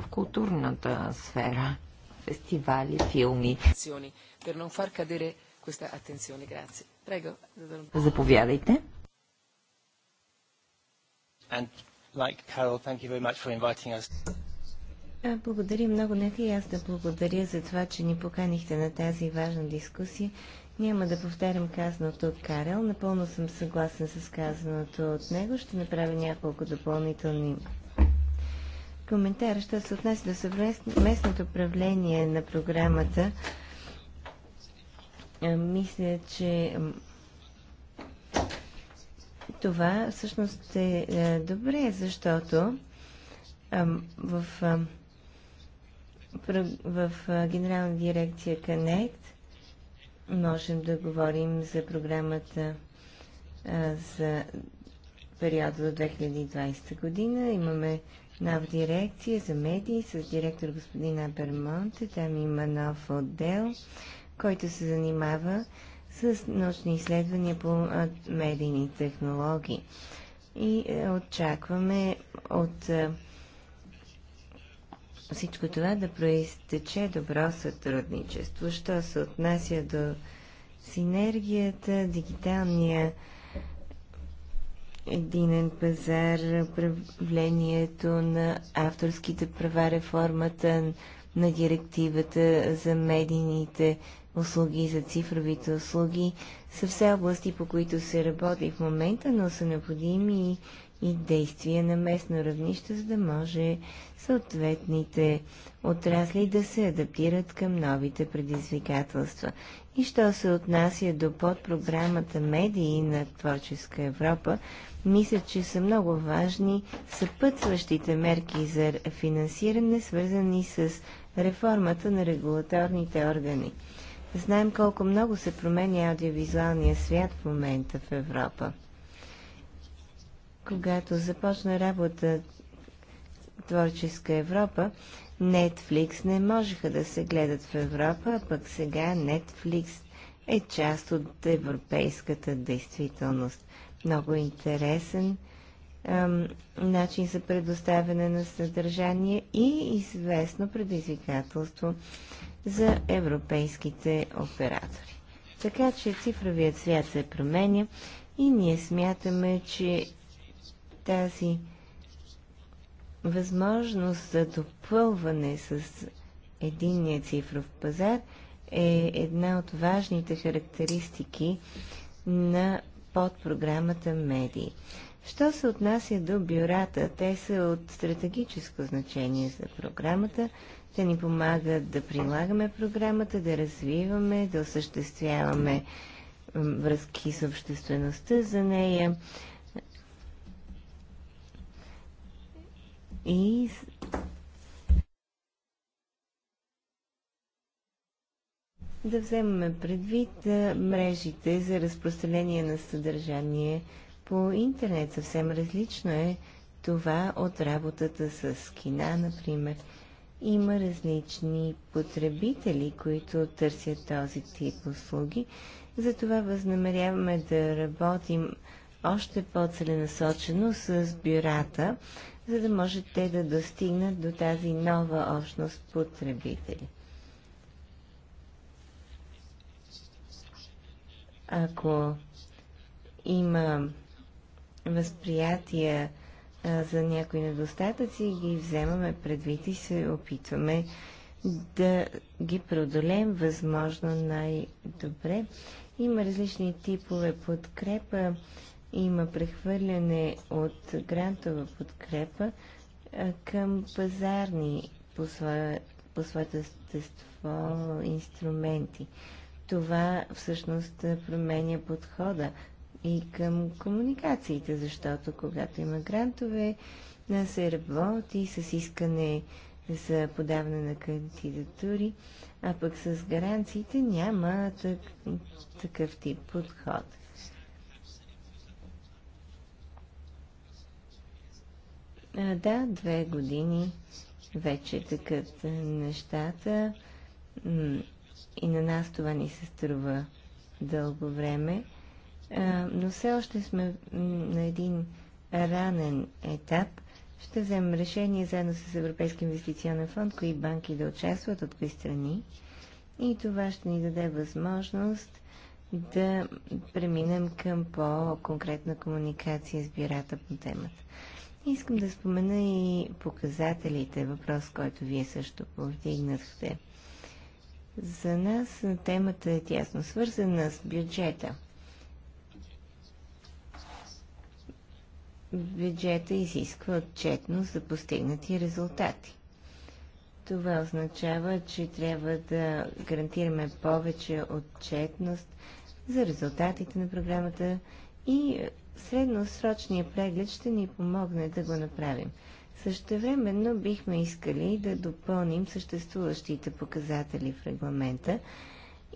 в културната сфера. Фестивали, филми. Заповядайте. Благодаря много. Нека и аз да благодаря за това, че ни поканихте на тази важна дискусия. Няма да повтарям казаното от Карел. Напълно съм съгласен с казаното от него. Ще направя няколко допълнителни коментар, що се отнесе до съвместното управление на програмата. Мисля, че това всъщност е, е добре, защото в, в Генерална дирекция Connect можем да говорим за програмата за периода до 2020 година. Имаме нова дирекция за медии с директор господин Апермонт, Там има нов отдел, който се занимава с научни изследвания по медийни технологии. И е, очакваме от е, всичко това да проистече добро сътрудничество. Що се отнася до синергията, дигиталния единен пазар, правлението на авторските права, реформата на директивата за медийните услуги, за цифровите услуги, са все области, по които се работи в момента, но са необходими и действия на местно равнище, за да може съответните отрасли да се адаптират към новите предизвикателства. И що се отнася до подпрограмата Медии на Творческа Европа, мисля, че са много важни съпътстващите мерки за финансиране, свързани с реформата на регулаторните органи. Знаем колко много се променя аудиовизуалния свят в момента в Европа когато започна работа Творческа Европа, Netflix не можеха да се гледат в Европа, а пък сега Netflix е част от европейската действителност. Много интересен ам, начин за предоставяне на съдържание и известно предизвикателство за европейските оператори. Така че цифровият свят се променя и ние смятаме, че тази възможност за допълване с единния цифров пазар е една от важните характеристики на подпрограмата Медии. Що се отнася до бюрата, те са от стратегическо значение за програмата. Те ни помагат да прилагаме програмата, да развиваме, да осъществяваме връзки с обществеността за нея, и да вземаме предвид мрежите за разпространение на съдържание по интернет. Съвсем различно е това от работата с кина, например. Има различни потребители, които търсят този тип услуги. Затова възнамеряваме да работим още по-целенасочено с бюрата за да може те да достигнат до тази нова общност потребители. Ако има възприятия а, за някои недостатъци, ги вземаме предвид и се опитваме да ги преодолеем възможно най-добре. Има различни типове подкрепа има прехвърляне от грантова подкрепа към пазарни по, своя, по своето естество инструменти. Това всъщност променя подхода и към комуникациите, защото когато има грантове, се работи с искане за подаване на кандидатури, а пък с гаранциите няма так, такъв тип подход. А, да, две години вече такът нещата и на нас това ни се струва дълго време, а, но все още сме на един ранен етап. Ще вземем решение заедно с Европейски инвестиционен фонд, кои банки да участват, от кои страни. И това ще ни даде възможност да преминем към по-конкретна комуникация с бирата по темата. Искам да спомена и показателите, въпрос, който вие също повдигнахте. За нас темата е тясно свързана с бюджета. Бюджета изисква отчетност за постигнати резултати. Това означава, че трябва да гарантираме повече отчетност за резултатите на програмата и средносрочния преглед ще ни помогне да го направим. Същевременно бихме искали да допълним съществуващите показатели в регламента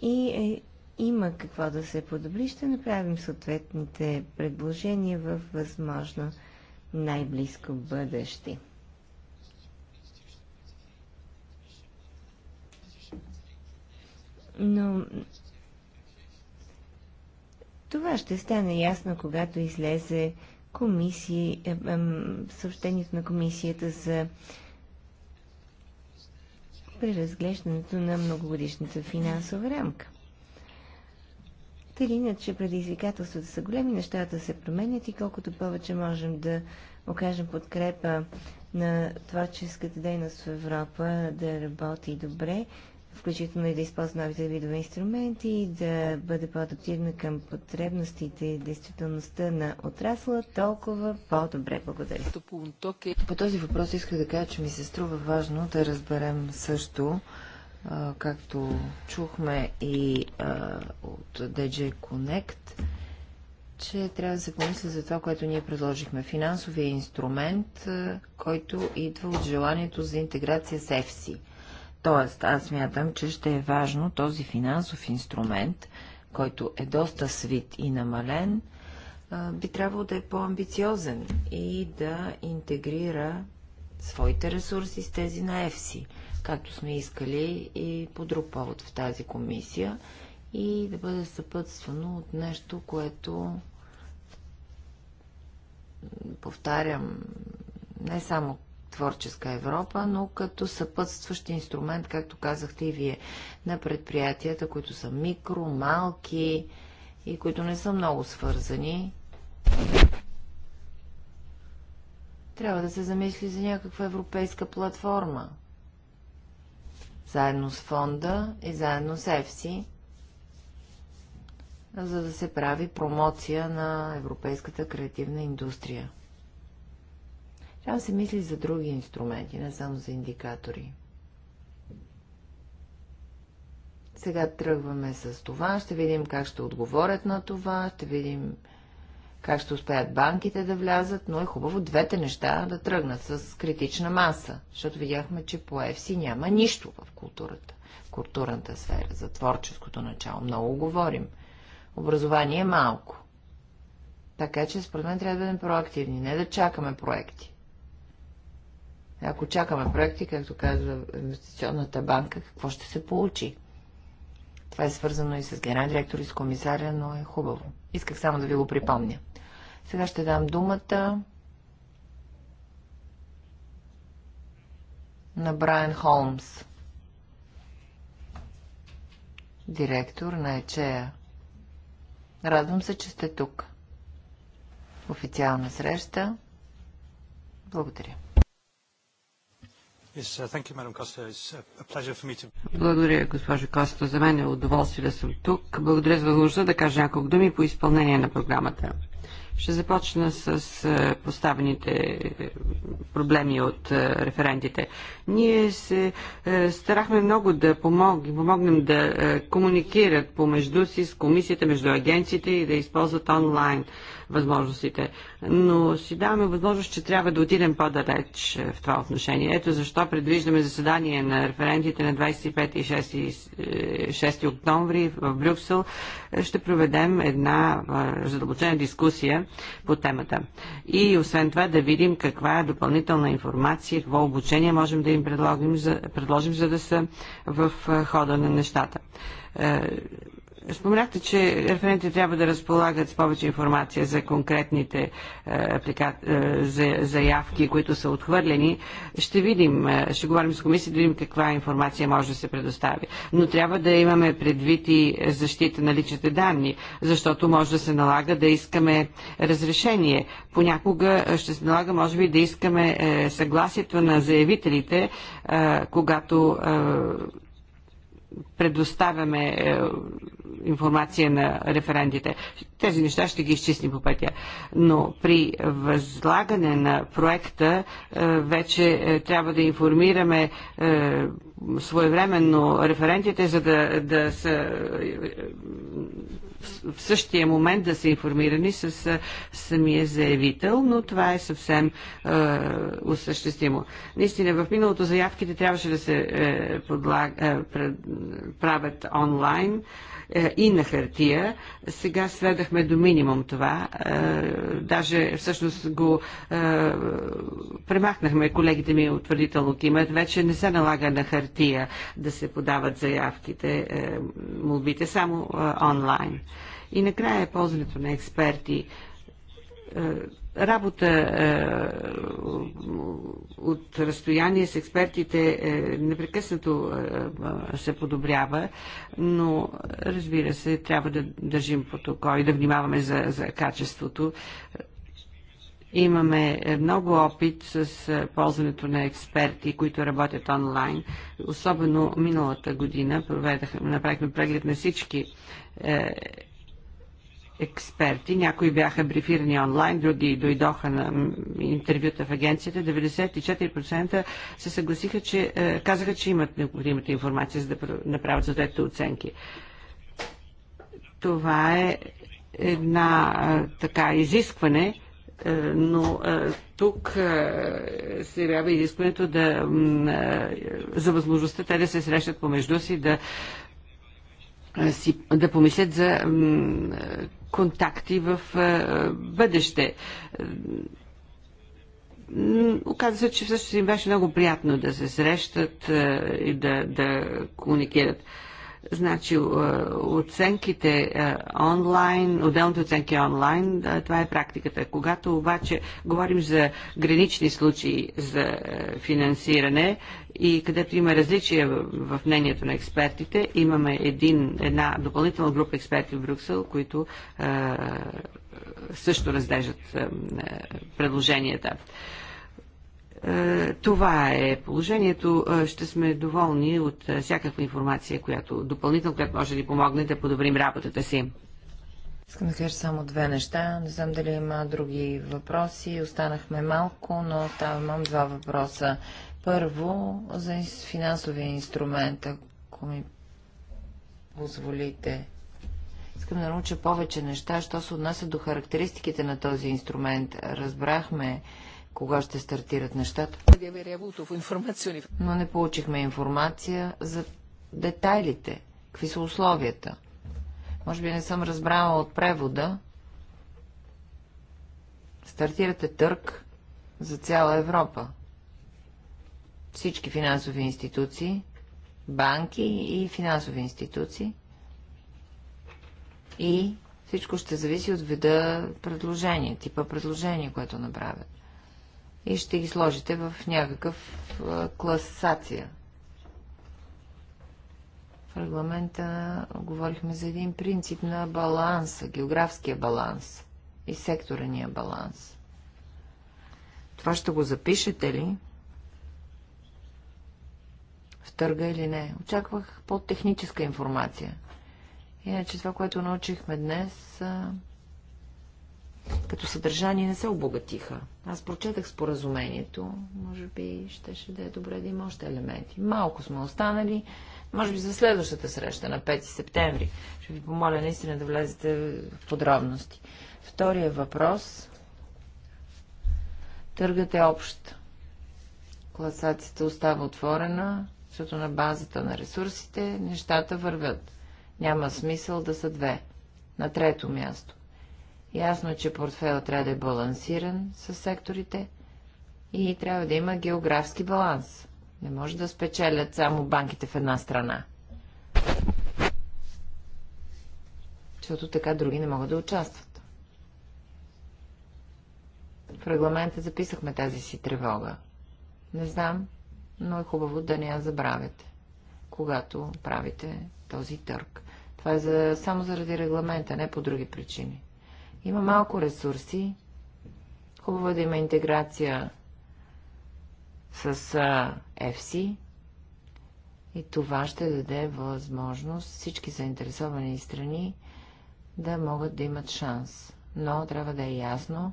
и е, има какво да се подобри. Ще направим съответните предложения в възможно най-близко бъдеще. Но това ще стане ясно, когато излезе комисия, е, е, съобщението на комисията за преразглеждането на многогодишната финансова рамка. Тъй иначе предизвикателствата са големи, нещата се променят и колкото повече можем да окажем подкрепа на творческата дейност в Европа да работи добре, включително и да използва новите видове инструменти, да бъде по-адаптивна към потребностите и действителността на отрасла, толкова по-добре. Благодаря. По този въпрос исках да кажа, че ми се струва важно да разберем също, както чухме и от DJ Connect, че трябва да се помисли за това, което ние предложихме. Финансовия инструмент, който идва от желанието за интеграция с EFSI – Тоест, аз мятам, че ще е важно този финансов инструмент, който е доста свит и намален, би трябвало да е по-амбициозен и да интегрира своите ресурси с тези на ЕФСИ, както сме искали и по друг повод в тази комисия, и да бъде съпътствано от нещо, което повтарям не само творческа Европа, но като съпътстващ инструмент, както казахте и вие, на предприятията, които са микро, малки и които не са много свързани. Трябва да се замисли за някаква европейска платформа. Заедно с фонда и заедно с ЕФСИ, за да се прави промоция на европейската креативна индустрия. Трябва да се мисли за други инструменти, не само за индикатори. Сега тръгваме с това, ще видим как ще отговорят на това, ще видим как ще успеят банките да влязат, но е хубаво двете неща да тръгнат с критична маса, защото видяхме, че по ЕФСИ няма нищо в културата, в културната сфера, за творческото начало. Много говорим. Образование е малко. Така че, според мен, трябва да бъдем проактивни, не да чакаме проекти. Ако чакаме проекти, както казва Инвестиционната банка, какво ще се получи? Това е свързано и с генерал директор и с комисаря, но е хубаво. Исках само да ви го припомня. Сега ще дам думата на Брайан Холмс, директор на ЕЧЕА. Радвам се, че сте тук. Официална среща. Благодаря. Uh, Благодаря, госпожо Коста. За мен е удоволствие да съм тук. Благодаря за възможността да кажа няколко думи по изпълнение на програмата. Ще започна с е, поставените е, проблеми от е, референтите. Ние се старахме много да помогнем, помогнем да комуникират помежду си с комисията, между агенциите и да използват онлайн възможностите. Но си даваме възможност, че трябва да отидем по-далеч е, в това отношение. Ето защо предвиждаме заседание на референтите на 25 и 6, 6 е, октомври в Брюксел. Е, ще проведем една задълбочена дискусия по темата. И освен това да видим каква е допълнителна информация, какво обучение можем да им предложим, за, предложим, за да са в хода на нещата Споменахте, че референтите трябва да разполагат с повече информация за конкретните е, е, заявки, които са отхвърлени. Ще видим, е, ще говорим с комисията, да видим каква информация може да се предостави. Но трябва да имаме предвид и защита на личните данни, защото може да се налага да искаме разрешение. Понякога ще се налага, може би, да искаме съгласието на заявителите, когато предоставяме е, информация на референдите. Тези неща ще ги изчистим по пътя. Но при възлагане на проекта е, вече е, трябва да информираме своевременно референтите, за да, да са в същия момент да са информирани с самия заявител, но това е съвсем е, осъществимо. Наистина, в миналото заявките трябваше да се е, подлаг, е, правят онлайн. Е, и на хартия. Сега сведахме до минимум това. Е, даже всъщност го е, премахнахме. Колегите ми утвърдително кимат. Вече не се налага на хартия да се подават заявките, молбите, само онлайн. И накрая ползването на експерти Работа е, от разстояние с експертите е, непрекъснато е, се подобрява, но разбира се, трябва да държим протокол и да внимаваме за, за качеството. Имаме много опит с ползването на експерти, които работят онлайн. Особено миналата година проведах, направихме преглед на всички експерти. Някои бяха брифирани онлайн, други дойдоха на интервюта в агенцията. 94% се съгласиха, че е, казаха, че имат необходимата информация, за да направят съответните оценки. Това е една е, така изискване, е, но тук се явява изискването да, за възможността те да се срещат помежду си, да си, да помислят за контакти в е, бъдеще. Оказва се, че всъщност им беше много приятно да се срещат е, и да, да комуникират. Значи е, оценките е, онлайн, отделните оценки онлайн, е, това е практиката. Когато обаче говорим за гранични случаи за финансиране и където има различия в мнението на експертите, имаме един, една допълнителна група експерти в Брюксел, които също разглеждат предложенията. Е, това е положението. Е, ще сме доволни от е, всякаква информация, която допълнително, която може да ни помогне да подобрим работата си. Искам да кажа само две неща. Не знам дали има други въпроси. Останахме малко, но там имам два въпроса. Първо, за финансовия инструмент, ако ми позволите. Искам да науча повече неща, що се отнася до характеристиките на този инструмент. Разбрахме, кога ще стартират нещата. Но не получихме информация за детайлите, какви са условията. Може би не съм разбрала от превода. Стартирате търг за цяла Европа. Всички финансови институции, банки и финансови институции. И всичко ще зависи от вида предложения, типа предложение, което направят и ще ги сложите в някакъв класация. В регламента говорихме за един принцип на баланса, географския баланс и секторения баланс. Това ще го запишете ли? В търга или не? Очаквах по-техническа информация. Иначе това, което научихме днес, като съдържание не се обогатиха. Аз прочетах споразумението, може би щеше да е добре да има още елементи. Малко сме останали, може би за следващата среща на 5 септември. Ще ви помоля наистина да влезете в подробности. Втория въпрос. Търгът е общ. Класацията остава отворена, защото на базата на ресурсите нещата вървят. Няма смисъл да са две. На трето място Ясно е, че портфел трябва да е балансиран с секторите и трябва да има географски баланс. Не може да спечелят само банките в една страна. Защото така други не могат да участват. В регламента записахме тази си тревога. Не знам, но е хубаво да не я забравяте, когато правите този търг. Това е за, само заради регламента, не по други причини. Има малко ресурси. Хубаво е да има интеграция с FC. И това ще даде възможност всички заинтересовани страни да могат да имат шанс. Но трябва да е ясно,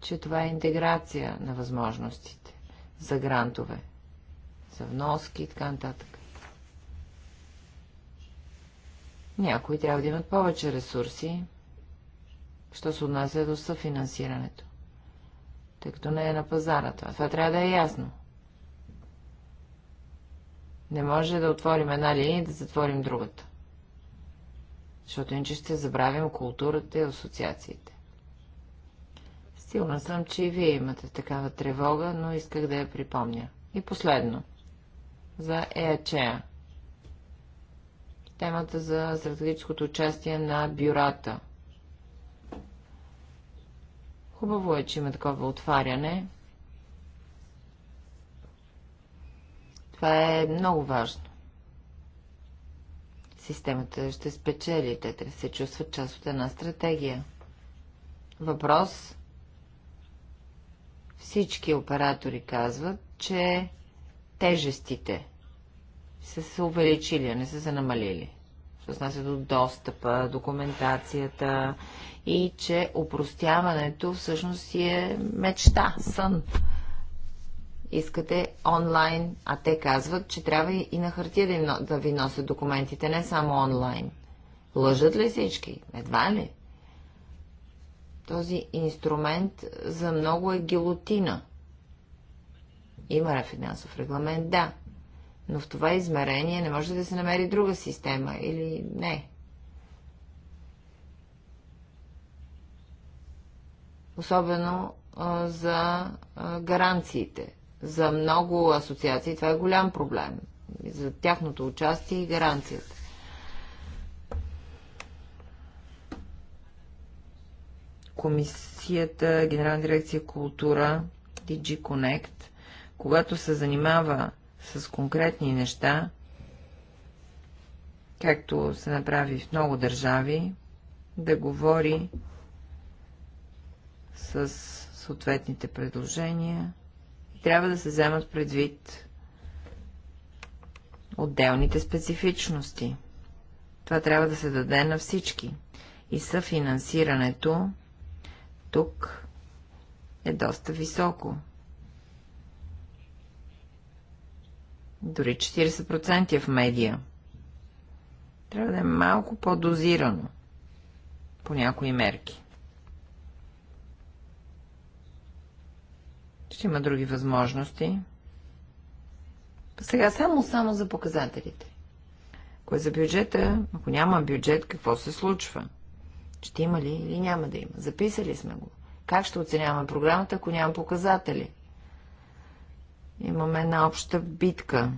че това е интеграция на възможностите за грантове, за вноски и така нататък. Някои трябва да имат повече ресурси, що се отнася до съфинансирането. Тъй като не е на пазара това. Това трябва да е ясно. Не може да отворим една линия и да затворим другата. Защото иначе ще забравим културата и асоциациите. Силна съм, че и вие имате такава тревога, но исках да я припомня. И последно. За ЕАЧЕА. Темата за стратегическото участие на бюрата – Хубаво е, че има такова отваряне. Това е много важно. Системата ще спечели. Те трябва да се чувстват част от една стратегия. Въпрос. Всички оператори казват, че тежестите са се увеличили, а не са се намалили се отнася до достъпа, документацията и че упростяването всъщност си е мечта, сън. Искате онлайн, а те казват, че трябва и на хартия да, им, да ви носят документите, не само онлайн. Лъжат ли всички? Едва ли? Този инструмент за много е гилотина. Има финансов регламент, да, но в това измерение не може да се намери друга система или не. Особено а, за а, гаранциите. За много асоциации това е голям проблем. За тяхното участие и гаранцията. Комисията, Генерална дирекция култура, DG Connect, когато се занимава с конкретни неща, както се направи в много държави, да говори с съответните предложения трябва да се вземат предвид отделните специфичности. Това трябва да се даде на всички. И съфинансирането тук е доста високо. Дори 40% е в медия. Трябва да е малко по-дозирано по някои мерки. Ще има други възможности. Сега само, само за показателите. Кое за бюджета, ако няма бюджет, какво се случва? Ще има ли или няма да има? Записали сме го. Как ще оценяваме програмата, ако няма показатели? Имаме една обща битка.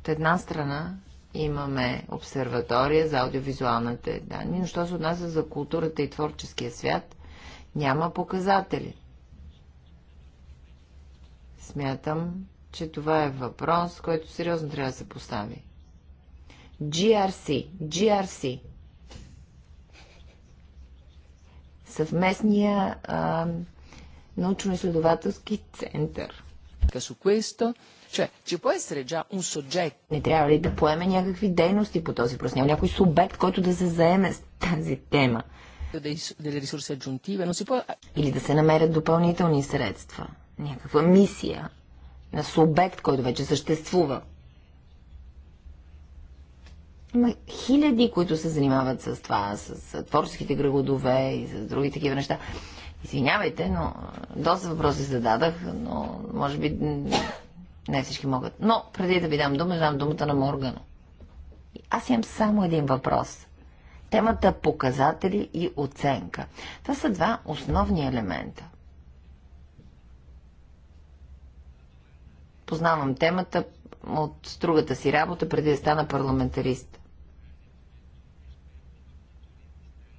От една страна имаме обсерватория за аудиовизуалните данни, но що се отнася за културата и творческия свят, няма показатели. Смятам, че това е въпрос, който сериозно трябва да се постави. GRC. GRC. Съвместния научно-изследователски център ricerca su questo? Cioè, ci può essere già un soggetto. Не трябва ли да поеме някакви дейности по този въпрос? Няма някой субект, който да се заеме с тази тема? Delle risorse aggiuntive, non si può... Или да се намерят допълнителни средства. Някаква мисия на субект, който вече съществува. Има хиляди, които се занимават с това, с творческите гръгодове и с други такива неща. Извинявайте, но доста въпроси зададах, но може би не всички могат. Но преди да ви дам дума, дам думата на Моргано. Аз имам само един въпрос. Темата показатели и оценка. Това са два основни елемента. Познавам темата от другата си работа преди да стана парламентарист.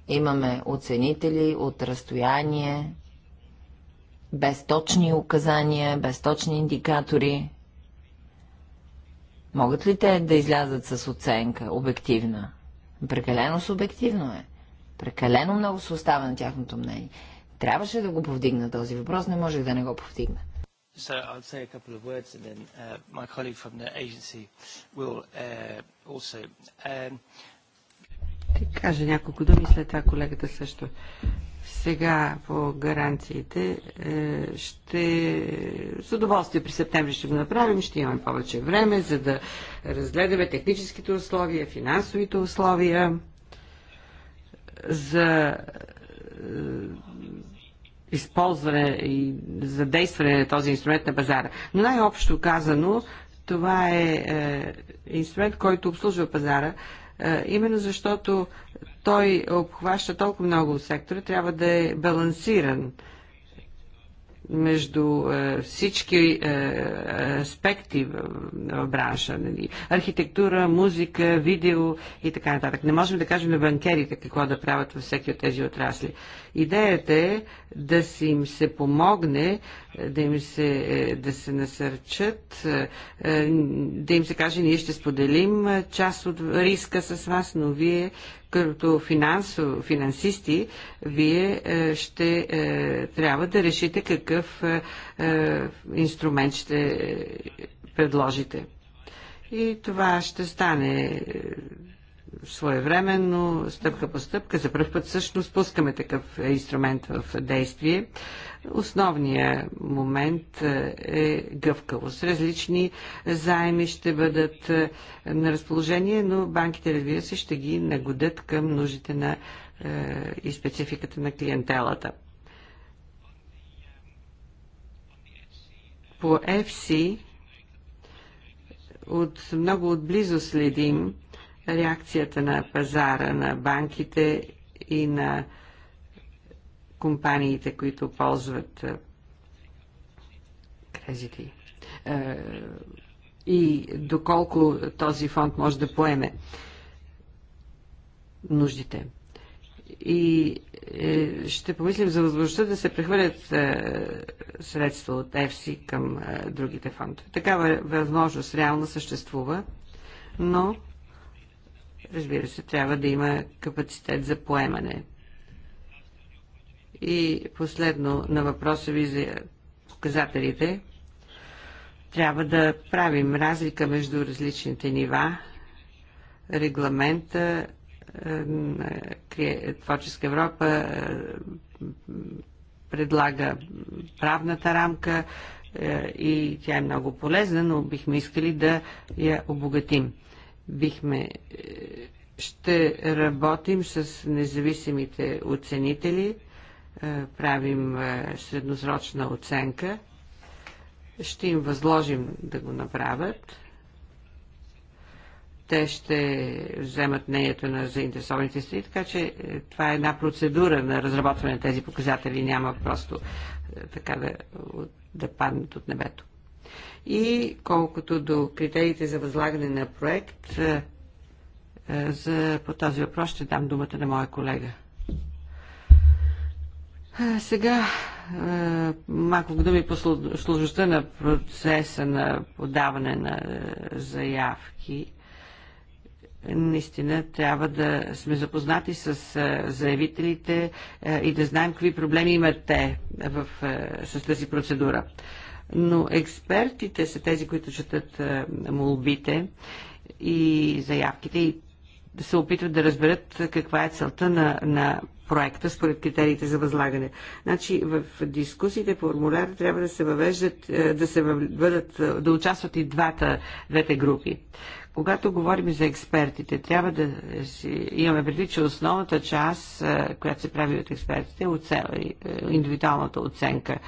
Имаме оценители от разстояние, без точни указания, без точни индикатори. Могат ли те да излязат с оценка обективна? Прекалено субективно е. Прекалено много се остава на тяхното мнение. Трябваше да го повдигна този въпрос, не можех да не го повдигна. So I'll say a couple of words and then uh, my colleague from the agency will uh, also. Um, ще кажа няколко думи, след това колегата също. Сега по гаранциите е, ще... С удоволствие при септември ще го направим, ще имаме повече време, за да разгледаме техническите условия, финансовите условия за е, използване и за действане на този инструмент на пазара. Но най-общо казано, това е, е инструмент, който обслужва пазара е, именно защото той обхваща толкова много сектора, трябва да е балансиран между е, всички е, аспекти в бранша. Нали? Архитектура, музика, видео и така нататък. Не можем да кажем на банкерите какво да правят във всеки от тези отрасли. Идеята е да си им се помогне, да им се, е, да се насърчат, е, е, да им се каже, ние ще споделим част от риска с вас, но вие като финансо, финансисти, вие ще трябва да решите какъв инструмент ще предложите. И това ще стане своевременно, стъпка по стъпка. За първ път всъщност пускаме такъв е, инструмент в действие. Основният момент е, е гъвкавост. Различни заеми ще бъдат е, на разположение, но банките, разбира се, ще ги нагодят към нуждите на, и спецификата на клиентелата. По FC от много отблизо следим реакцията на пазара, на банките и на компаниите, които ползват е, кредити. Е, и доколко този фонд може да поеме нуждите. И е, ще помислим за възможността да се прехвърлят средства от ЕФСИ към другите фондове. Такава възможност реално съществува, но разбира се, трябва да има капацитет за поемане. И последно на въпроса ви за показателите. Трябва да правим разлика между различните нива. Регламента е, Творческа Европа е, предлага правната рамка е, и тя е много полезна, но бихме искали да я обогатим бихме е, ще работим с независимите оценители, е, правим е, средносрочна оценка, ще им възложим да го направят. Те ще вземат мнението на заинтересованите страни, така че това е една процедура на разработване на тези показатели, няма просто така да, да паднат от небето. И колкото до критериите за възлагане на проект, е, е, за, по този въпрос ще дам думата на моя колега. Е, сега малко думи по сложността на процеса на подаване на заявки. Наистина трябва да сме запознати с заявителите и да знаем какви проблеми имат те в, с тази процедура но експертите са тези, които четат е, молбите и заявките и се опитват да разберат каква е целта на, на проекта според критериите за възлагане. Значи в дискусиите по формуляра трябва да се въвеждат, е, да се въвъдат, е, да участват и двата, двете групи. Когато говорим за експертите, трябва да си, имаме предвид, че основната част, която се прави от експертите, е индивидуалната оценка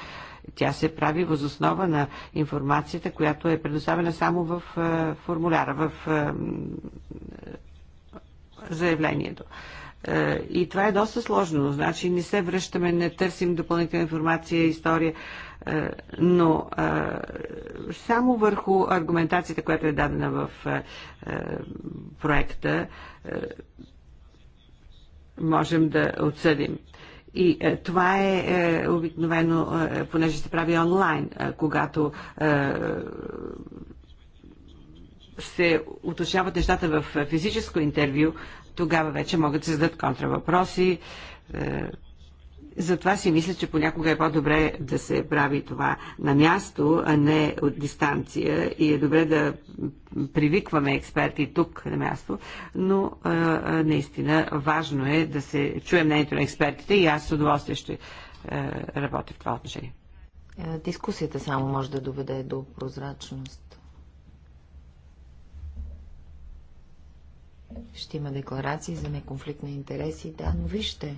тя се прави възоснова на информацията, която е предоставена само в е, формуляра, в е, заявлението. Е, и това е доста сложно. Значи не се връщаме, не търсим допълнителна информация, история, но само върху аргументацията, която е дадена в проекта, можем да отсъдим. И е, това е, е обикновено, е, понеже се прави онлайн, е, когато е, се уточняват нещата в физическо интервю, тогава вече могат да се зададат контравъпроси. Е, затова си мисля, че понякога е по-добре да се прави това на място, а не от дистанция. И е добре да привикваме експерти тук на място, но а, наистина важно е да се чуе мнението на експертите и аз с удоволствие ще а, работя в това отношение. Е, дискусията само може да доведе до прозрачност. Ще има декларации за неконфликт на интереси, да, но вижте,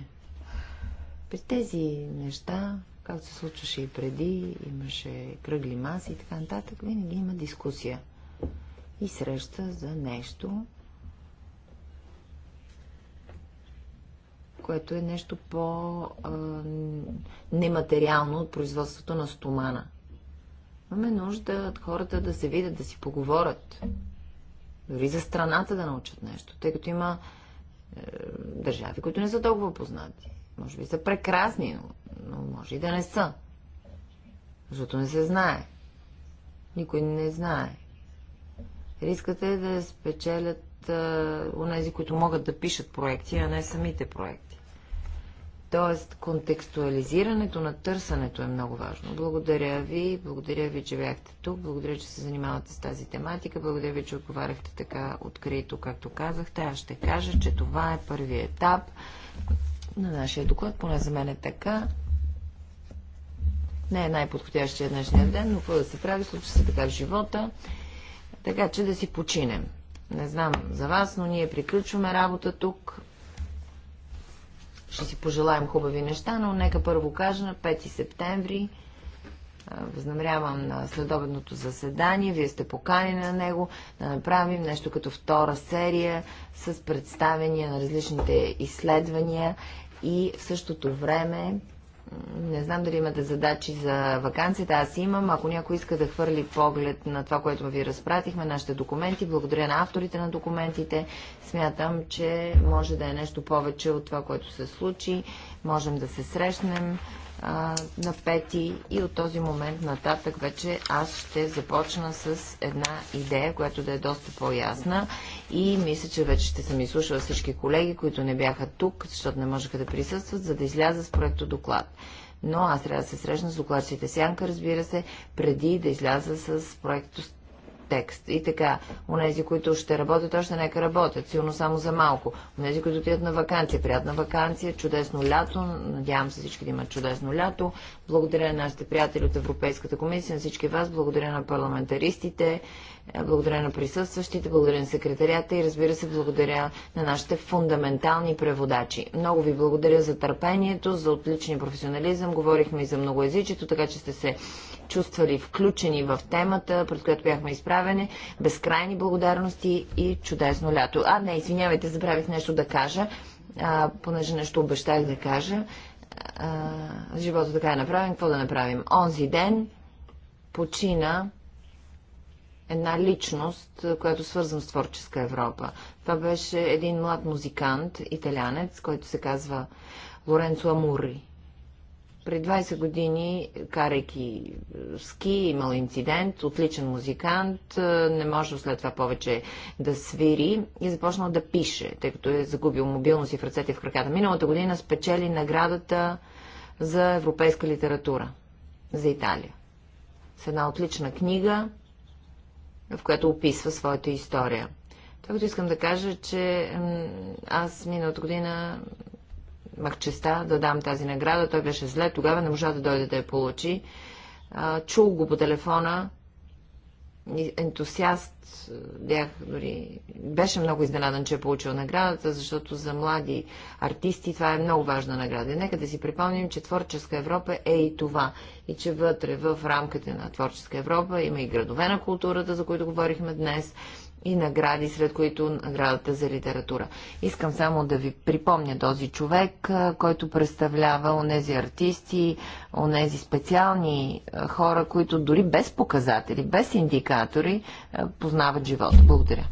при тези неща, както се случваше и преди, имаше кръгли маси и така нататък, винаги има дискусия и среща за нещо, което е нещо по-нематериално от производството на стомана. Имаме нужда от хората да се видят, да си поговорят. Дори за страната да научат нещо, тъй като има е, държави, които не са толкова познати. Може би са прекрасни, но, но може и да не са. Защото не се знае. Никой не знае. Рискът е да спечелят онези, които могат да пишат проекти, а не самите проекти. Тоест, контекстуализирането на търсенето е много важно. Благодаря ви, благодаря ви, че бяхте тук, благодаря, че се занимавате с тази тематика, благодаря ви, че отговаряхте така открито, както казахте. Аз ще кажа, че това е първият етап на нашия доклад, поне за мен е така. Не е най-подходящия днешния ден, но какво да се прави, случва се така в живота, така че да си починем. Не знам за вас, но ние приключваме работа тук. Ще си пожелаем хубави неща, но нека първо кажа на 5 септември възнамерявам на следобедното заседание, вие сте поканени на него, да направим нещо като втора серия с представения на различните изследвания и в същото време не знам дали имате задачи за вакансията. Аз имам. Ако някой иска да хвърли поглед на това, което ви разпратихме, нашите документи, благодаря на авторите на документите, смятам, че може да е нещо повече от това, което се случи. Можем да се срещнем а, на пети и от този момент нататък вече аз ще започна с една идея, която да е доста по-ясна и мисля, че вече ще съм изслушала всички колеги, които не бяха тук, защото не можеха да присъстват, за да изляза с проекто доклад. Но аз трябва да се срещна с докладчите Сянка, разбира се, преди да изляза с проекто текст. И така, онези, които ще работят, още нека работят, силно само за малко. Онези, които отидат на вакансия, приятна вакансия, чудесно лято, надявам се всички да имат чудесно лято. Благодаря на нашите приятели от Европейската комисия, на всички вас, благодаря на парламентаристите, благодаря на присъстващите, благодаря на секретарията и разбира се, благодаря на нашите фундаментални преводачи. Много ви благодаря за търпението, за отличния професионализъм. Говорихме и за многоязичието, така че сте се чувствали включени в темата, пред която бяхме изправени. Безкрайни благодарности и чудесно лято. А, не, извинявайте, забравих нещо да кажа, а, понеже нещо обещах да кажа. А, живота така е направен, какво да направим? Онзи ден почина една личност, която е свързвам с творческа Европа. Това беше един млад музикант, италянец, който се казва Лоренцо Амури. Пред 20 години, карайки ски, имал инцидент, отличен музикант, не може след това повече да свири и е започнал да пише, тъй като е загубил мобилност и в ръцете и в краката. Миналата година спечели наградата за европейска литература за Италия. С една отлична книга, в която описва своята история. Това, което искам да кажа, че аз миналата година имах честа да дам тази награда. Той беше зле, тогава не можа да дойде да я получи. чул го по телефона, ентусиаст, бях дори... Беше много изненадан, че е получил наградата, защото за млади артисти това е много важна награда. И нека да си припомним, че Творческа Европа е и това. И че вътре, в рамките на Творческа Европа, има и градове на културата, за които говорихме днес, и награди, сред които наградата за литература. Искам само да ви припомня този човек, който представлява онези артисти, онези специални хора, които дори без показатели, без индикатори познават живота. Благодаря.